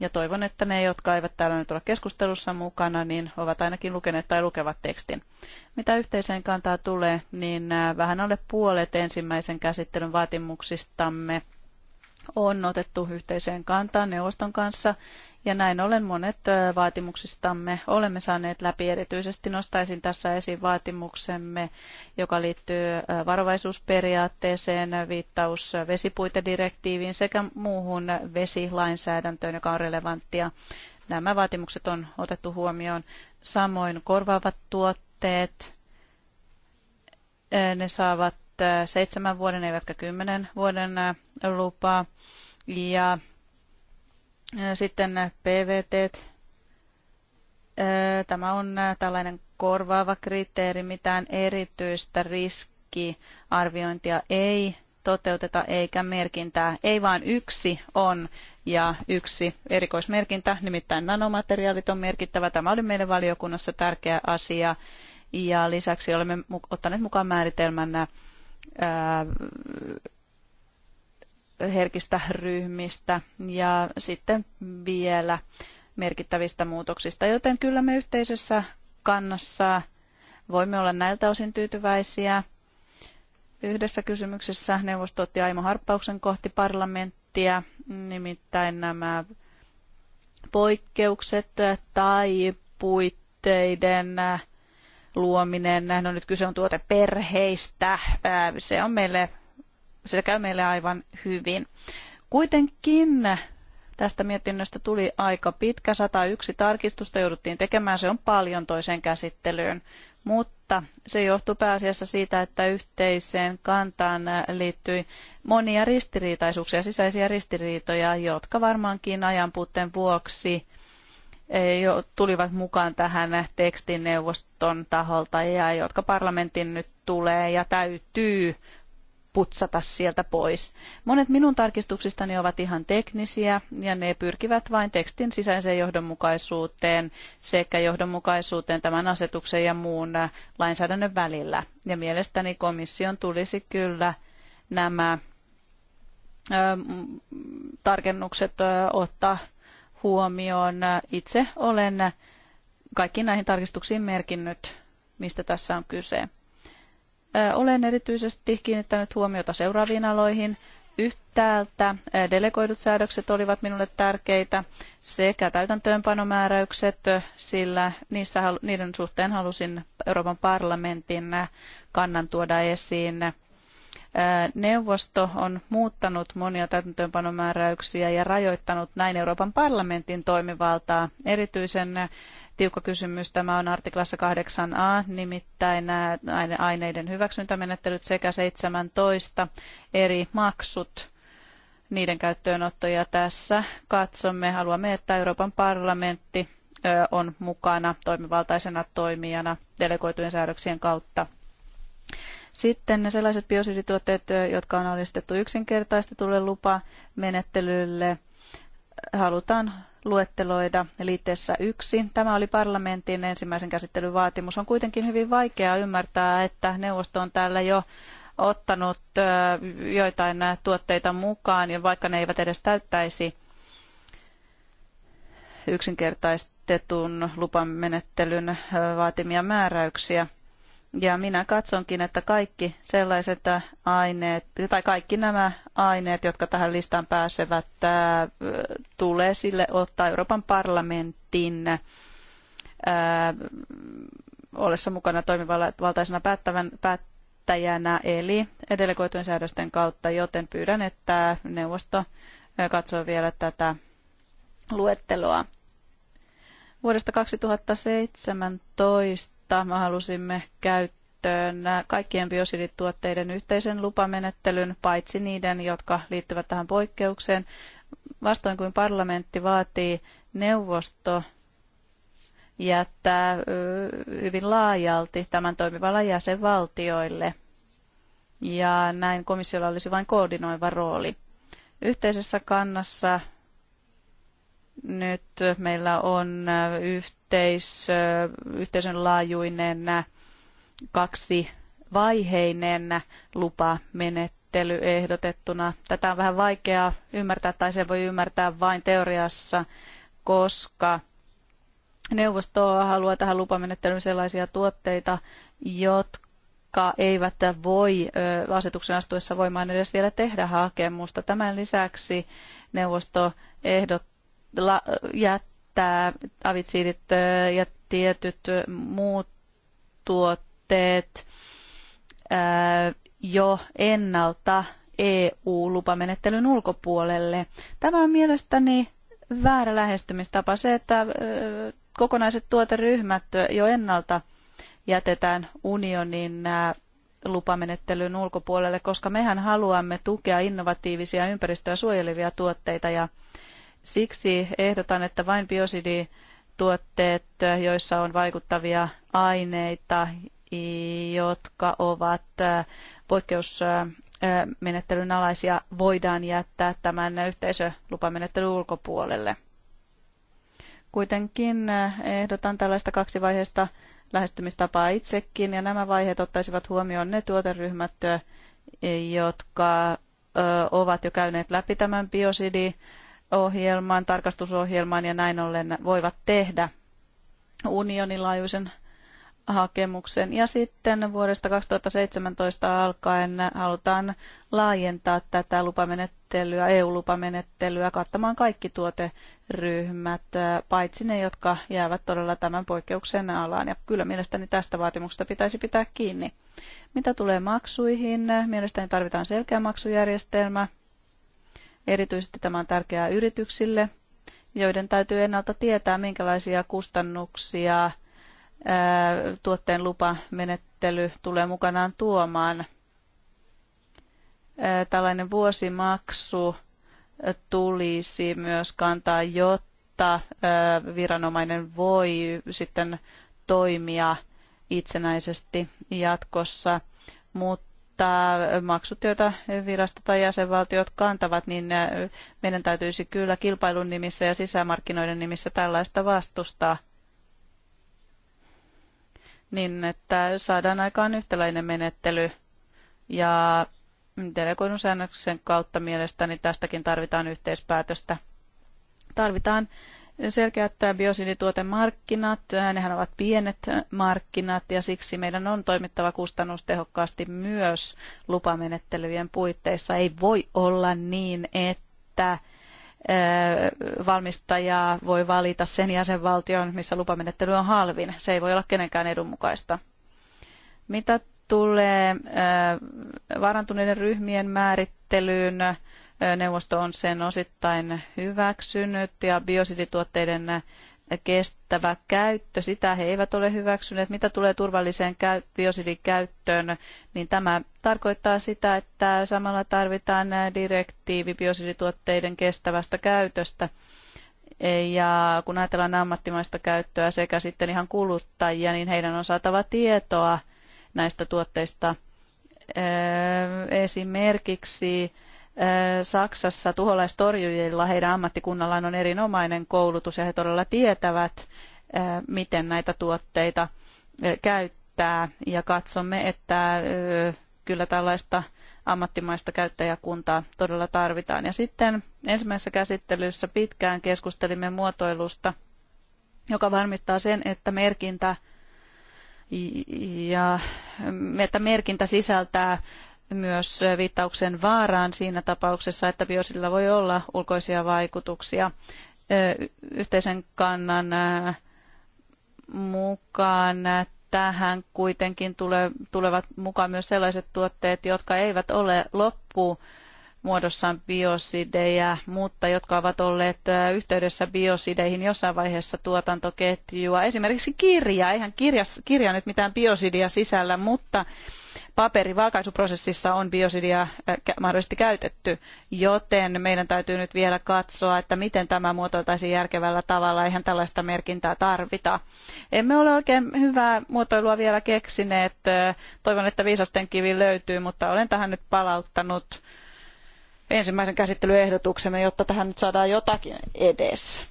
Ja toivon, että ne, jotka eivät täällä nyt ole keskustelussa mukana, niin ovat ainakin lukeneet tai lukevat tekstin. Mitä yhteiseen kantaa tulee, niin äh, vähän alle puolet ensimmäisen käsittelyn vaatimuksistamme – on otettu yhteiseen kantaan neuvoston kanssa ja näin ollen monet vaatimuksistamme olemme saaneet läpi. Erityisesti nostaisin tässä esiin vaatimuksemme, joka liittyy varovaisuusperiaatteeseen, viittaus vesipuitedirektiiviin sekä muuhun vesilainsäädäntöön, joka on relevanttia. Nämä vaatimukset on otettu huomioon. Samoin korvaavat tuotteet, ne saavat seitsemän vuoden eivätkä kymmenen vuoden äh, lupaa. Ja äh, sitten äh, PVT. Tämä on tällainen korvaava kriteeri, mitään erityistä riskiarviointia ei toteuteta eikä merkintää. Ei vaan yksi on ja yksi erikoismerkintä, nimittäin nanomateriaalit on merkittävä. Tämä oli meille valiokunnassa tärkeä asia ja lisäksi olemme ottaneet mukaan määritelmän herkistä ryhmistä ja sitten vielä merkittävistä muutoksista, joten kyllä me yhteisessä kannassa voimme olla näiltä osin tyytyväisiä. Yhdessä kysymyksessä neuvosto otti Aimo Harppauksen kohti parlamenttia, nimittäin nämä poikkeukset tai puitteiden luominen, no nyt kyse on tuoteperheistä, se on meille, se käy meille aivan hyvin. Kuitenkin tästä mietinnöstä tuli aika pitkä, 101 tarkistusta jouduttiin tekemään, se on paljon toiseen käsittelyyn, mutta se johtui pääasiassa siitä, että yhteiseen kantaan liittyi monia ristiriitaisuuksia, sisäisiä ristiriitoja, jotka varmaankin ajan puutteen vuoksi Eh, jo tulivat mukaan tähän tekstineuvoston neuvoston taholta ja jotka parlamentin nyt tulee ja täytyy putsata sieltä pois. Monet minun tarkistuksistani ovat ihan teknisiä ja ne pyrkivät vain tekstin sisäiseen johdonmukaisuuteen sekä johdonmukaisuuteen tämän asetuksen ja muun lainsäädännön välillä. Ja mielestäni komission tulisi kyllä nämä ö, tarkennukset ö, ottaa huomioon. Itse olen kaikkiin näihin tarkistuksiin merkinnyt, mistä tässä on kyse. Olen erityisesti kiinnittänyt huomiota seuraaviin aloihin. Yhtäältä delegoidut säädökset olivat minulle tärkeitä sekä täytäntöönpanomääräykset, sillä niissä, niiden suhteen halusin Euroopan parlamentin kannan tuoda esiin Neuvosto on muuttanut monia täytäntöönpanomääräyksiä ja rajoittanut näin Euroopan parlamentin toimivaltaa. Erityisen tiukka kysymys tämä on artiklassa 8a, nimittäin aineiden hyväksyntämenettelyt sekä 17 eri maksut niiden käyttöönottoja tässä katsomme. Haluamme, että Euroopan parlamentti on mukana toimivaltaisena toimijana delegoitujen säädöksien kautta. Sitten ne sellaiset biosidituotteet, jotka on alistettu yksinkertaistetulle lupamenettelylle, halutaan luetteloida liitteessä yksi. Tämä oli parlamentin ensimmäisen käsittelyn vaatimus. On kuitenkin hyvin vaikeaa ymmärtää, että neuvosto on täällä jo ottanut joitain tuotteita mukaan, vaikka ne eivät edes täyttäisi yksinkertaistetun lupamenettelyn vaatimia määräyksiä. Ja minä katsonkin, että kaikki sellaiset äh, aineet, tai kaikki nämä aineet, jotka tähän listaan pääsevät, äh, tulee sille ottaa Euroopan parlamentin ää, äh, ollessa mukana toimivaltaisena päättävän, päättäjänä, eli delegoitujen säädösten kautta, joten pyydän, että neuvosto katsoo vielä tätä luetteloa. Vuodesta 2017 kautta me halusimme käyttöön kaikkien biosidituotteiden yhteisen lupamenettelyn, paitsi niiden, jotka liittyvät tähän poikkeukseen. Vastoin kuin parlamentti vaatii, neuvosto jättää hyvin laajalti tämän toimivallan jäsenvaltioille. Ja näin komissiolla olisi vain koordinoiva rooli. Yhteisessä kannassa nyt meillä on äh, yhteis, äh, yhteisön laajuinen äh, kaksi vaiheinen lupamenettely ehdotettuna. Tätä on vähän vaikeaa ymmärtää tai sen voi ymmärtää vain teoriassa, koska neuvosto haluaa tähän lupamenettelyyn sellaisia tuotteita, jotka eivät voi asetuksen astuessa voimaan edes vielä tehdä hakemusta. Tämän lisäksi neuvosto ehdottaa, jättää avitsiidit ja tietyt muut tuotteet jo ennalta EU-lupamenettelyn ulkopuolelle. Tämä on mielestäni väärä lähestymistapa. Se, että kokonaiset tuoteryhmät jo ennalta jätetään unionin lupamenettelyn ulkopuolelle, koska mehän haluamme tukea innovatiivisia ympäristöä suojelevia tuotteita ja Siksi ehdotan, että vain biosidituotteet, joissa on vaikuttavia aineita, jotka ovat äh, poikkeusmenettelyn alaisia, voidaan jättää tämän yhteisölupamenettelyn ulkopuolelle. Kuitenkin äh, ehdotan tällaista kaksivaiheista lähestymistapaa itsekin, ja nämä vaiheet ottaisivat huomioon ne tuoteryhmät, äh, jotka ovat jo käyneet läpi tämän biosidin ohjelmaan, tarkastusohjelmaan ja näin ollen voivat tehdä unionilaajuisen hakemuksen. Ja sitten vuodesta 2017 alkaen halutaan laajentaa tätä lupamenettelyä, EU-lupamenettelyä kattamaan kaikki tuoteryhmät, paitsi ne, jotka jäävät todella tämän poikkeuksen alaan. Ja kyllä mielestäni tästä vaatimuksesta pitäisi pitää kiinni. Mitä tulee maksuihin? Mielestäni tarvitaan selkeä maksujärjestelmä, Erityisesti tämä on tärkeää yrityksille, joiden täytyy ennalta tietää, minkälaisia kustannuksia tuotteen lupamenettely tulee mukanaan tuomaan. Tällainen vuosimaksu tulisi myös kantaa, jotta viranomainen voi sitten toimia itsenäisesti jatkossa, mutta mutta maksut, joita virasto tai jäsenvaltiot kantavat, niin äh, meidän täytyisi kyllä kilpailun nimissä ja sisämarkkinoiden nimissä tällaista vastustaa niin että saadaan aikaan yhtäläinen menettely. Ja delegoidun säännöksen kautta mielestäni tästäkin tarvitaan yhteispäätöstä. Tarvitaan selkeät biosidituotemarkkinat. Nehän ovat pienet markkinat ja siksi meidän on toimittava kustannustehokkaasti myös lupamenettelyjen puitteissa. Ei voi olla niin, että äh, valmistaja voi valita sen jäsenvaltion, missä lupamenettely on halvin. Se ei voi olla kenenkään edun mukaista. Mitä tulee äh, varantuneiden ryhmien määrittelyyn, Neuvosto on sen osittain hyväksynyt ja biosidituotteiden kestävä käyttö, sitä he eivät ole hyväksyneet. Mitä tulee turvalliseen biosidikäyttöön, niin tämä tarkoittaa sitä, että samalla tarvitaan direktiivi biosidituotteiden kestävästä käytöstä. Ja kun ajatellaan ammattimaista käyttöä sekä sitten ihan kuluttajia, niin heidän on saatava tietoa näistä tuotteista. Öö, esimerkiksi Saksassa tuholaistorjujilla, heidän ammattikunnallaan on erinomainen koulutus ja he todella tietävät, miten näitä tuotteita käyttää. Ja katsomme, että kyllä tällaista ammattimaista käyttäjäkuntaa todella tarvitaan. Ja sitten ensimmäisessä käsittelyssä pitkään keskustelimme muotoilusta, joka varmistaa sen, että merkintä ja että merkintä sisältää myös viittauksen vaaraan siinä tapauksessa, että biosilla voi olla ulkoisia vaikutuksia yhteisen kannan mukaan. Tähän kuitenkin tulevat mukaan myös sellaiset tuotteet, jotka eivät ole loppu muodossaan biosidejä, mutta jotka ovat olleet yhteydessä biosideihin jossain vaiheessa tuotantoketjua. Esimerkiksi kirja, eihän kirja, kirja nyt mitään biosidia sisällä, mutta paperivalkaisuprosessissa on biosidia äh, mahdollisesti käytetty, joten meidän täytyy nyt vielä katsoa, että miten tämä muotoiltaisiin järkevällä tavalla. Eihän tällaista merkintää tarvita. Emme ole oikein hyvää muotoilua vielä keksineet. Äh, toivon, että viisasten kivi löytyy, mutta olen tähän nyt palauttanut ensimmäisen käsittelyehdotuksemme, jotta tähän nyt saadaan jotakin edes.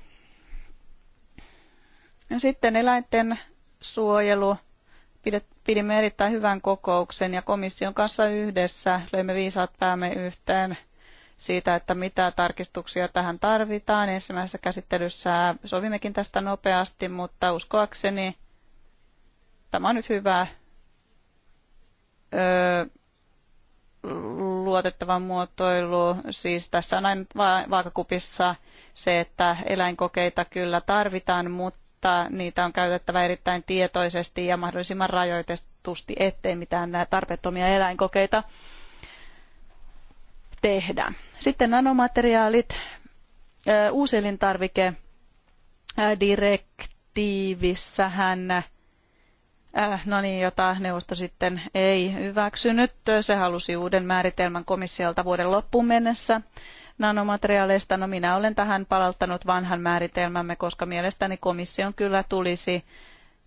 Sitten eläinten suojelu Pidimme erittäin hyvän kokouksen ja komission kanssa yhdessä löimme viisaat päämme yhteen siitä, että mitä tarkistuksia tähän tarvitaan. Ensimmäisessä käsittelyssä sovimmekin tästä nopeasti, mutta uskoakseni tämä on nyt hyvä öö, luotettava muotoilu. Siis tässä on aina vaakakupissa se, että eläinkokeita kyllä tarvitaan, mutta mutta niitä on käytettävä erittäin tietoisesti ja mahdollisimman rajoitetusti, ettei mitään tarpeettomia eläinkokeita tehdä. Sitten nanomateriaalit, uuselintarvike direktiivissähän no niin, jota neuvosto sitten ei hyväksynyt. Se halusi uuden määritelmän komissiolta vuoden loppuun mennessä nanomateriaaleista. No minä olen tähän palauttanut vanhan määritelmämme, koska mielestäni komission kyllä tulisi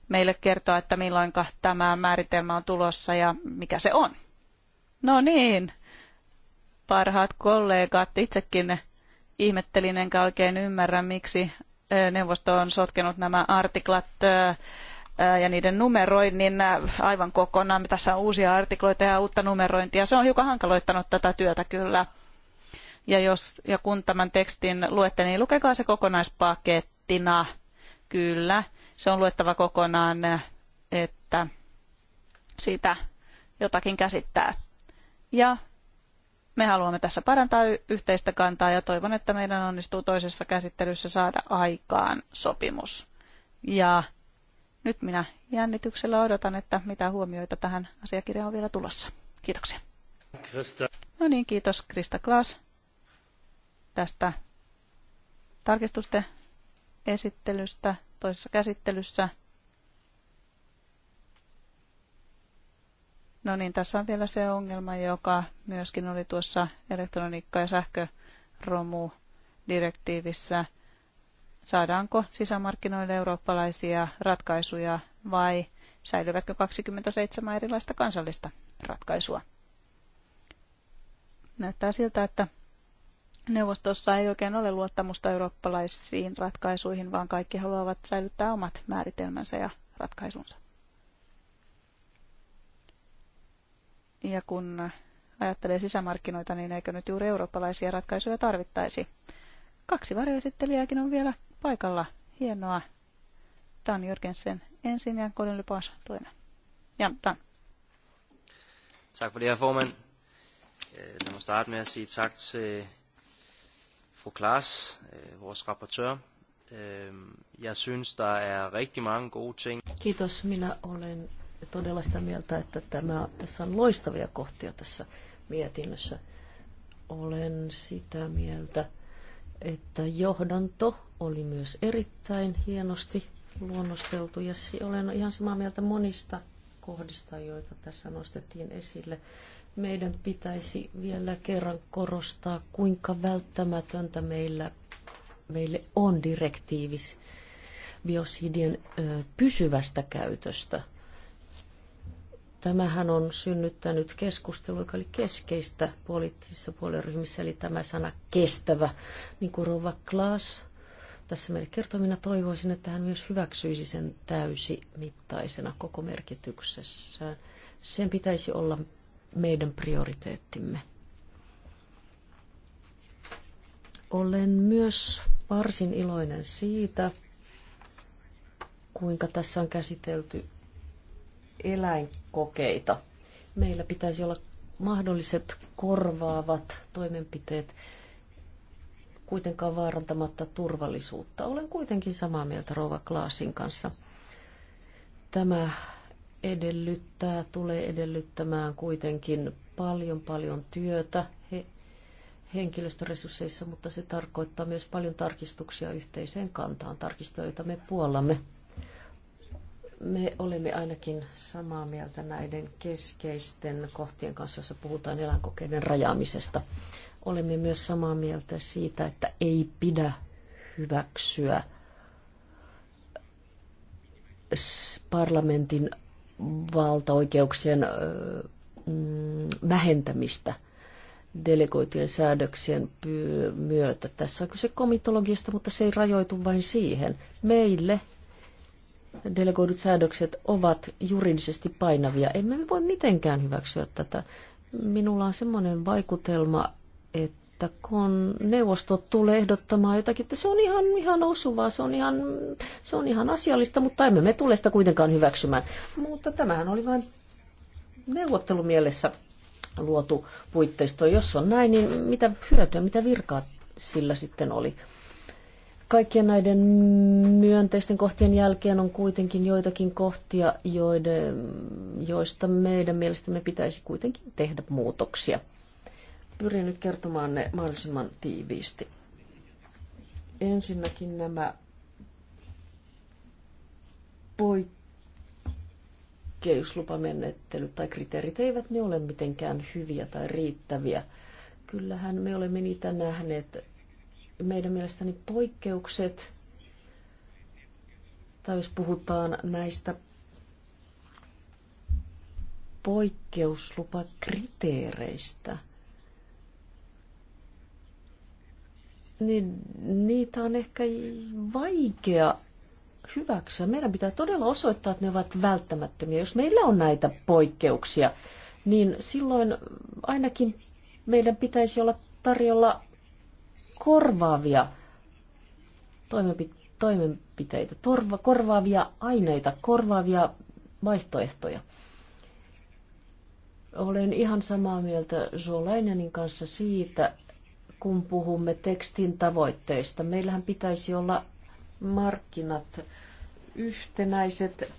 meille kertoa, että milloin tämä määritelmä on tulossa ja mikä se on. No niin, parhaat kollegat, itsekin ihmettelin enkä oikein ymmärrä, miksi neuvosto on sotkenut nämä artiklat ja niiden numeroinnin aivan kokonaan. Tässä on uusia artikloita ja uutta numerointia. Se on hiukan hankaloittanut tätä työtä kyllä. Ja, jos, ja kun tämän tekstin luette, niin lukekaa se kokonaispakettina. Kyllä, se on luettava kokonaan, että siitä jotakin käsittää. Ja me haluamme tässä parantaa yhteistä kantaa ja toivon, että meidän onnistuu toisessa käsittelyssä saada aikaan sopimus. Ja nyt minä jännityksellä odotan, että mitä huomioita tähän asiakirjaan on vielä tulossa. Kiitoksia. Krista. No niin, kiitos Krista Klaas tästä tarkistusten esittelystä toisessa käsittelyssä. No niin, tässä on vielä se ongelma, joka myöskin oli tuossa elektroniikka- ja sähköromu-direktiivissä. Saadaanko sisämarkkinoille eurooppalaisia ratkaisuja vai säilyvätkö 27 erilaista kansallista ratkaisua? Näyttää siltä, että neuvostossa ei oikein ole luottamusta eurooppalaisiin ratkaisuihin, vaan kaikki haluavat säilyttää omat määritelmänsä ja ratkaisunsa. Ja kun ajattelee sisämarkkinoita, niin eikö nyt juuri eurooppalaisia ratkaisuja tarvittaisi? Kaksi varjoesittelijääkin on vielä paikalla. Hienoa. Dan Jörgensen ensin ja Colin Lepas toinen. Ja Dan. Tack för det, här formen. Lad mig starta med att säga tack till fru Klaas, øh, vores rapportør. Øh, jeg synes, der er rigtig mange gode ting. Kiitos. Minä olen todella sitä mieltä, että tämä, tässä on loistavia kohtia tässä mietinnössä. Olen sitä mieltä, että johdanto oli myös erittäin hienosti luonnosteltu ja olen ihan samaa mieltä monista kohdista, joita tässä nostettiin esille meidän pitäisi vielä kerran korostaa, kuinka välttämätöntä meillä, meille on direktiivis biosidien pysyvästä käytöstä. Tämähän on synnyttänyt keskustelu, joka oli keskeistä poliittisissa puoliryhmissä, eli tämä sana kestävä, niin kuin Rova Klaas tässä meille kertoi, minä toivoisin, että hän myös hyväksyisi sen täysimittaisena koko merkityksessään. Sen pitäisi olla meidän prioriteettimme. Olen myös varsin iloinen siitä, kuinka tässä on käsitelty eläinkokeita. Meillä pitäisi olla mahdolliset korvaavat toimenpiteet kuitenkaan vaarantamatta turvallisuutta. Olen kuitenkin samaa mieltä Rova Klaasin kanssa. Tämä edellyttää, tulee edellyttämään kuitenkin paljon paljon työtä he, henkilöstöresursseissa, mutta se tarkoittaa myös paljon tarkistuksia yhteiseen kantaan, tarkistoja, joita me puollamme. Me olemme ainakin samaa mieltä näiden keskeisten kohtien kanssa, jossa puhutaan eläinkokeiden rajaamisesta. Olemme myös samaa mieltä siitä, että ei pidä hyväksyä parlamentin valtaoikeuksien mm, vähentämistä delegoitujen säädöksien myötä. Tässä on kyse komitologiasta, mutta se ei rajoitu vain siihen. Meille delegoidut säädökset ovat juridisesti painavia. Emme voi mitenkään hyväksyä tätä. Minulla on sellainen vaikutelma, että että kun neuvosto tulee ehdottamaan jotakin, että se on ihan, ihan osuvaa, se on ihan, se on ihan asiallista, mutta emme me tule sitä kuitenkaan hyväksymään. Mutta tämähän oli vain neuvottelumielessä luotu puitteisto. Jos on näin, niin mitä hyötyä, mitä virkaa sillä sitten oli? Kaikkien näiden myönteisten kohtien jälkeen on kuitenkin joitakin kohtia, joiden, joista meidän mielestämme pitäisi kuitenkin tehdä muutoksia pyrin nyt kertomaan ne mahdollisimman tiiviisti. Ensinnäkin nämä poikkeuslupamenettelyt tai kriteerit eivät ne ole mitenkään hyviä tai riittäviä. Kyllähän me olemme niitä nähneet. Meidän mielestäni poikkeukset, tai jos puhutaan näistä poikkeuslupakriteereistä – niin niitä on ehkä vaikea hyväksyä. Meidän pitää todella osoittaa, että ne ovat välttämättömiä. Jos meillä on näitä poikkeuksia, niin silloin ainakin meidän pitäisi olla tarjolla korvaavia toimenpiteitä, torva, korvaavia aineita, korvaavia vaihtoehtoja. Olen ihan samaa mieltä Zolainenin kanssa siitä, kun puhumme tekstin tavoitteista. Meillähän pitäisi olla markkinat yhtenäiset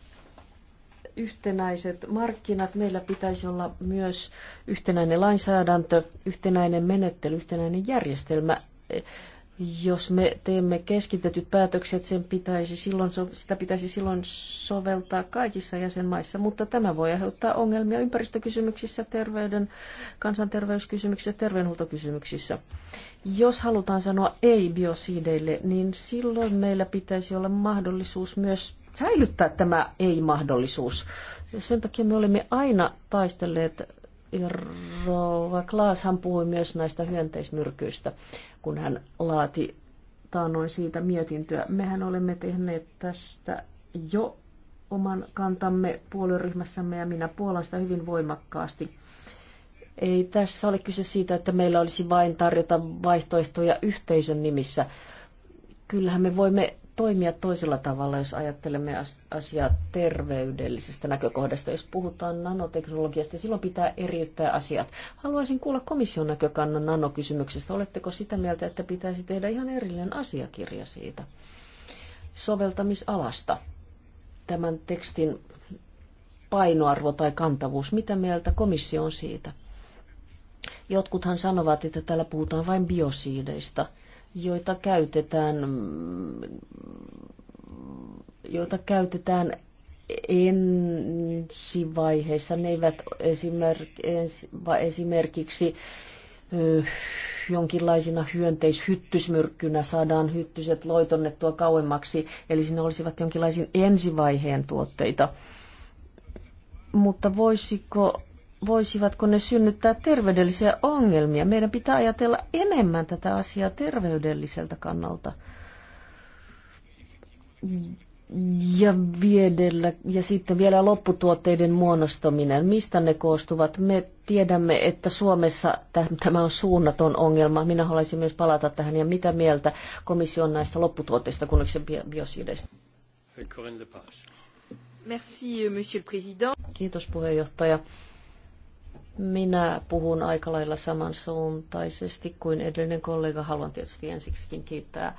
yhtenäiset markkinat, meillä pitäisi olla myös yhtenäinen lainsäädäntö, yhtenäinen menettely, yhtenäinen järjestelmä jos me teemme keskitetyt päätökset, sen pitäisi silloin, sitä pitäisi silloin soveltaa kaikissa jäsenmaissa, mutta tämä voi aiheuttaa ongelmia ympäristökysymyksissä, terveyden, kansanterveyskysymyksissä, terveydenhuoltokysymyksissä. Jos halutaan sanoa ei biosiideille, niin silloin meillä pitäisi olla mahdollisuus myös säilyttää tämä ei-mahdollisuus. Sen takia me olemme aina taistelleet Rova Klaashan puhui myös näistä hyönteismyrkyistä, kun hän laati taanoin siitä mietintöä. Mehän olemme tehneet tästä jo oman kantamme puolueryhmässämme ja minä puolan sitä hyvin voimakkaasti. Ei tässä ole kyse siitä, että meillä olisi vain tarjota vaihtoehtoja yhteisön nimissä. Kyllähän me voimme toimia toisella tavalla, jos ajattelemme asiaa terveydellisestä näkökohdasta. Jos puhutaan nanoteknologiasta, silloin pitää eriyttää asiat. Haluaisin kuulla komission näkökannan nanokysymyksestä. Oletteko sitä mieltä, että pitäisi tehdä ihan erillinen asiakirja siitä soveltamisalasta? Tämän tekstin painoarvo tai kantavuus, mitä mieltä komissio on siitä? Jotkuthan sanovat, että täällä puhutaan vain biosiideista – joita käytetään, joita käytetään ensivaiheessa. Ne eivät esimerkiksi jonkinlaisina hyönteishyttysmyrkkynä saadaan hyttyset loitonnettua kauemmaksi, eli siinä olisivat jonkinlaisia ensivaiheen tuotteita. Mutta voisiko voisivatko ne synnyttää terveydellisiä ongelmia. Meidän pitää ajatella enemmän tätä asiaa terveydelliseltä kannalta ja viedellä, ja sitten vielä lopputuotteiden muodostaminen, mistä ne koostuvat. Me tiedämme, että Suomessa tämä on suunnaton ongelma. Minä haluaisin myös palata tähän, ja mitä mieltä komissio on näistä lopputuotteista kunnoksen biosideistä? Merci, monsieur le président. Kiitos puheenjohtaja. Minä puhun aika lailla samansuuntaisesti kuin edellinen kollega. Haluan tietysti ensiksikin kiittää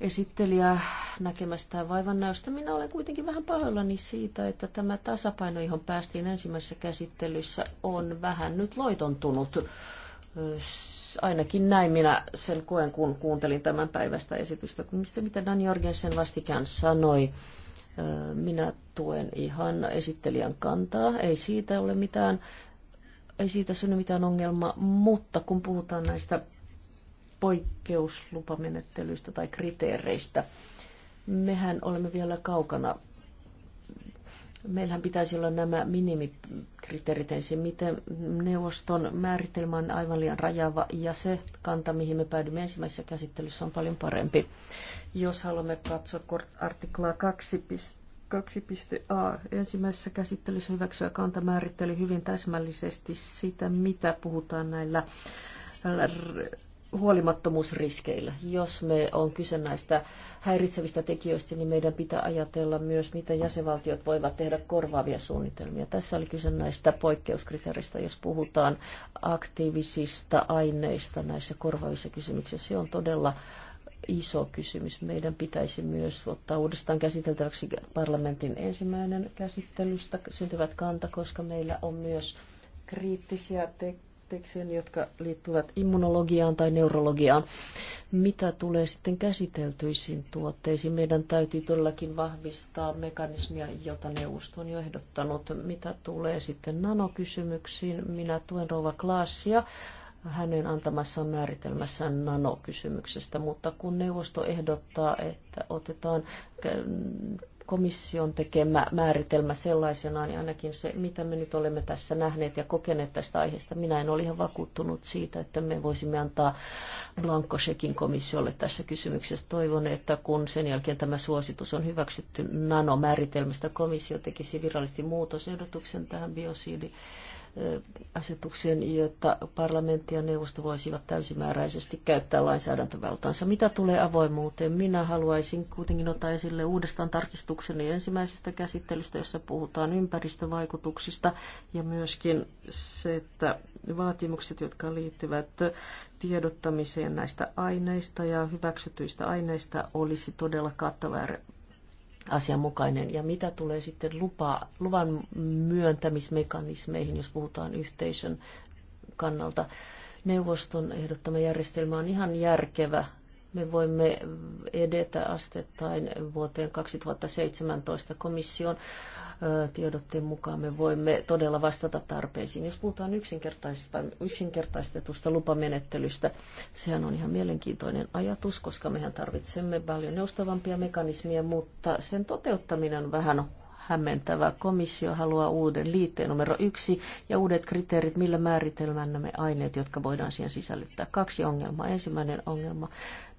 esittelijää näkemästään vaivannäöstä. Minä olen kuitenkin vähän pahoillani siitä, että tämä tasapaino, johon päästiin ensimmäisessä käsittelyssä, on vähän nyt loitontunut. Ainakin näin minä sen koen, kun kuuntelin tämän päivästä esitystä, mistä mitä Dan Jorgensen vastikään sanoi. Öö, minä tuen ihan esittelijän kantaa, ei siitä ole mitään ei siitä synny mitään ongelmaa, mutta kun puhutaan näistä poikkeuslupamenettelyistä tai kriteereistä, mehän olemme vielä kaukana. Meillähän pitäisi olla nämä minimikriteerit ensin, miten neuvoston määritelmä on aivan liian rajava ja se kanta, mihin me päädymme ensimmäisessä käsittelyssä, on paljon parempi. Jos haluamme katsoa artiklaa 2. 2.a ensimmäisessä käsittelyssä hyväksyä kanta määritteli hyvin täsmällisesti sitä, mitä puhutaan näillä huolimattomuusriskeillä. Jos me on kyse näistä häiritsevistä tekijöistä, niin meidän pitää ajatella myös, mitä jäsenvaltiot voivat tehdä korvaavia suunnitelmia. Tässä oli kyse näistä poikkeuskriteereistä, jos puhutaan aktiivisista aineista näissä korvaavissa kysymyksissä. Se on todella iso kysymys. Meidän pitäisi myös ottaa uudestaan käsiteltäväksi parlamentin ensimmäinen käsittelystä syntyvät kanta, koska meillä on myös kriittisiä tekstejä, jotka liittyvät immunologiaan tai neurologiaan. Mitä tulee sitten käsiteltyisiin tuotteisiin? Meidän täytyy todellakin vahvistaa mekanismia, jota neuvosto on jo ehdottanut. Mitä tulee sitten nanokysymyksiin? Minä tuen Rova Klaasia hänen antamassaan määritelmässä nanokysymyksestä, mutta kun neuvosto ehdottaa, että otetaan komission tekemä määritelmä sellaisenaan, niin ainakin se, mitä me nyt olemme tässä nähneet ja kokeneet tästä aiheesta, minä en ole ihan vakuuttunut siitä, että me voisimme antaa blankosekin komissiolle tässä kysymyksessä. Toivon, että kun sen jälkeen tämä suositus on hyväksytty nanomääritelmästä, komissio tekisi virallisesti muutosehdotuksen tähän biosiidiin asetuksen, jotta parlamentti ja neuvosto voisivat täysimääräisesti käyttää lainsäädäntövaltaansa. Mitä tulee avoimuuteen? Minä haluaisin kuitenkin ottaa esille uudestaan tarkistukseni ensimmäisestä käsittelystä, jossa puhutaan ympäristövaikutuksista ja myöskin se, että vaatimukset, jotka liittyvät tiedottamiseen näistä aineista ja hyväksytyistä aineista, olisi todella kattava asianmukainen. Ja mitä tulee sitten lupa, luvan myöntämismekanismeihin, jos puhutaan yhteisön kannalta, neuvoston ehdottama järjestelmä on ihan järkevä. Me voimme edetä astettain vuoteen 2017 komission tiedotteen mukaan me voimme todella vastata tarpeisiin. Jos puhutaan yksinkertaisesta, yksinkertaistetusta lupamenettelystä, sehän on ihan mielenkiintoinen ajatus, koska mehän tarvitsemme paljon joustavampia mekanismia, mutta sen toteuttaminen on vähän hämmentävä. Komissio haluaa uuden liitteen numero yksi ja uudet kriteerit, millä määritelmään nämä aineet, jotka voidaan siihen sisällyttää. Kaksi ongelmaa. Ensimmäinen ongelma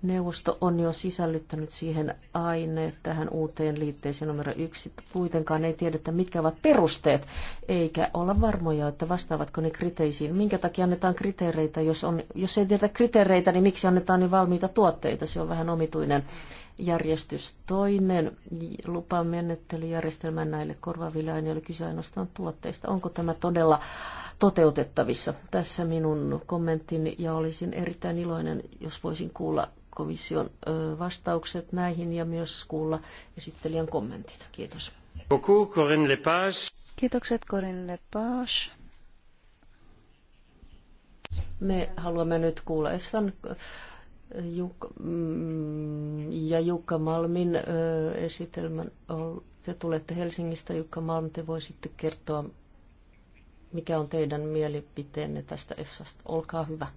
Neuvosto on jo sisällyttänyt siihen aineet tähän uuteen liitteeseen numero yksi. Kuitenkaan ei tiedetä, mitkä ovat perusteet, eikä olla varmoja, että vastaavatko ne kriteisiin. Minkä takia annetaan kriteereitä, jos, on, jos ei tiedetä kriteereitä, niin miksi annetaan niin valmiita tuotteita? Se on vähän omituinen järjestys. Toinen lupamenettelyjärjestelmä näille korvaaville aineille kyse ainoastaan tuotteista. Onko tämä todella toteutettavissa? Tässä minun kommenttini ja olisin erittäin iloinen, jos voisin kuulla komission vastaukset näihin ja myös kuulla esittelijän kommentit. Kiitos. Kiitokset Corinne Lepage. Me haluamme nyt kuulla EFSAn Jukka, mm, ja Jukka Malmin esitelmän. Te tulette Helsingistä, Jukka Malm, te voisitte kertoa, mikä on teidän mielipiteenne tästä EFSAsta. Olkaa hyvä.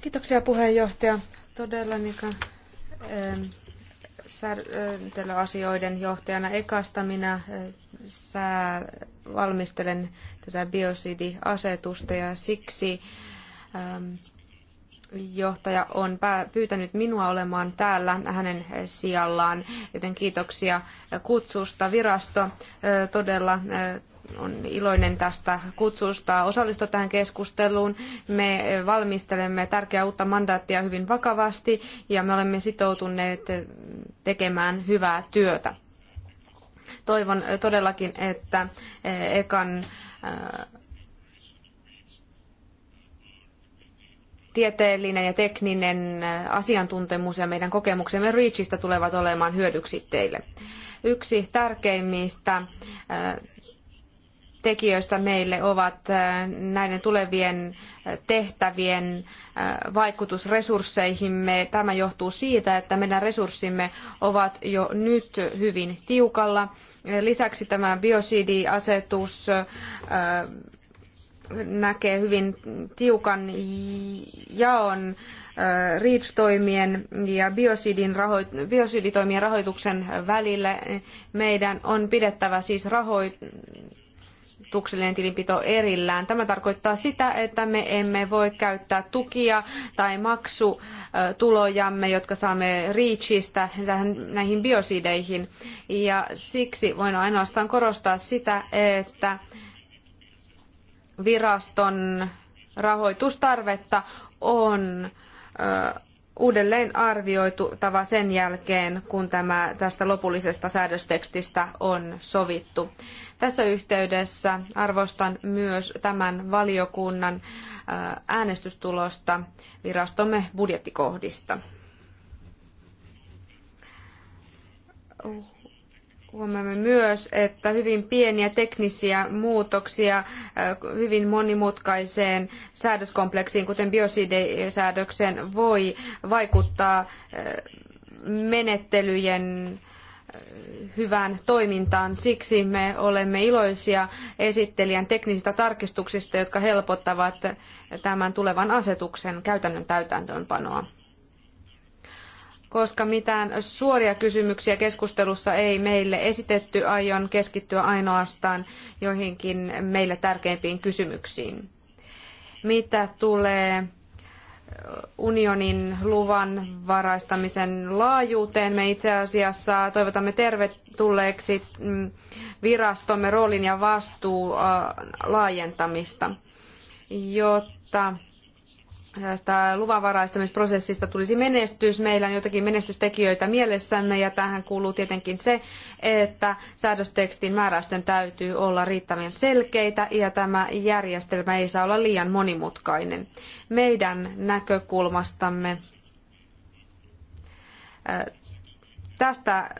Kiitoksia puheenjohtaja. Todella Nika, ähm, sääntelyasioiden äh, johtajana ekasta minä äh, sää, valmistelen tätä biosidiasetusta ja siksi äm, johtaja on pyytänyt minua olemaan täällä hänen sijallaan, joten kiitoksia kutsusta. Virasto äh, todella on iloinen tästä kutsusta osallistua tähän keskusteluun. Me valmistelemme tärkeää uutta mandaattia hyvin vakavasti ja me olemme sitoutuneet tekemään hyvää työtä. Toivon todellakin, että eh, ekan eh, tieteellinen ja tekninen eh, asiantuntemus ja meidän kokemuksemme REACHista tulevat olemaan hyödyksi teille. Yksi tärkeimmistä tekijöistä meille ovat äh, näiden tulevien äh, tehtävien äh, vaikutus resursseihimme. Tämä johtuu siitä, että meidän resurssimme ovat jo nyt hyvin tiukalla. Lisäksi tämä biosidiasetus näkee hyvin tiukan jaon REACH-toimien ja biosidin biosiditoimien rahoituksen välillä. Meidän on pidettävä siis rahoit- verotuksellinen tilinpito erillään. Tämä tarkoittaa sitä, että me emme voi käyttää tukia tai maksutulojamme, jotka saamme Reachistä näihin biosideihin. Ja siksi voin ainoastaan korostaa sitä, että viraston rahoitustarvetta on uudelleen tava sen jälkeen, kun tämä, tästä lopullisesta säädöstekstistä on sovittu. Tässä yhteydessä arvostan myös tämän valiokunnan äh, äänestystulosta virastomme budjettikohdista Huomaamme myös, että hyvin pieniä teknisiä muutoksia äh, hyvin monimutkaiseen säädöskompleksiin, kuten biosidesäädökseen, voi vaikuttaa äh, menettelyjen äh, hyvään toimintaan. Siksi me olemme iloisia esittelijän teknisistä tarkistuksista, jotka helpottavat tämän tulevan asetuksen käytännön täytäntöönpanoa koska mitään suoria kysymyksiä keskustelussa ei meille esitetty, aion keskittyä ainoastaan joihinkin meille tärkeimpiin kysymyksiin. Mitä tulee unionin luvan varaistamisen laajuuteen. Me itse asiassa toivotamme tervetulleeksi mm, virastomme roolin ja vastuun laajentamista, jotta tästä luvanvaraistamisprosessista tulisi menestys. Meillä on jotakin menestystekijöitä mielessämme ja tähän kuuluu tietenkin se, että säädöstekstin määräysten täytyy olla riittävän selkeitä ja tämä järjestelmä ei saa olla liian monimutkainen. Meidän näkökulmastamme tästä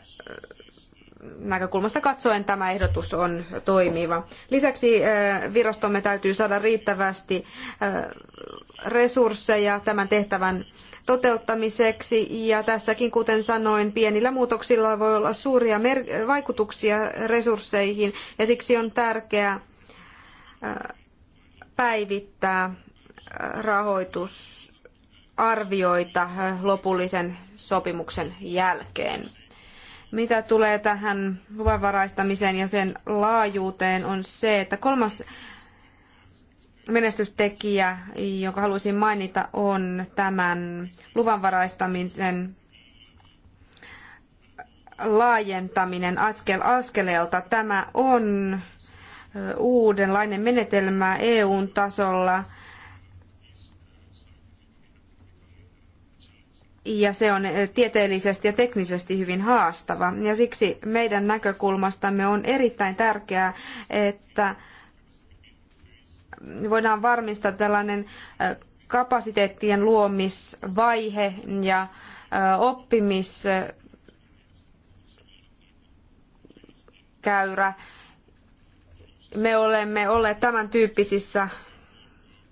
näkökulmasta katsoen tämä ehdotus on toimiva. Lisäksi äh, virastomme täytyy saada riittävästi äh, resursseja tämän tehtävän toteuttamiseksi ja tässäkin kuten sanoin pienillä muutoksilla voi olla suuria vaikutuksia resursseihin ja siksi on tärkeää äh, päivittää rahoitusarvioita lopullisen sopimuksen jälkeen. Mitä tulee tähän luvanvaraistamiseen ja sen laajuuteen on se, että kolmas menestystekijä, jonka haluaisin mainita, on tämän luvanvaraistamisen laajentaminen askel askeleelta. Tämä on uudenlainen menetelmä eu tasolla – ja se on eh, tieteellisesti ja teknisesti hyvin haastava. Ja siksi meidän näkökulmastamme on erittäin tärkeää, että voidaan varmistaa tällainen eh, kapasiteettien luomisvaihe ja eh, oppimiskäyrä. Me olemme olleet tämän tyyppisissä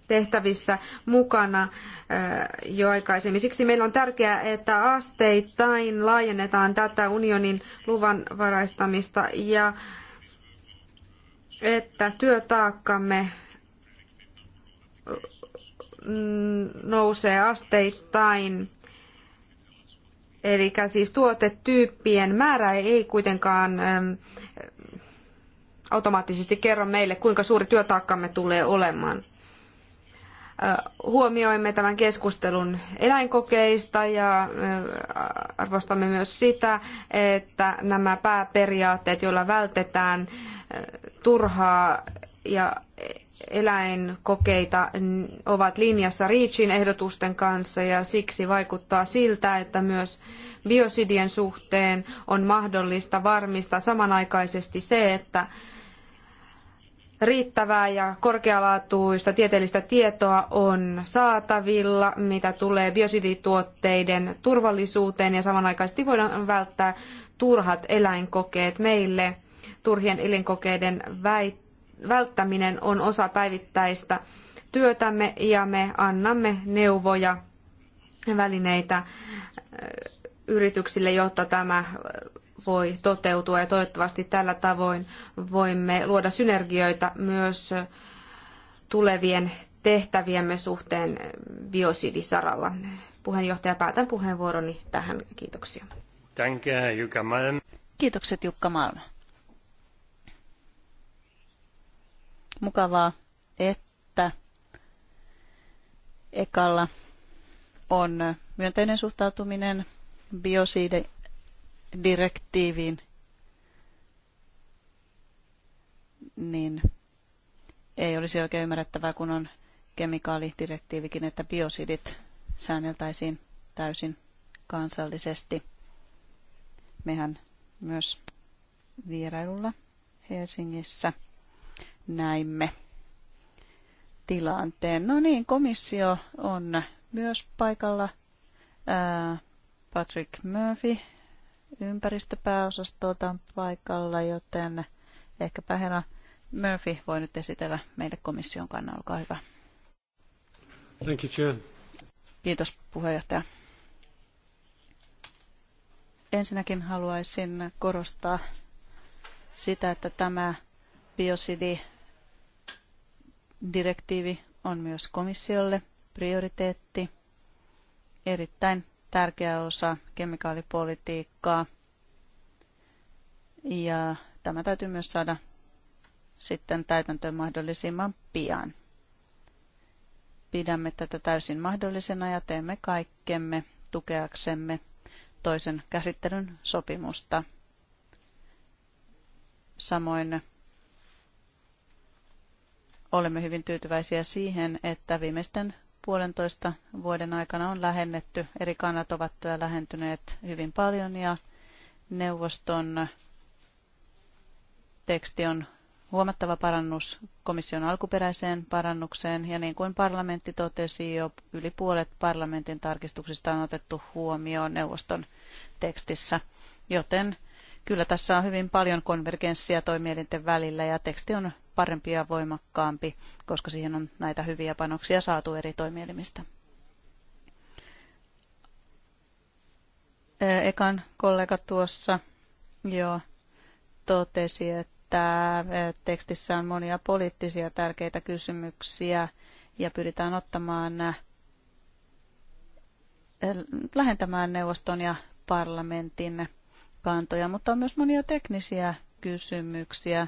tehtävissä mukana jo aikaisemmin. Siksi meillä on tärkeää, että asteittain laajennetaan tätä unionin luvan varaistamista ja että työtaakkamme nousee asteittain. Eli siis tuotetyyppien määrä ei kuitenkaan automaattisesti kerro meille, kuinka suuri työtaakkamme tulee olemaan huomioimme tämän keskustelun eläinkokeista ja arvostamme myös sitä, että nämä pääperiaatteet, joilla vältetään turhaa ja eläinkokeita ovat linjassa REACHin ehdotusten kanssa ja siksi vaikuttaa siltä, että myös biosidien suhteen on mahdollista varmistaa samanaikaisesti se, että riittävää ja korkealaatuista tieteellistä tietoa on saatavilla, mitä tulee biosidituotteiden turvallisuuteen ja samanaikaisesti voidaan välttää turhat eläinkokeet meille. Turhien elinkokeiden välttäminen on osa päivittäistä työtämme ja me annamme neuvoja ja välineitä yrityksille, jotta tämä voi toteutua ja toivottavasti tällä tavoin voimme luoda synergioita myös tulevien tehtäviemme suhteen biosidisaralla. Puheenjohtaja, päätän puheenvuoroni tähän. Kiitoksia. Danke, Jukka Malm. Kiitokset Jukka Malm. Mukavaa, että ekalla on myönteinen suhtautuminen biosiideihin direktiiviin, niin ei olisi oikein ymmärrettävää, kun on kemikaalidirektiivikin, että biosidit säänneltäisiin täysin kansallisesti. Mehän myös vierailulla Helsingissä näimme tilanteen. No niin, komissio on myös paikalla. Patrick Murphy ympäristöpääosastolta on paikalla, joten ehkäpä herra Murphy voi nyt esitellä meille komission kannan. Olkaa hyvä. Thank you, Chair. Kiitos puheenjohtaja. Ensinnäkin haluaisin korostaa sitä, että tämä direktiivi on myös komissiolle prioriteetti. Erittäin tärkeä osa kemikaalipolitiikkaa. Ja tämä täytyy myös saada sitten täytäntöön mahdollisimman pian. Pidämme tätä täysin mahdollisena ja teemme kaikkemme tukeaksemme toisen käsittelyn sopimusta. Samoin olemme hyvin tyytyväisiä siihen, että viimeisten puolentoista vuoden aikana on lähennetty. Eri kannat ovat lähentyneet hyvin paljon ja neuvoston teksti on huomattava parannus komission alkuperäiseen parannukseen ja niin kuin parlamentti totesi jo yli puolet parlamentin tarkistuksista on otettu huomioon neuvoston tekstissä, joten kyllä tässä on hyvin paljon konvergenssia toimielinten välillä ja teksti on parempi ja voimakkaampi, koska siihen on näitä hyviä panoksia saatu eri toimielimistä. Ekan kollega tuossa jo totesi, että tekstissä on monia poliittisia tärkeitä kysymyksiä ja pyritään ottamaan lähentämään neuvoston ja parlamentin kantoja, mutta on myös monia teknisiä kysymyksiä,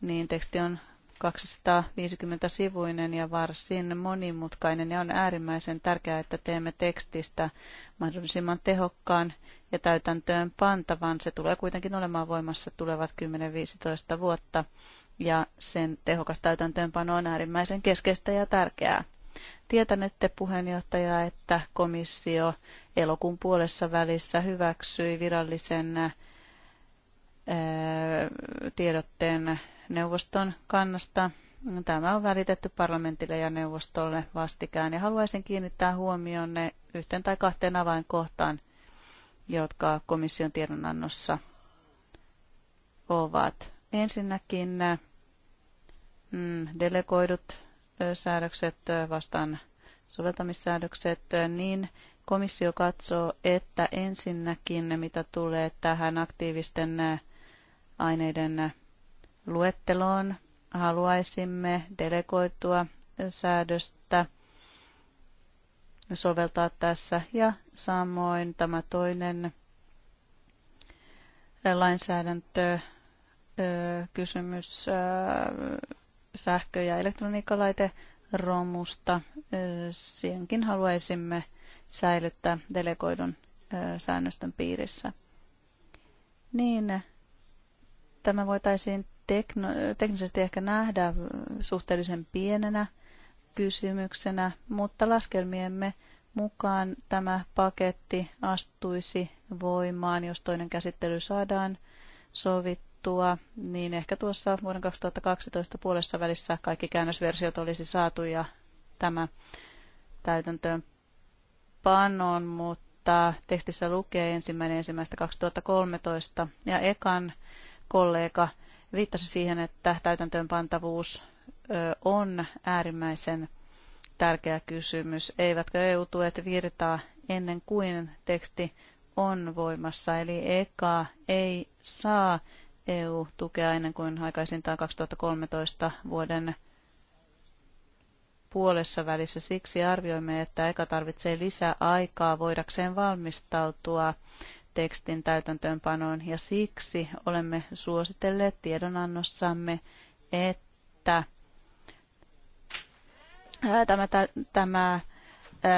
niin teksti on 250-sivuinen ja varsin monimutkainen ja on äärimmäisen tärkeää, että teemme tekstistä mahdollisimman tehokkaan ja täytäntöön pantavan. Se tulee kuitenkin olemaan voimassa tulevat 10-15 vuotta ja sen tehokas täytäntöönpano on äärimmäisen keskeistä ja tärkeää. Tietänette puheenjohtaja, että komissio elokuun puolessa välissä hyväksyi virallisen tiedotteen neuvoston kannasta. Tämä on välitetty parlamentille ja neuvostolle vastikään ja haluaisin kiinnittää huomioon ne yhteen tai kahteen avainkohtaan, jotka komission tiedonannossa ovat. Ensinnäkin mm, delegoidut säädökset vastaan soveltamissäädökset, niin komissio katsoo, että ensinnäkin mitä tulee tähän aktiivisten aineiden luetteloon haluaisimme delegoitua säädöstä soveltaa tässä ja samoin tämä toinen lainsäädäntö kysymys sähkö- ja elektroniikkalaite romusta. Siihenkin haluaisimme säilyttää delegoidun säännöstön piirissä. Niin, tämä voitaisiin tekno- teknisesti ehkä nähdä suhteellisen pienenä kysymyksenä, mutta laskelmiemme mukaan tämä paketti astuisi voimaan, jos toinen käsittely saadaan sovittua, niin ehkä tuossa vuoden 2012 puolessa välissä kaikki käännösversiot olisi saatu ja tämä täytäntöön panon, mutta tekstissä lukee ensimmäinen ensimmäistä 2013 ja ekan kollega viittasi siihen, että täytäntöönpantavuus on äärimmäisen tärkeä kysymys. Eivätkö EU-tuet virtaa ennen kuin teksti on voimassa? Eli EKA ei saa EU-tukea ennen kuin aikaisintaan 2013 vuoden puolessa välissä. Siksi arvioimme, että EKA tarvitsee lisää aikaa voidakseen valmistautua tekstin täytäntöönpanoon ja siksi olemme suositelleet tiedonannossamme, että tämä, tämä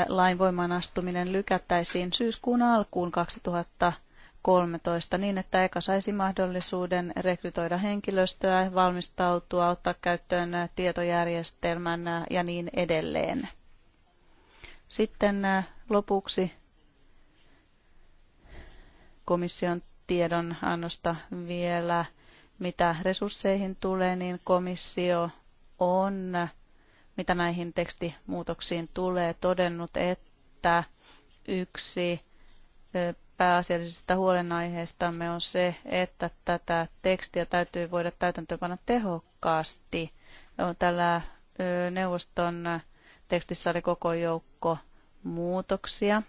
lain voimaan astuminen lykättäisiin syyskuun alkuun 2013 niin, että EKA saisi mahdollisuuden rekrytoida henkilöstöä, valmistautua, ottaa käyttöön tietojärjestelmän ja niin edelleen. Sitten lopuksi komission tiedonannosta vielä. Mitä resursseihin tulee, niin komissio on, mitä näihin tekstimuutoksiin tulee, todennut, että yksi pääasiallisista huolenaiheistamme on se, että tätä tekstiä täytyy voida täytäntöönpanna tehokkaasti. Tällä neuvoston tekstissä oli koko joukko muutoksia,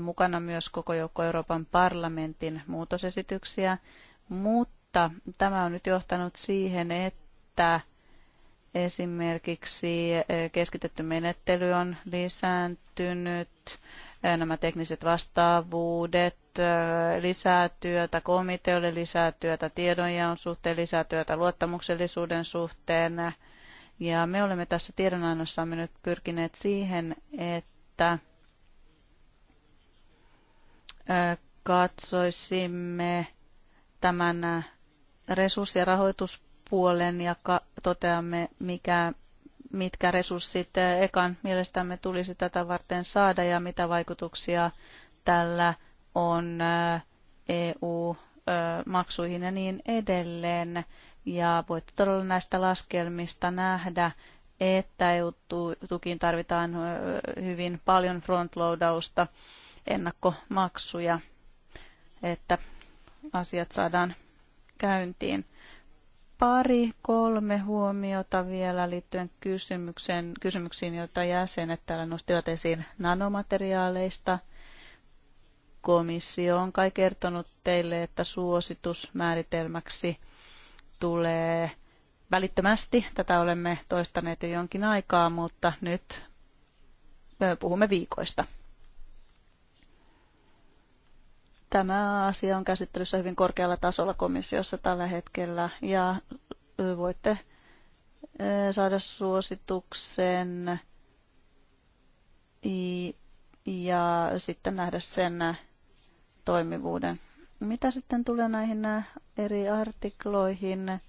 mukana myös koko joukko Euroopan parlamentin muutosesityksiä, mutta tämä on nyt johtanut siihen, että esimerkiksi keskitetty menettely on lisääntynyt, nämä tekniset vastaavuudet, lisää työtä komiteolle, lisää työtä tiedonjaon suhteen, lisää työtä luottamuksellisuuden suhteen. Ja me olemme tässä tiedonannossamme nyt pyrkineet siihen, että katsoisimme tämän resurssi- ja rahoituspuolen ja toteamme, mikä, mitkä resurssit ekan mielestämme tulisi tätä varten saada ja mitä vaikutuksia tällä on EU-maksuihin ja niin edelleen. Ja voitte todella näistä laskelmista nähdä, että EU-tukiin tarvitaan hyvin paljon frontloadausta ennakkomaksuja, että asiat saadaan käyntiin. Pari, kolme huomiota vielä liittyen kysymykseen, kysymyksiin, joita jäsenet täällä nostivat esiin nanomateriaaleista. Komissio on kai kertonut teille, että suositus määritelmäksi tulee välittömästi. Tätä olemme toistaneet jo jonkin aikaa, mutta nyt puhumme viikoista. Tämä asia on käsittelyssä hyvin korkealla tasolla komissiossa tällä hetkellä ja voitte saada suosituksen ja sitten nähdä sen toimivuuden. Mitä sitten tulee näihin eri artikloihin,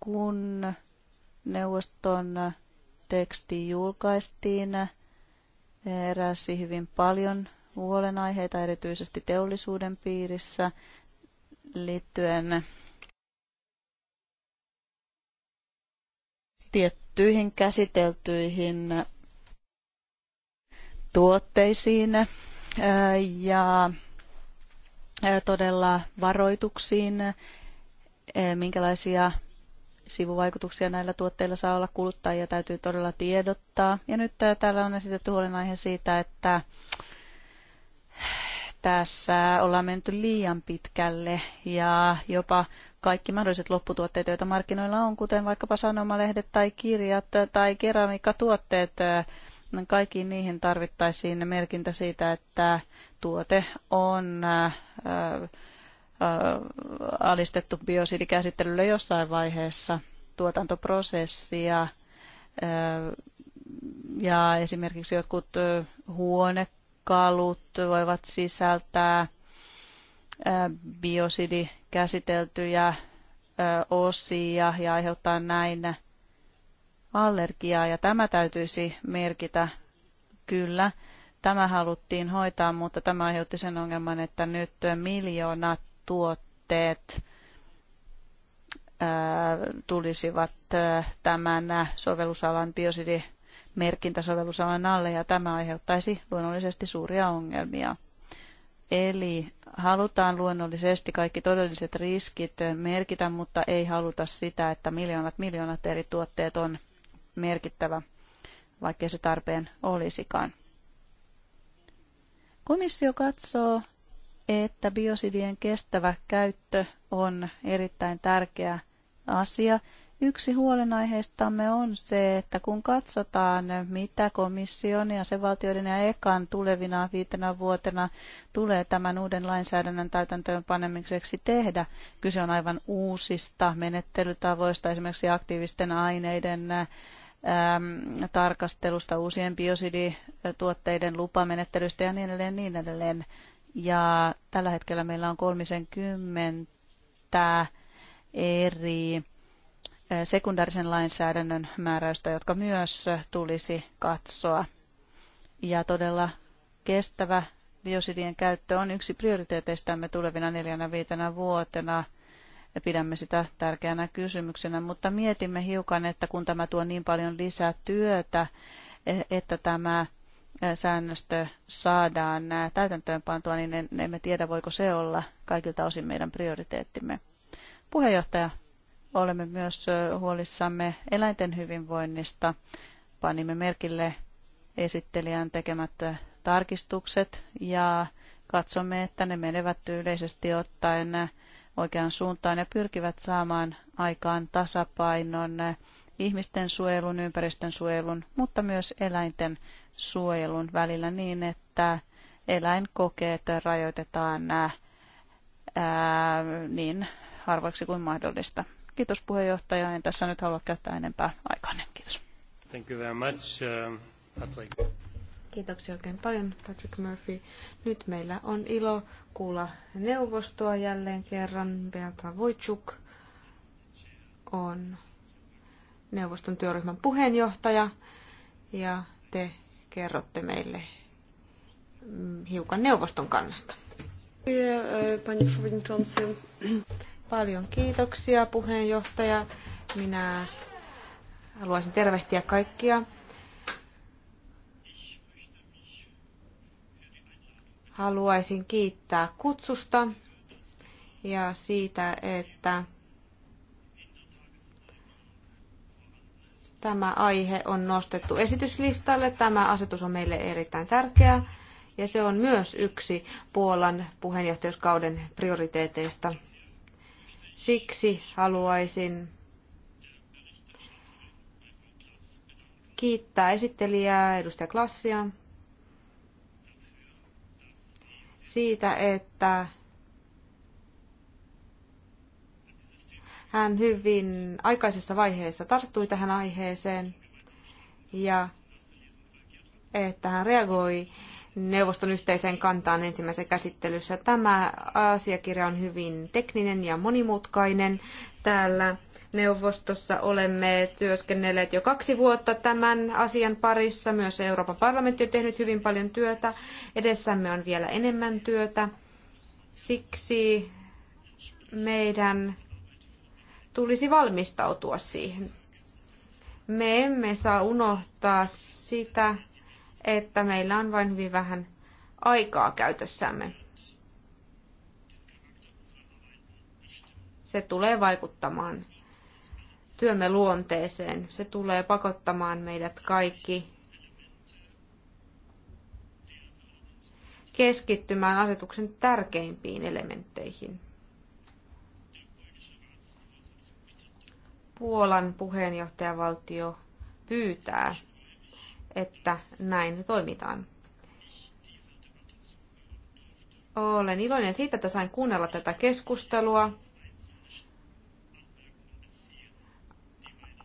kun neuvoston teksti julkaistiin, eräsi hyvin paljon huolenaiheita erityisesti teollisuuden piirissä liittyen tiettyihin käsiteltyihin tuotteisiin ja todella varoituksiin, minkälaisia sivuvaikutuksia näillä tuotteilla saa olla kuluttajia, täytyy todella tiedottaa. Ja nyt täällä on esitetty huolenaihe siitä, että tässä ollaan menty liian pitkälle ja jopa kaikki mahdolliset lopputuotteet, joita markkinoilla on, kuten vaikkapa sanomalehdet tai kirjat tai keramiikkatuotteet, kaikkiin niihin tarvittaisiin merkintä siitä, että tuote on äh, äh, alistettu biosidikäsittelylle jossain vaiheessa tuotantoprosessia. Äh, ja esimerkiksi jotkut huone työkalut voivat sisältää biosidikäsiteltyjä osia ja aiheuttaa näin allergiaa ja tämä täytyisi merkitä kyllä. Tämä haluttiin hoitaa, mutta tämä aiheutti sen ongelman, että nyt miljoonat tuotteet tulisivat tämän sovellusalan biosidikäsiteltyjä on alle ja tämä aiheuttaisi luonnollisesti suuria ongelmia. Eli halutaan luonnollisesti kaikki todelliset riskit merkitä, mutta ei haluta sitä, että miljoonat miljoonat eri tuotteet on merkittävä, vaikkei se tarpeen olisikaan. Komissio katsoo, että biosidien kestävä käyttö on erittäin tärkeä asia Yksi huolenaiheistamme on se, että kun katsotaan, mitä komission ja sen valtioiden ja ekan tulevina viitenä vuotena tulee tämän uuden lainsäädännön täytäntöön panemiseksi tehdä, kyse on aivan uusista menettelytavoista, esimerkiksi aktiivisten aineiden tarkastelusta, uusien biosidituotteiden lupamenettelystä ja niin edelleen, niin edelleen. Ja tällä hetkellä meillä on 30 eri sekundaarisen lainsäädännön määräystä, jotka myös tulisi katsoa. Ja todella kestävä biosidien käyttö on yksi prioriteeteistamme tulevina neljänä viitenä vuotena. Ja pidämme sitä tärkeänä kysymyksenä, mutta mietimme hiukan, että kun tämä tuo niin paljon lisää työtä, e, että tämä e, säännöstö saadaan täytäntöönpantua, niin emme tiedä, voiko se olla kaikilta osin meidän prioriteettimme. Puheenjohtaja, Olemme myös huolissamme eläinten hyvinvoinnista. Panimme merkille esittelijän tekemät tarkistukset ja katsomme, että ne menevät yleisesti ottaen oikeaan suuntaan ja pyrkivät saamaan aikaan tasapainon ihmisten suojelun, ympäristön suojelun, mutta myös eläinten suojelun välillä niin, että eläinkokeet rajoitetaan ää, niin harvoiksi kuin mahdollista. Kiitos puheenjohtaja. En tässä nyt halua käyttää enempää aikaa. Kiitos. Thank you very much, uh, Patrick. Kiitoksia oikein paljon, Patrick Murphy. Nyt meillä on ilo kuulla neuvostoa jälleen kerran. Beata Wojcik on neuvoston työryhmän puheenjohtaja ja te kerrotte meille hiukan neuvoston kannasta. E, yeah, uh, Paljon kiitoksia puheenjohtaja. Minä haluaisin tervehtiä kaikkia. Haluaisin kiittää kutsusta ja siitä, että tämä aihe on nostettu esityslistalle. Tämä asetus on meille erittäin tärkeä ja se on myös yksi Puolan puheenjohtajuuskauden prioriteeteista. Siksi haluaisin kiittää esittelijää, edustaja Klassia, siitä, että hän hyvin aikaisessa vaiheessa tarttui tähän aiheeseen ja että hän reagoi neuvoston yhteiseen kantaan ensimmäisessä käsittelyssä. Tämä asiakirja on hyvin tekninen ja monimutkainen. Täällä neuvostossa olemme työskennelleet jo kaksi vuotta tämän asian parissa. Myös Euroopan parlamentti on tehnyt hyvin paljon työtä. Edessämme on vielä enemmän työtä. Siksi meidän tulisi valmistautua siihen. Me emme saa unohtaa sitä, että meillä on vain hyvin vähän aikaa käytössämme. Se tulee vaikuttamaan työmme luonteeseen. Se tulee pakottamaan meidät kaikki keskittymään asetuksen tärkeimpiin elementteihin. Puolan puheenjohtajavaltio pyytää että näin toimitaan. Olen iloinen siitä, että sain kuunnella tätä keskustelua.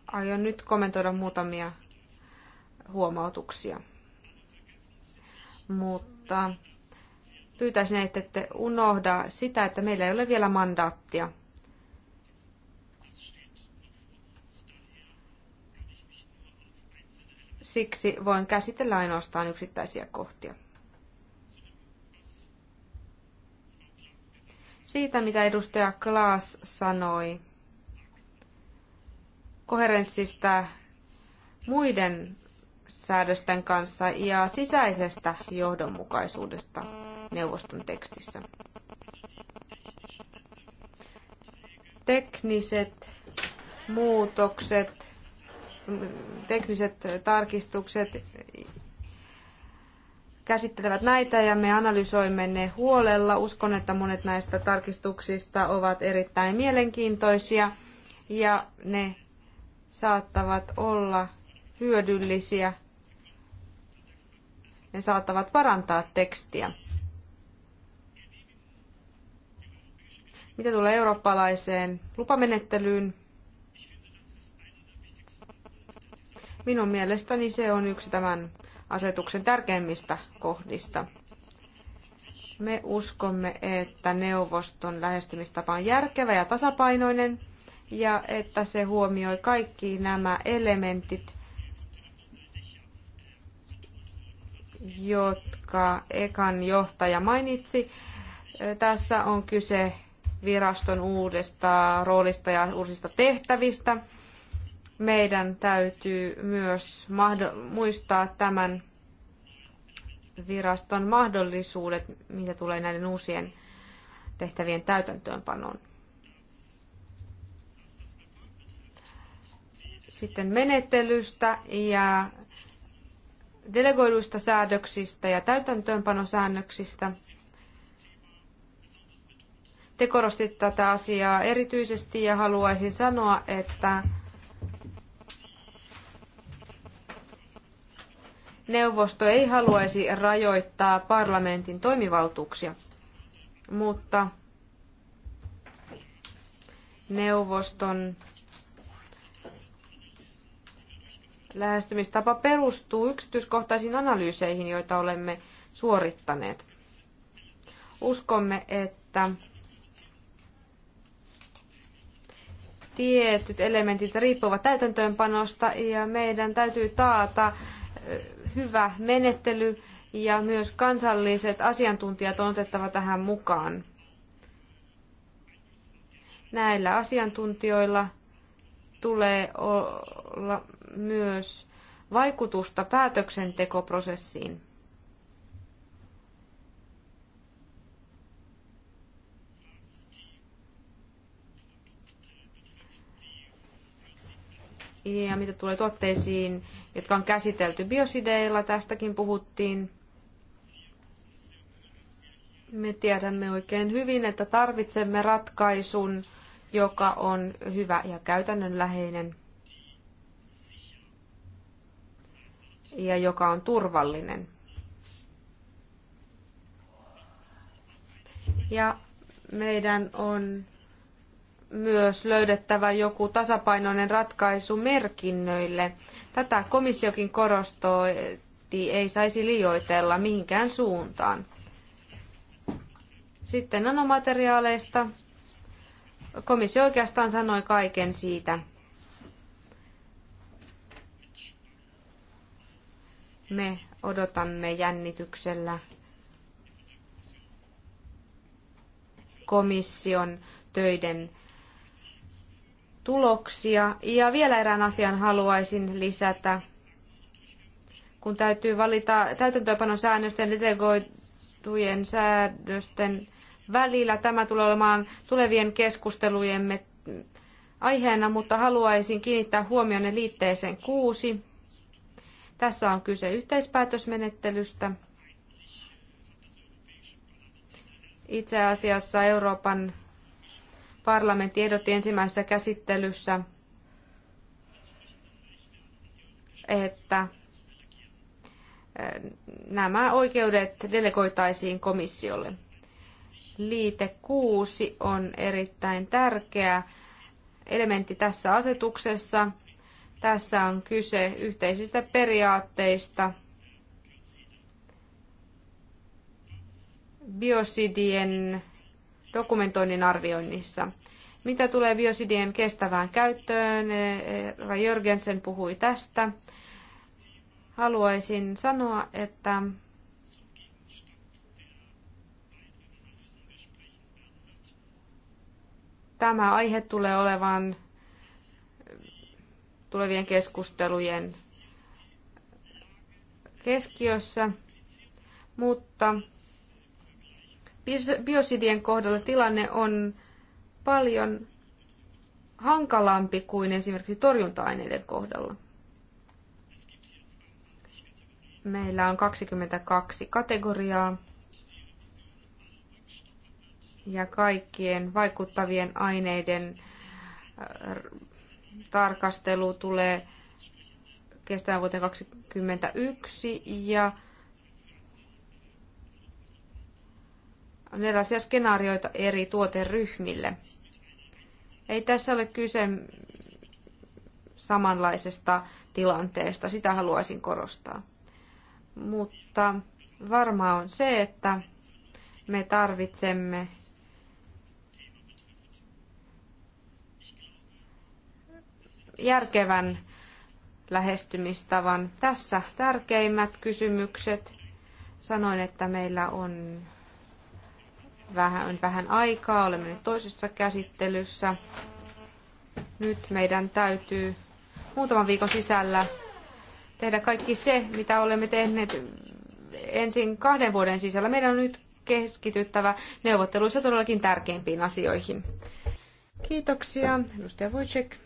Aion nyt kommentoida muutamia huomautuksia. Mutta pyytäisin, että ette unohda sitä, että meillä ei ole vielä mandaattia. Siksi voin käsitellä ainoastaan yksittäisiä kohtia. Siitä, mitä edustaja Klaas sanoi koherenssista muiden säädösten kanssa ja sisäisestä johdonmukaisuudesta neuvoston tekstissä. Tekniset muutokset tekniset tarkistukset käsittelevät näitä ja me analysoimme ne huolella. Uskon, että monet näistä tarkistuksista ovat erittäin mielenkiintoisia ja ne saattavat olla hyödyllisiä. Ne saattavat parantaa tekstiä. Mitä tulee eurooppalaiseen lupamenettelyyn, Minun mielestäni se on yksi tämän asetuksen tärkeimmistä kohdista. Me uskomme, että neuvoston lähestymistapa on järkevä ja tasapainoinen ja että se huomioi kaikki nämä elementit, jotka ekan johtaja mainitsi. Tässä on kyse viraston uudesta roolista ja uusista tehtävistä meidän täytyy myös muistaa tämän viraston mahdollisuudet, mitä tulee näiden uusien tehtävien täytäntöönpanoon. Sitten menettelystä ja delegoiduista säädöksistä ja täytäntöönpanosäännöksistä. Te korostitte tätä asiaa erityisesti ja haluaisin sanoa, että neuvosto ei haluaisi rajoittaa parlamentin toimivaltuuksia, mutta neuvoston lähestymistapa perustuu yksityiskohtaisiin analyyseihin, joita olemme suorittaneet. Uskomme, että tietyt elementit riippuvat täytäntöönpanosta ja meidän täytyy taata hyvä menettely ja myös kansalliset asiantuntijat on otettava tähän mukaan. Näillä asiantuntijoilla tulee olla myös vaikutusta päätöksentekoprosessiin. Ja mitä tulee tuotteisiin, jotka on käsitelty biosideilla, tästäkin puhuttiin. Me tiedämme oikein hyvin, että tarvitsemme ratkaisun, joka on hyvä ja käytännönläheinen ja joka on turvallinen. Ja meidän on myös löydettävä joku tasapainoinen ratkaisu merkinnöille. Tätä komissiokin korostoi, ei saisi liioitella mihinkään suuntaan. Sitten nanomateriaaleista. Komissio oikeastaan sanoi kaiken siitä. Me odotamme jännityksellä komission töiden tuloksia. Ja vielä erään asian haluaisin lisätä, kun täytyy valita täytäntöönpanon säännösten delegoitujen säädösten välillä. Tämä tulee olemaan tulevien keskustelujemme aiheena, mutta haluaisin kiinnittää huomionne liitteeseen kuusi. Tässä on kyse yhteispäätösmenettelystä. Itse asiassa Euroopan parlamentti ehdotti ensimmäisessä käsittelyssä, että nämä oikeudet delegoitaisiin komissiolle. Liite 6 on erittäin tärkeä elementti tässä asetuksessa. Tässä on kyse yhteisistä periaatteista biosidien dokumentoinnin arvioinnissa. Mitä tulee biosidien kestävään käyttöön, eh, Jörgensen puhui tästä. Haluaisin sanoa, että tämä aihe tulee olevan tulevien keskustelujen keskiössä, mutta biosidien kohdalla tilanne on paljon hankalampi kuin esimerkiksi torjunta-aineiden kohdalla. Meillä on 22 kategoriaa ja kaikkien vaikuttavien aineiden äh, tarkastelu tulee kestämään vuoteen 2021 ja on erilaisia skenaarioita eri tuoteryhmille – ei tässä ole kyse samanlaisesta tilanteesta, sitä haluaisin korostaa. Mutta varmaa on se, että me tarvitsemme järkevän lähestymistavan. Tässä tärkeimmät kysymykset. Sanoin, että meillä on vähän, on vähän aikaa, olemme nyt toisessa käsittelyssä. Nyt meidän täytyy muutaman viikon sisällä tehdä kaikki se, mitä olemme tehneet ensin kahden vuoden sisällä. Meidän on nyt keskityttävä neuvotteluissa todellakin tärkeimpiin asioihin. Kiitoksia, edustaja Wojciech.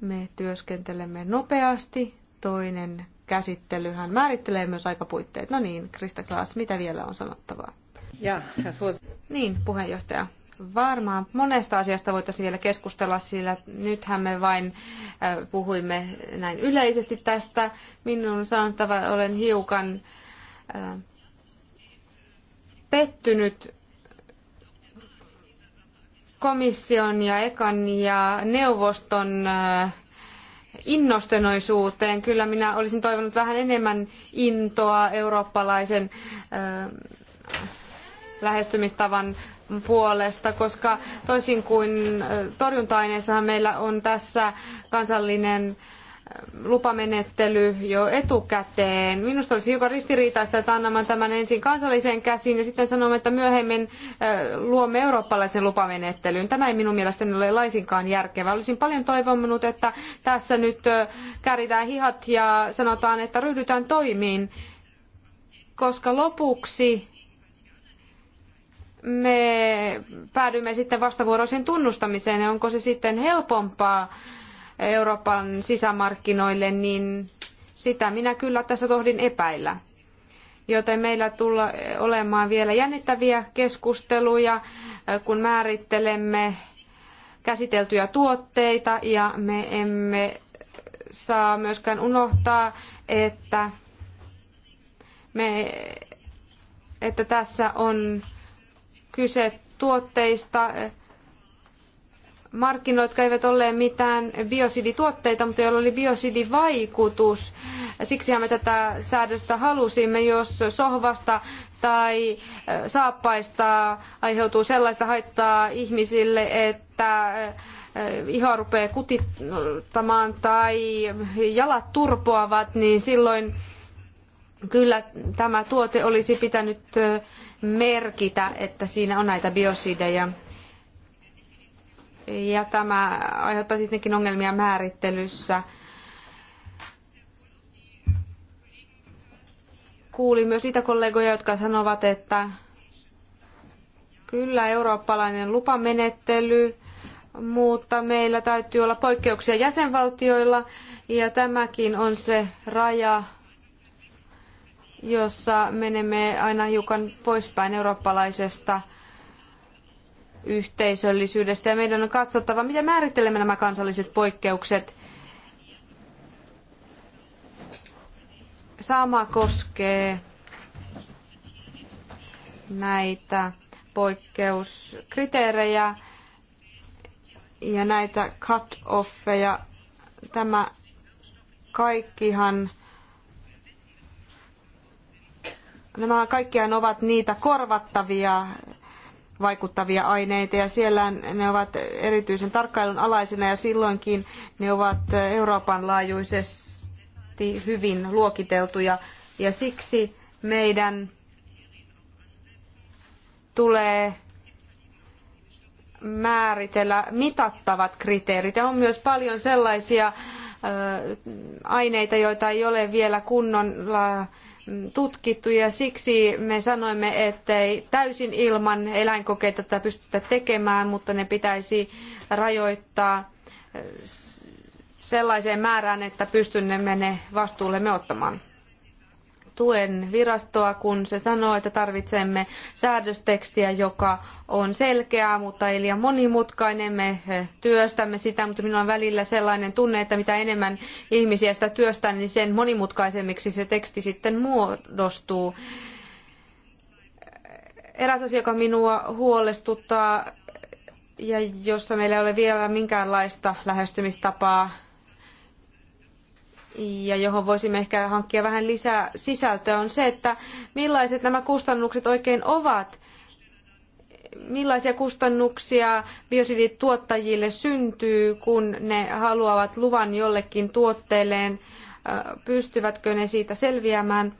Me työskentelemme nopeasti. Toinen käsittelyhän määrittelee myös aikapuitteet. No niin, Krista Klaas, mitä vielä on sanottavaa? Ja, niin, puheenjohtaja. Varmaan monesta asiasta voitaisiin vielä keskustella, sillä nythän me vain äh, puhuimme näin yleisesti tästä. Minun sanottava olen hiukan äh, pettynyt komission ja ekan ja neuvoston äh, innostenoisuuteen. Kyllä minä olisin toivonut vähän enemmän intoa eurooppalaisen lähestymistavan puolesta, koska toisin kuin torjunta-aineissahan meillä on tässä kansallinen lupamenettely jo etukäteen. Minusta olisi hiukan ristiriitaista, että annamme tämän ensin kansalliseen käsiin ja sitten sanomme, että myöhemmin äh, luomme eurooppalaisen lupamenettelyn. Tämä ei minun mielestäni ole laisinkaan järkevää. Olisin paljon toivonut, että tässä nyt äh, käritään hihat ja sanotaan, että ryhdytään toimiin, koska lopuksi me päädymme sitten vastavuoroisen tunnustamiseen ja onko se sitten helpompaa Euroopan sisämarkkinoille, niin sitä minä kyllä tässä tohdin epäillä. Joten meillä tulee olemaan vielä jännittäviä keskusteluja, kun määrittelemme käsiteltyjä tuotteita ja me emme saa myöskään unohtaa, että, me, että tässä on kyse tuotteista, markkinoilla, jotka eivät olleet mitään biosidituotteita, mutta joilla oli biosidivaikutus. Siksihän me tätä säädöstä halusimme, jos sohvasta tai saappaista aiheutuu sellaista haittaa ihmisille, että iho rupeaa kutittamaan tai jalat turpoavat, niin silloin kyllä tämä tuote olisi pitänyt merkitä, että siinä on näitä biosidejä ja tämä aiheuttaa tietenkin ongelmia määrittelyssä. Kuulin myös niitä kollegoja, jotka sanovat, että kyllä eurooppalainen lupamenettely, mutta meillä täytyy olla poikkeuksia jäsenvaltioilla ja tämäkin on se raja, jossa menemme aina hiukan poispäin eurooppalaisesta yhteisöllisyydestä ja meidän on katsottava, miten määrittelemme nämä kansalliset poikkeukset. Sama koskee näitä poikkeuskriteerejä ja näitä cut-offeja. Tämä kaikkihan nämä kaikkiaan ovat niitä korvattavia vaikuttavia aineita ja siellä ne ovat erityisen tarkkailun alaisina ja silloinkin ne ovat Euroopan laajuisesti hyvin luokiteltuja ja siksi meidän tulee määritellä mitattavat kriteerit. Ja on myös paljon sellaisia aineita, joita ei ole vielä kunnolla tutkittu ja siksi me sanoimme, ettei täysin ilman eläinkokeita tätä pystytä tekemään, mutta ne pitäisi rajoittaa eh, sellaiseen määrään, että pystymme ne vastuullemme ottamaan tuen virastoa, kun se sanoo, että tarvitsemme säädöstekstiä, joka on selkeää, mutta ei liian monimutkainen. Me eh, työstämme sitä, mutta minulla on välillä sellainen tunne, että mitä enemmän ihmisiä sitä työstää, niin sen monimutkaisemmiksi se teksti sitten muodostuu. Eräs asia, joka minua huolestuttaa ja jossa meillä ei ole vielä minkäänlaista lähestymistapaa ja johon voisimme ehkä hankkia vähän lisää sisältöä, on se, että millaiset nämä kustannukset oikein ovat. Millaisia kustannuksia biosidituottajille syntyy, kun ne haluavat luvan jollekin tuotteelleen? Pystyvätkö ne siitä selviämään?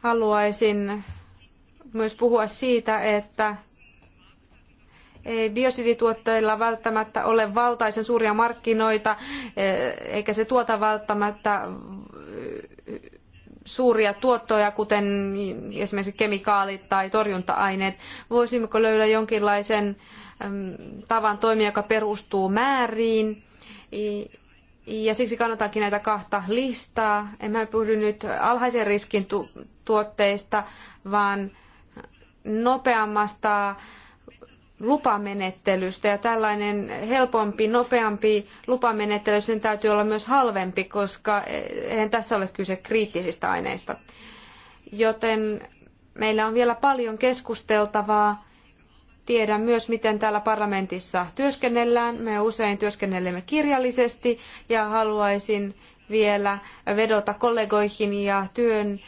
Haluaisin myös puhua siitä, että ei biosidituotteilla välttämättä ole valtaisen suuria markkinoita, e, eikä se tuota välttämättä suuria tuottoja, kuten esimerkiksi kemikaalit tai torjunta-aineet. Voisimmeko löydä jonkinlaisen tavan toimia, joka perustuu määriin? Ja siksi kannatankin näitä kahta listaa. En mä puhu nyt alhaisen riskin tuotteista, vaan nopeammasta lupamenettelystä ja tällainen helpompi, nopeampi lupamenettely, sen täytyy olla myös halvempi, koska eihän tässä ole kyse kriittisistä aineista. Joten meillä on vielä paljon keskusteltavaa. Tiedän myös, miten täällä parlamentissa työskennellään. Me usein työskennellemme kirjallisesti ja haluaisin vielä vedota kollegoihin ja työn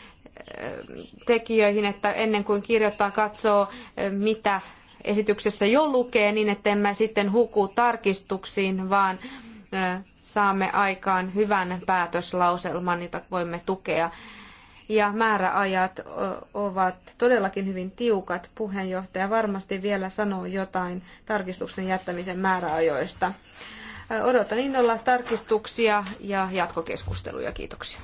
tekijöihin, että ennen kuin kirjoittaa, katsoo, mitä esityksessä jo lukee niin, että emme sitten huku tarkistuksiin, vaan saamme aikaan hyvän päätöslauselman, jota voimme tukea. Ja määräajat ovat todellakin hyvin tiukat. Puheenjohtaja varmasti vielä sanoo jotain tarkistuksen jättämisen määräajoista. Odotan innolla tarkistuksia ja jatkokeskusteluja. Kiitoksia.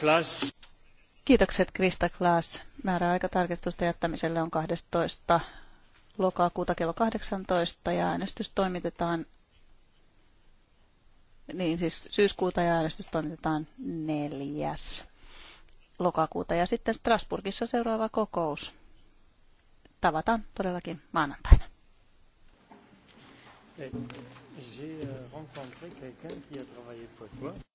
Klaas. Kiitokset Krista Klaas. tarkistusta jättämiselle on 12. lokakuuta kello 18 ja äänestys toimitetaan niin siis syyskuuta ja äänestys toimitetaan 4. lokakuuta. Ja sitten Strasburgissa seuraava kokous. Tavataan todellakin maanantaina. J'ai euh, rencontré quelqu'un qui a travaillé pour toi.